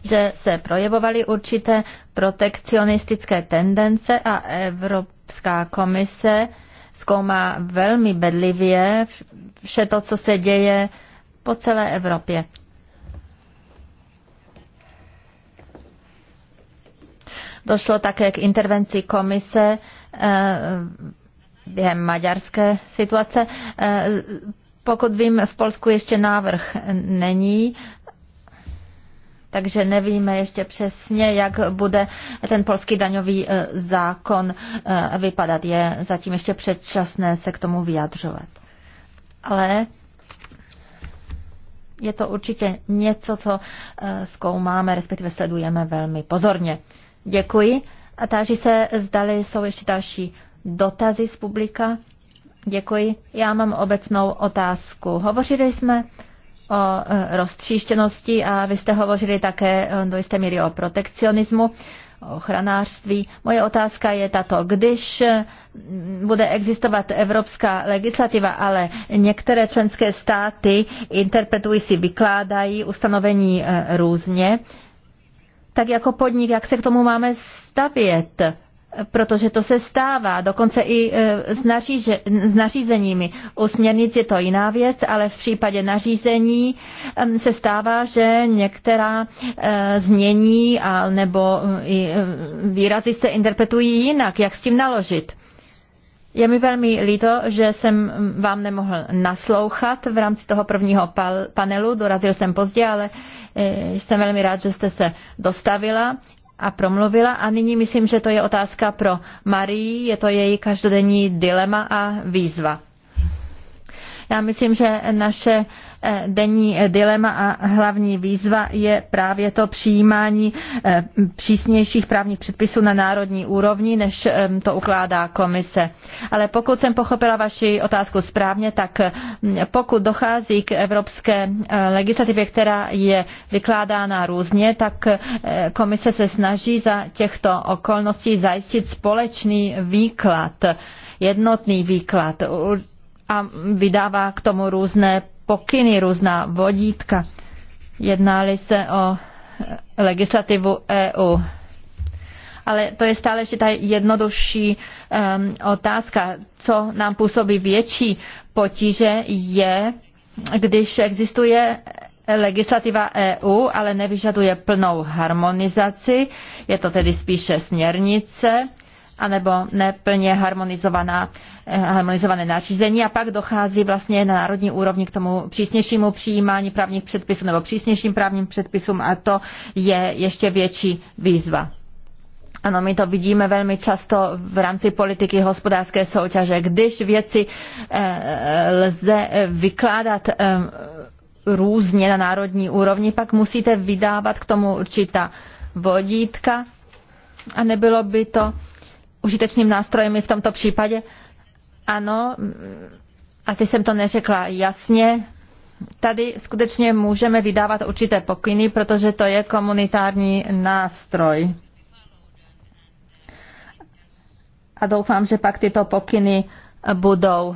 že se projevovaly určité protekcionistické tendence a Evropská komise zkoumá velmi bedlivě vše to, co se děje po celé Evropě. Došlo také k intervenci komise eh, během maďarské situace. Eh, pokud vím, v Polsku ještě návrh není takže nevíme ještě přesně, jak bude ten polský daňový e, zákon e, vypadat. Je zatím ještě předčasné se k tomu vyjadřovat. Ale je to určitě něco, co e, zkoumáme, respektive sledujeme velmi pozorně. Děkuji a táží se, zdali jsou ještě další dotazy z publika. Děkuji. Já mám obecnou otázku. Hovořili jsme o e, roztříštěnosti a vy jste hovořili také e, do jisté míry o protekcionismu ochranářství. Moje otázka je tato. Když e, bude existovat evropská legislativa, ale některé členské státy interpretují si, vykládají ustanovení různě, tak jako podnik, jak se k tomu máme stavět? protože to se stává, dokonce i e, s, naříže, s nařízeními. U směrnic je to jiná věc, ale v případě nařízení se stává, že některá e, změní a nebo e, i výrazy se interpretují jinak, jak s tím naložit. Je mi velmi líto, že jsem vám nemohl naslouchat v rámci toho prvního panelu, dorazil jsem pozdě, ale jsem velmi rád, že jste se dostavila a promluvila a nyní myslím, že to je otázka pro Marii, je to její každodenní dilema a výzva. Já myslím, že naše Eh, denní eh, dilema a hlavní výzva je právě to přijímání eh, přísnějších právních předpisů na národní úrovni, než to ukládá komise. Ale pokud jsem pochopila vaši otázku správně, tak mm, pokud dochází k evropské legislativě, která je vykládána různě, tak komise se snaží za těchto okolností zajistit společný výklad, jednotný výklad a vydává k tomu různé pokyny, různá vodítka. Jednáli se o legislativu EU. Ale to je stále ještě ta jednodušší um, otázka. Co nám působí větší potíže je, když existuje legislativa EU, ale nevyžaduje plnou harmonizaci, je to tedy spíše směrnice, anebo neplně harmonizovaná, eh, harmonizované nařízení a pak dochází vlastně na národní úrovni k tomu přísnějšímu přijímání právních předpisů nebo přísnějším právním předpisům a to je ještě větší výzva. Ano, my to vidíme velmi často v rámci politiky hospodářské soutěže. Když věci eh, lze vykládat eh, různě na národní úrovni, pak musíte vydávat k tomu určitá vodítka a nebylo by to užitečným nástrojem i v tomto případě? Ano, asi jsem to neřekla jasně. Tady skutečně můžeme vydávat určité pokyny, protože to je komunitární nástroj. A doufám, že pak tyto pokyny budou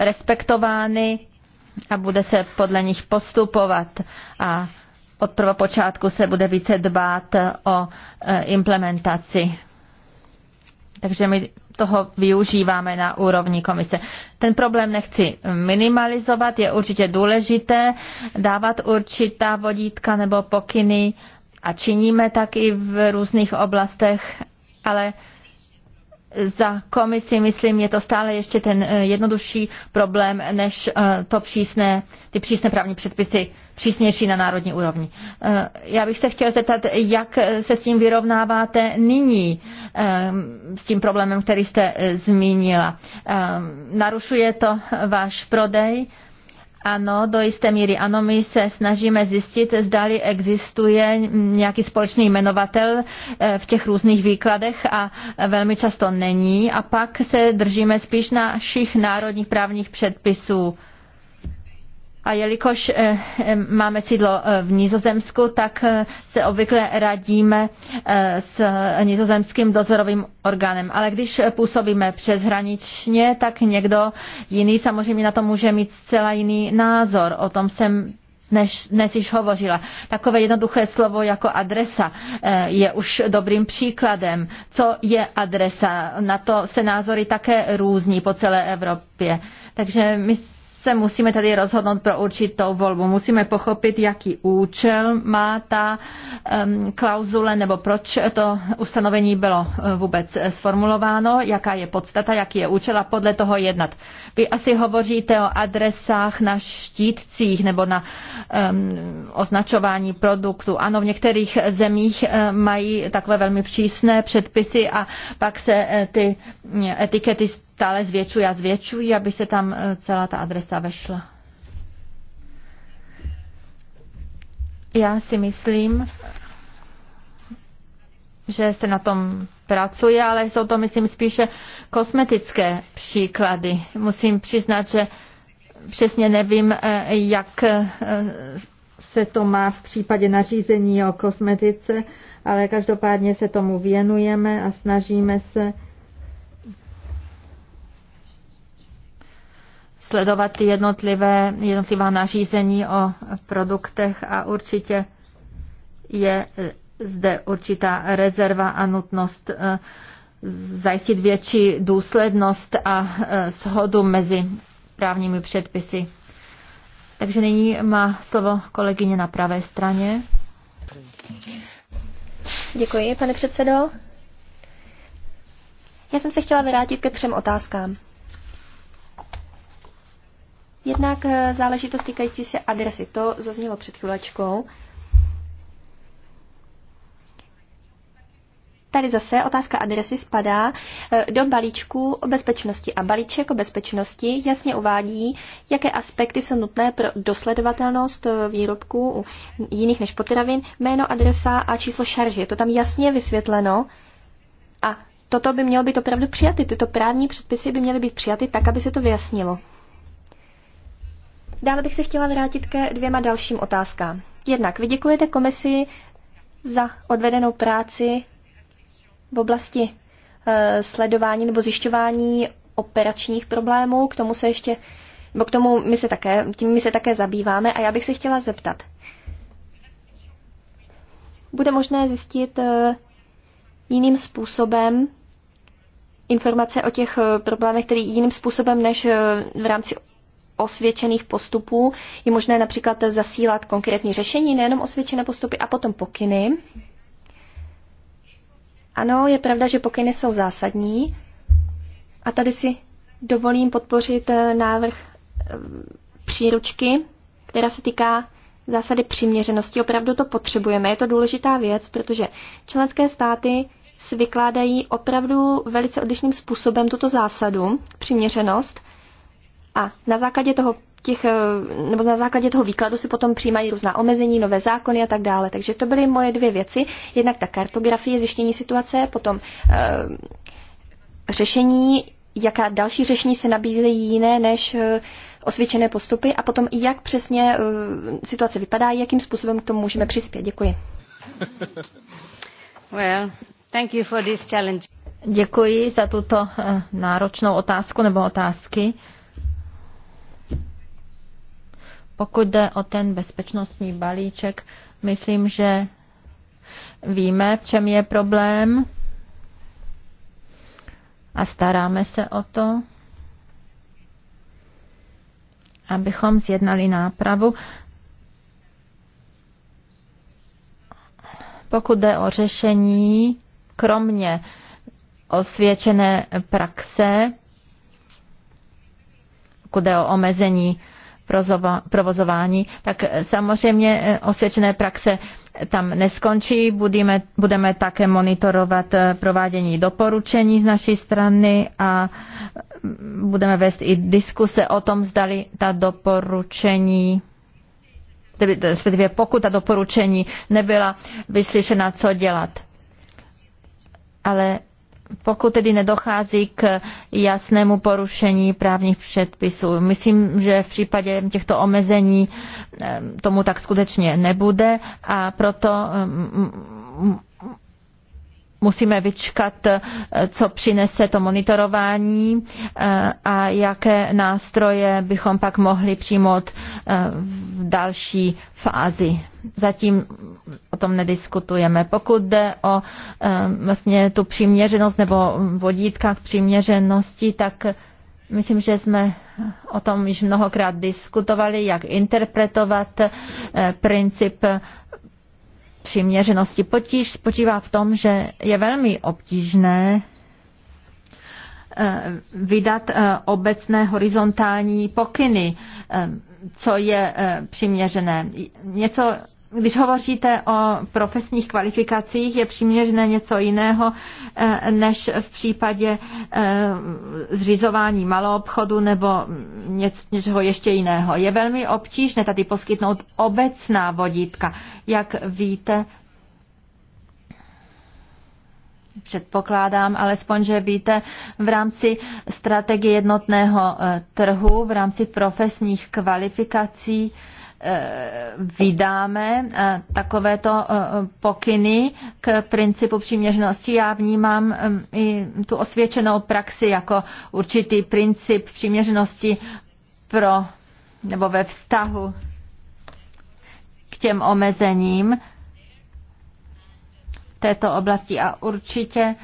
respektovány a bude se podle nich postupovat. A od prvopočátku se bude více dbát o e, implementaci. Takže my toho využíváme na úrovni komise. Ten problém nechci minimalizovat, je určitě důležité dávat určitá vodítka nebo pokyny a činíme tak i v různých oblastech, ale za komisi, myslím, je to stále ještě ten e, jednodušší problém, než e, to přísné, ty přísné právní předpisy přísnější na národní úrovni. Eh, já bych se chtěl zeptat, jak se s tím vyrovnáváte nyní, eh, s tím problémem, který jste eh, zmínila. Narušuje to váš prodej? Ano, do jisté míry. Ano, my se snažíme zjistit, zdali existuje nějaký společný jmenovatel v těch různých výkladech a velmi často není. A pak se držíme spíš našich národních právních předpisů a jelikož eh, eh, máme sídlo eh, v Nizozemsku, tak se obvykle radíme s nizozemským dozorovým orgánem. Ale když působíme přeshraničně, tak někdo jiný samozřejmě na to může mít zcela jiný názor. O tom jsem než dnes již hovořila. Takové jednoduché slovo jako adresa je už dobrým příkladem. Co je adresa? Na to se názory také různí po celé Evropě. Takže my se musíme tady rozhodnout pro určitou volbu. Musíme pochopit, jaký účel má ta um, klauzule nebo proč to ustanovení bylo eh, vůbec eh, sformulováno, jaká je podstata, jaký je účel a podle toho jednat. Vy asi hovoříte o adresách na štítcích nebo na um, označování produktu. Ano, v některých zemích eh, mají takové velmi přísné předpisy a pak se ty etikety stále zvětšují a zvětšují, aby se tam eh, celá ta adresa vešla. Já si myslím, že se na tom pracuje, ale jsou to, myslím, spíše kosmetické příklady. Musím přiznat, že přesně nevím, eh, jak eh, se to má v případě nařízení o kosmetice, ale každopádně se tomu věnujeme a snažíme se sledovat jednotlivé, jednotlivá nařízení o produktech a určitě je eh, zde určitá rezerva a nutnost eh, zajistit větší důslednost a eh, shodu mezi právními předpisy. Takže nyní má slovo kolegyně na pravé straně. Děkuji, pane předsedo. Já jsem se chtěla vrátit ke třem otázkám. Jednak eh, záležitost týkající se adresy, to zaznělo před chvílečkou. Tady zase otázka adresy spadá eh, do balíčku o bezpečnosti a balíček o bezpečnosti jasně uvádí, jaké aspekty jsou nutné pro dosledovatelnost eh, výrobků jiných než potravin, jméno, adresa a číslo šarže. Je to tam jasně vysvětleno a toto by mělo být opravdu přijaty. Tyto právní předpisy by měly být přijaty tak, aby se to vyjasnilo. Dále bych se chtěla vrátit ke dvěma dalším otázkám. Jednak, vy děkujete komisi za odvedenou práci v oblasti e, sledování nebo zjišťování operačních problémů, k tomu se ještě, bo k tomu my se také, tím my se také zabýváme a já bych se chtěla zeptat. Bude možné zjistit e, jiným způsobem informace o těch eh, problémech, které jiným způsobem než v rámci osvědčených postupů je možné například zasílat konkrétní řešení, nejenom osvědčené postupy a potom pokyny. Ano, je pravda, že pokyny jsou zásadní a tady si dovolím podpořit eh, návrh eh, příručky, která se týká zásady přiměřenosti. Opravdu to potřebujeme, je to důležitá věc, protože členské státy si vykládají opravdu velice odlišným způsobem tuto zásadu, přiměřenost. A na základě toho těch, eh, nebo na základě toho výkladu se potom přijímají různá omezení, nové zákony a tak dále. Takže to byly moje dvě věci. Jednak ta kartografie, zjištění situace, potom uh, řešení, jaká další řešení se nabízejí jiné než uh, osvědčené postupy a potom i jak přesně uh, situace vypadá, jakým způsobem k tomu můžeme přispět. Děkuji. Well, thank you for this challenge. Děkuji za tuto náročnou otázku nebo otázky. Pokud jde o ten bezpečnostní balíček, myslím, že víme, v čem je problém a staráme se o to, abychom zjednali nápravu. Pokud jde o řešení, kromě osvědčené praxe, pokud jde o omezení provozování, tak eh, samozřejmě eh, osvědčené praxe eh, tam neskončí. Budeme, budeme také monitorovat provádění doporučení z naší strany a mm, budeme vést i diskuse o tom, zdali ta doporučení respektive pokud ta doporučení nebyla vyslyšena, co dělat. Ale pokud tedy nedochází k jasnému porušení právních předpisů. Myslím, že v případě těchto omezení eh, tomu tak skutečně nebude a proto mm, mm, musíme vyčkat, eh, co přinese to monitorování eh, a jaké nástroje bychom pak mohli přijmout eh, v další fázi. Zatím o tom nediskutujeme. Pokud jde o vlastně tu přiměřenost nebo vodítka k přiměřenosti, tak Myslím, že jsme o tom již mnohokrát diskutovali, jak interpretovat princip přiměřenosti. Potíž spočívá v tom, že je velmi obtížné eh, vydat eh, obecné horizontální pokyny, eh, co je přiměřené. Něco když hovoříte o profesních kvalifikacích, je přiměřené něco jiného eh, než v případě eh, zřizování maloobchodu nebo něčeho ještě jiného. Je velmi obtížné tady poskytnout obecná vodítka. Jak víte, předpokládám, alespoň, že víte, v rámci strategie jednotného eh, trhu, v rámci profesních kvalifikací, vydáme eh, takovéto eh, pokyny k principu přiměřenosti. Já vnímám eh, i tu osvědčenou praxi jako určitý princip přiměřenosti pro nebo ve vztahu k těm omezením této oblasti a určitě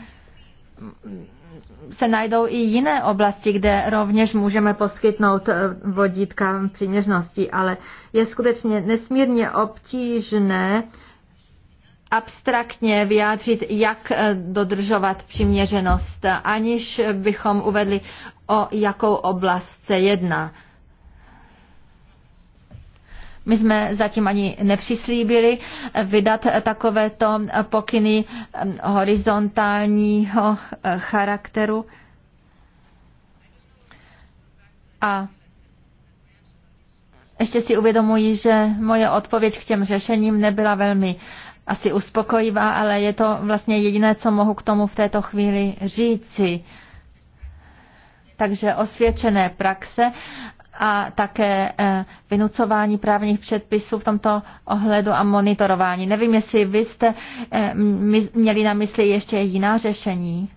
se najdou i jiné oblasti, kde rovněž můžeme poskytnout eh, vodítka přiměřnosti, ale je skutečně nesmírně obtížné abstraktně vyjádřit, jak eh, dodržovat přiměřenost, aniž bychom uvedli, o jakou oblast se jedná. My jsme zatím ani nepřislíbili vydat takovéto pokyny horizontálního eh, charakteru. A ještě si uvědomuji, že moje odpověď k těm řešením nebyla velmi asi uspokojivá, ale je to vlastně jediné, co mohu k tomu v této chvíli říci. Takže osvědčené praxe a také eh, vynucování právních předpisů v tomto ohledu a monitorování. Nevím, jestli vy jste eh, měli na mysli ještě jiná řešení.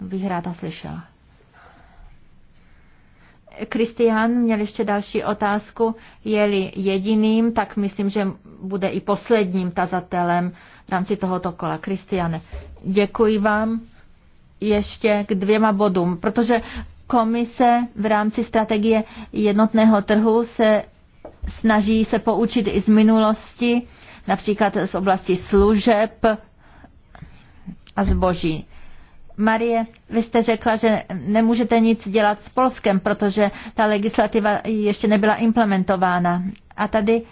Bych ráda slyšela. Kristián měl ještě další otázku. Je-li jediným, tak myslím, že bude i posledním tazatelem v rámci tohoto kola. Kristiane, děkuji vám ještě k dvěma bodům, protože Komise v rámci strategie jednotného trhu se snaží se poučit i z minulosti, například z oblasti služeb a zboží. Marie, vy jste řekla, že nemůžete nic dělat s Polskem, protože ta legislativa ještě nebyla implementována. A tady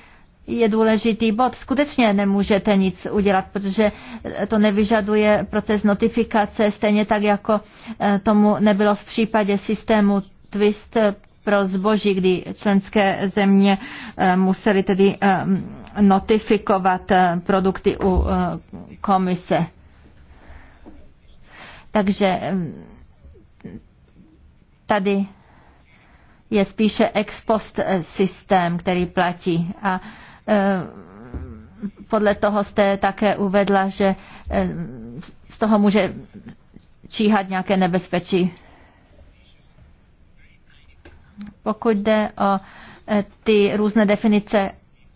je důležitý bod. Skutečně nemůžete nic udělat, protože to nevyžaduje proces notifikace, stejně tak, jako eh, tomu nebylo v případě systému Twist pro zboží, kdy členské země eh, museli tedy eh, notifikovat produkty u komise. Takže mm, tady je spíše ex post systém, který platí. A Eh, podle toho jste také uvedla, že eh, z toho může číhat nějaké nebezpečí. Pokud jde o eh, ty různé definice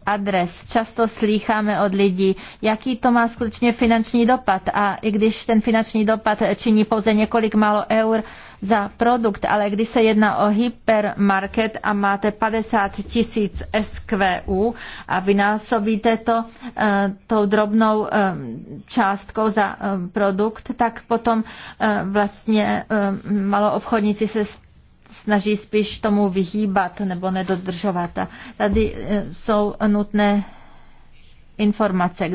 adres. Často slýcháme od lidí, jaký to má skutečně finanční dopad. A i když ten finanční dopad činí pouze několik málo eur, za produkt, ale když se jedná o hypermarket a máte 50 tisíc SQU a vynásobíte to eh, tou drobnou eh, částkou za eh, produkt, tak potom vlastně maloobchodníci se snaží spíš tomu vyhýbat nebo nedodržovat. Tady jsou nutné informace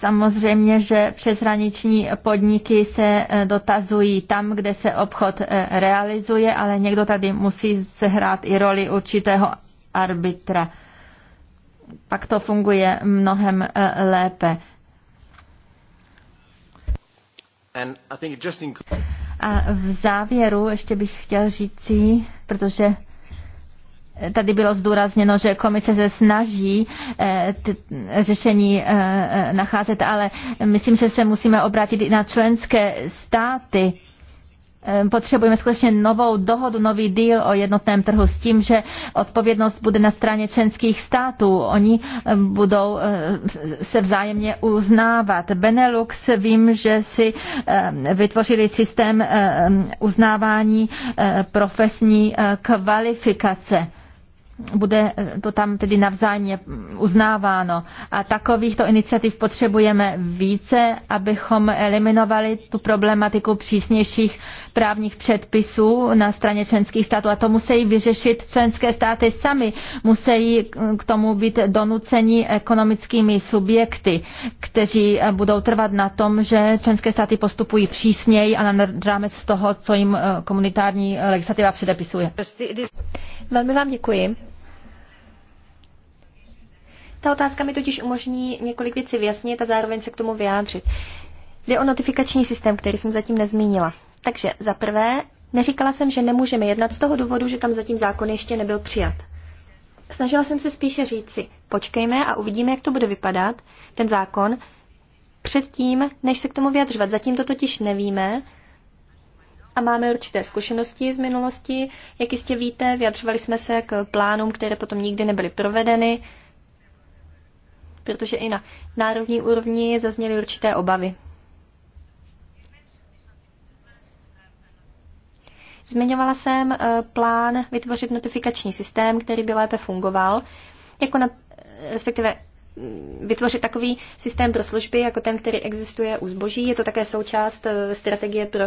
Samozřejmě, že přeshraniční podniky se e, dotazují tam, kde se obchod e, realizuje, ale někdo tady musí sehrát i roli určitého arbitra. Pak to funguje mnohem e, lépe. A v závěru ještě bych chtěl říci, protože Tady bylo zdůrazněno, že komise se snaží eh, řešení eh, eh, nacházet, ale myslím, že se musíme obrátit i na členské státy potřebujeme skutečně novou dohodu, nový díl o jednotném trhu s tím, že odpovědnost bude na straně členských států. Oni budou se vzájemně uznávat. Benelux vím, že si vytvořili systém uznávání profesní kvalifikace bude to tam tedy navzájemně uznáváno. A takovýchto iniciativ potřebujeme více, abychom eliminovali tu problematiku přísnějších právních předpisů na straně členských států a to musí vyřešit členské státy sami. Musí k tomu být donuceni ekonomickými subjekty, kteří eh, budou trvat na tom, že členské státy postupují přísněji a na rámec toho, co jim eh, komunitární legislativa předepisuje. Velmi vám děkuji. Ta otázka mi totiž umožní několik věcí vyjasnit a zároveň se k tomu vyjádřit. Jde o notifikační systém, který jsem zatím nezmínila. Takže za prvé, neříkala jsem, že nemůžeme jednat z toho důvodu, že tam zatím zákon ještě nebyl přijat. Snažila jsem se spíše říct, si, počkejme a uvidíme, jak to bude vypadat, ten zákon, předtím, než se k tomu vyjadřovat. Zatím to totiž nevíme a máme určité zkušenosti z minulosti. Jak jistě víte, vyjadřovali jsme se k plánům, které potom nikdy nebyly provedeny, protože i na národní úrovni zazněly určité obavy. Zmiňovala jsem eh, plán vytvořit notifikační systém, který by lépe fungoval, jako na, eh, respektive mm, vytvořit takový systém pro služby, jako ten, který existuje u zboží. Je to také součást eh, strategie pro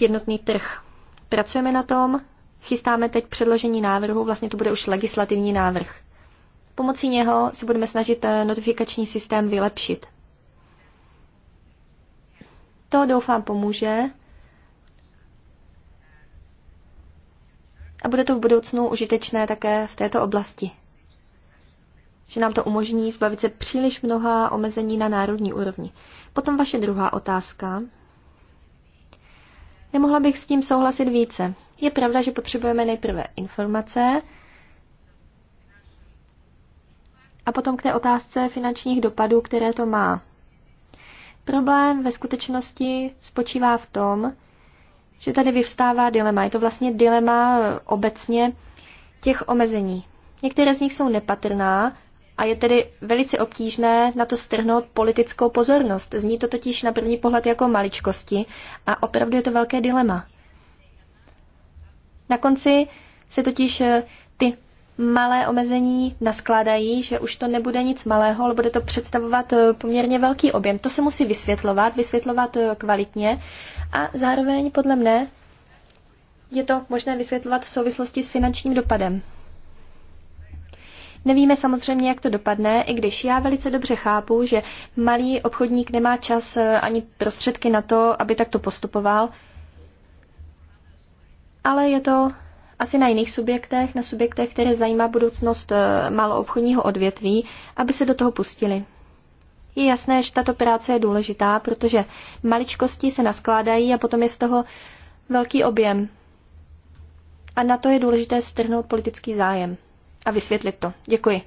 jednotný trh. Pracujeme na tom, chystáme teď předložení návrhu, vlastně to bude už legislativní návrh. Pomocí něho se budeme snažit notifikační systém vylepšit. To doufám pomůže a bude to v budoucnu užitečné také v této oblasti. Že nám to umožní zbavit se příliš mnoha omezení na národní úrovni. Potom vaše druhá otázka. Nemohla bych s tím souhlasit více. Je pravda, že potřebujeme nejprve informace a potom k té otázce finančních dopadů, které to má. Problém ve skutečnosti spočívá v tom, že tady vyvstává dilema. Je to vlastně dilema obecně těch omezení. Některé z nich jsou nepatrná a je tedy velice obtížné na to strhnout politickou pozornost. Zní to totiž na první pohled jako maličkosti a opravdu je to velké dilema. Na konci se totiž eh, ty malé omezení naskládají, že už to nebude nic malého, ale bude to představovat eh, poměrně velký objem. To se musí vysvětlovat, vysvětlovat eh, kvalitně a zároveň podle mne je to možné vysvětlovat v souvislosti s finančním dopadem. Nevíme samozřejmě, jak to dopadne, i když já velice dobře chápu, že malý obchodník nemá čas eh, ani prostředky na to, aby takto postupoval, ale je to asi na jiných subjektech, na subjektech, které zajímá budoucnost eh, maloobchodního odvětví, aby se do toho pustili. Je jasné, že tato práce je důležitá, protože maličkosti se naskládají a potom je z toho velký objem. A na to je důležité strhnout politický zájem a vysvětlit to. Děkuji.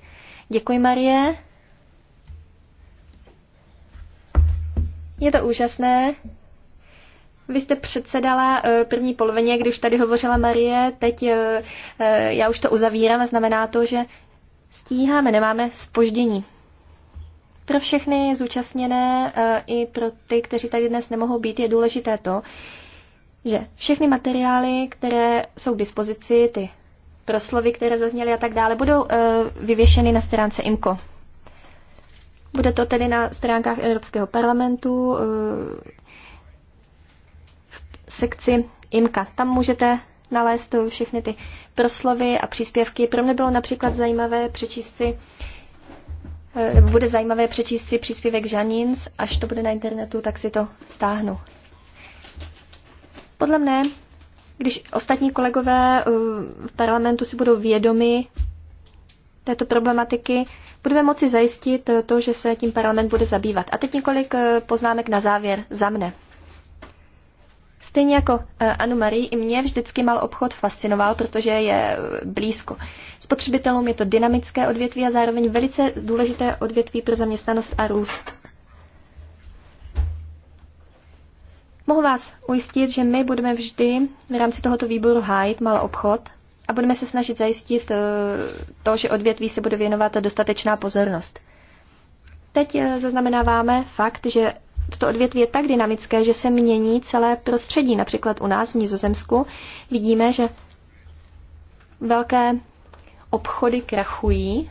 Děkuji, Marie. Je to úžasné, vy jste předsedala eh, první polovině, když tady hovořila Marie, teď eh, eh, já už to uzavírám, znamená to, že stíháme, nemáme spoždění. Pro všechny zúčastněné i pro ty, kteří tady dnes nemohou být, je důležité to, že všechny materiály, které jsou k dispozici, ty proslovy, které zazněly a tak dále, budou vyvěšeny na stránce IMCO. Bude to tedy na stránkách Evropského parlamentu, sekci IMKA. Tam můžete nalézt všechny ty proslovy a příspěvky. Pro mě bylo například zajímavé přečíst si eh, bude zajímavé přečíst si příspěvek Žanins, až to bude na internetu, tak si to stáhnu. Podle mne, když ostatní kolegové eh, v parlamentu si budou vědomi této problematiky, budeme moci zajistit eh, to, že se tím parlament bude zabývat. A teď několik poznámek na závěr za mne. Stejně jako eh, Anu Marie, i mě vždycky mal obchod fascinoval, protože je blízko. Spotřebitelům je to dynamické odvětví a zároveň velice důležité odvětví pro zaměstnanost a růst. Mohu vás ujistit, že my budeme vždy v rámci tohoto výboru hájit malý obchod a budeme se snažit zajistit eh, to, že odvětví se bude věnovat dostatečná pozornost. Teď eh, zaznamenáváme fakt, že toto odvětví je tak dynamické, že se mění celé prostředí. Například u nás v Nizozemsku vidíme, že velké obchody krachují,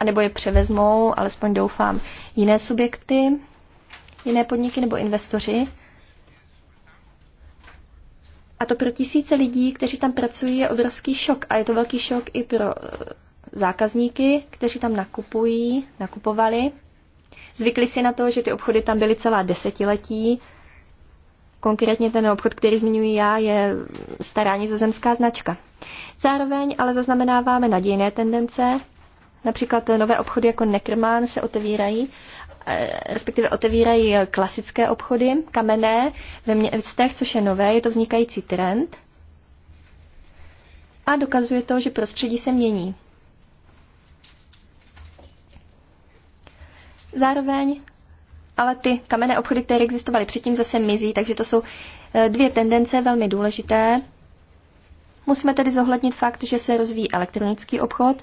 anebo je převezmou, alespoň doufám, jiné subjekty, jiné podniky nebo investoři. A to pro tisíce lidí, kteří tam pracují, je obrovský šok. A je to velký šok i pro eh, zákazníky, kteří tam nakupují, nakupovali. Zvykli si na to, že ty obchody tam byly celá desetiletí. Konkrétně ten obchod, který zmiňuji já, je stará nizozemská značka. Zároveň ale zaznamenáváme nadějné tendence. Například nové obchody jako Neckermann se otevírají, eh, respektive otevírají klasické obchody, kamenné ve městech, což je nové, je to vznikající trend. A dokazuje to, že prostředí se mění. Zároveň ale ty kamenné obchody, které existovaly předtím, zase mizí, takže to jsou eh, dvě tendence velmi důležité. Musíme tedy zohlednit fakt, že se rozvíjí elektronický obchod,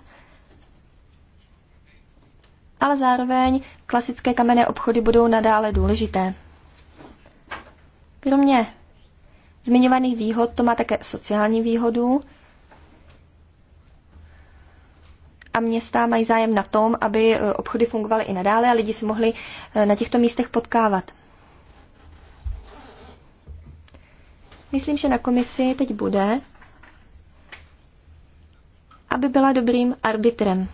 ale zároveň klasické kamenné obchody budou nadále důležité. Kromě zmiňovaných výhod to má také sociální výhodu. a města mají zájem na tom, aby e, obchody fungovaly i nadále a lidi si mohli e, na těchto místech potkávat. Myslím, že na komisi teď bude, aby byla dobrým arbitrem.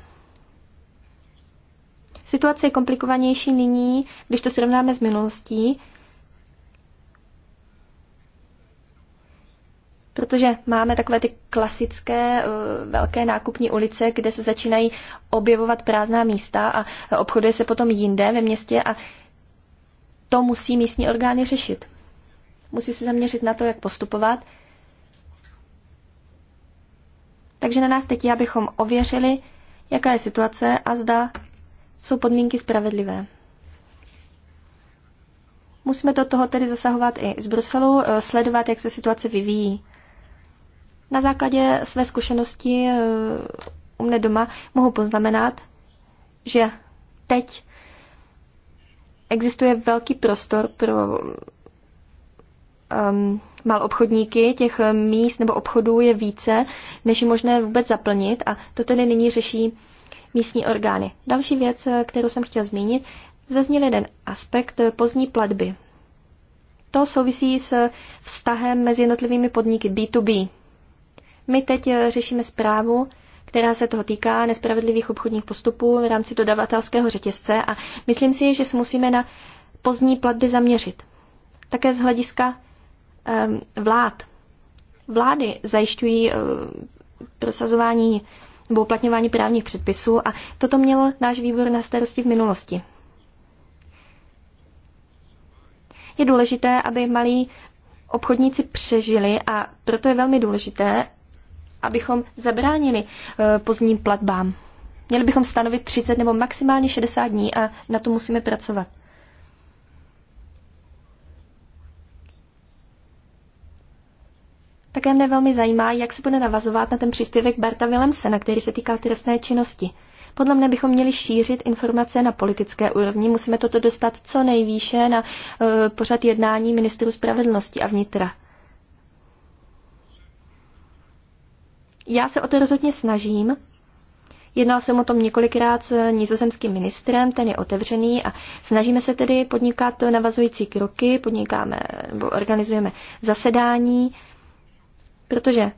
Situace je komplikovanější nyní, když to srovnáme s minulostí, protože máme takové ty klasické eh, velké nákupní ulice, kde se začínají objevovat prázdná místa a obchoduje se potom jinde ve městě a to musí místní orgány řešit. Musí se zaměřit na to, jak postupovat. Takže na nás teď abychom ověřili, jaká je situace a zda jsou podmínky spravedlivé. Musíme do toho tedy zasahovat i z Bruselu, eh, sledovat, jak se situace vyvíjí. Na základě své zkušenosti eh, u mne doma mohu poznamenat, že teď existuje velký prostor pro um, ehm, mal obchodníky, těch eh, míst nebo obchodů je více, než je možné vůbec zaplnit a to tedy nyní řeší místní orgány. Další věc, eh, kterou jsem chtěl zmínit, zazněl jeden aspekt pozdní platby. To souvisí s vztahem mezi jednotlivými podniky B2B. My teď eh, řešíme zprávu, která se toho týká nespravedlivých obchodních postupů v rámci dodavatelského řetězce a myslím si, že se musíme na pozdní platby zaměřit. Také z hlediska um, vlád. Vlády zajišťují um, prosazování nebo uplatňování právních předpisů a toto měl náš výbor na starosti v minulosti. Je důležité, aby malí obchodníci přežili a proto je velmi důležité, abychom zabránili eh, pozdním platbám. Měli bychom stanovit 30 nebo maximálně 60 dní a na to musíme pracovat. Také mne velmi zajímá, jak se bude navazovat na ten příspěvek Berta Willemsena, který se týká trestné činnosti. Podle mne bychom měli šířit informace na politické úrovni, musíme toto dostat co nejvýše na uh, pořad jednání ministru spravedlnosti a vnitra. Já se o to rozhodně snažím. Jednal jsem o tom několikrát s nizozemským ministrem, ten je otevřený a snažíme se tedy podnikat navazující kroky, podnikáme nebo organizujeme zasedání, protože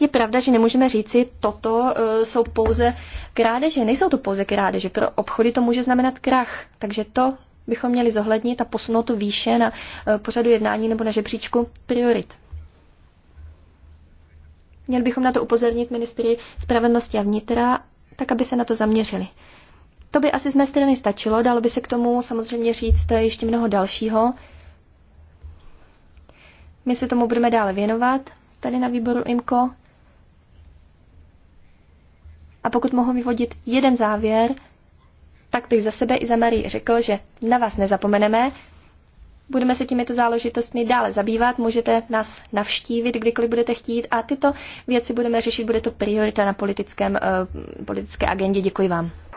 je pravda, že nemůžeme říci, toto eh, jsou pouze krádeže, nejsou to pouze krádeže, pro obchody to může znamenat krach, takže to bychom měli zohlednit a posunout to výše na eh, pořadu jednání nebo na žebříčku priorit. Měli bychom na to upozornit ministry spravedlnosti a vnitra, tak aby se na to zaměřili. To by asi z mé strany stačilo, dalo by se k tomu samozřejmě říct ještě mnoho dalšího. My se tomu budeme dále věnovat tady na výboru IMCO. A pokud mohu vyvodit jeden závěr, tak bych za sebe i za Marii řekl, že na vás nezapomeneme, Budeme se těmito záležitostmi dále zabývat, můžete nás navštívit, kdykoliv budete chtít a tyto věci budeme řešit, bude to priorita na politickém, uh, politické agendě. Děkuji vám.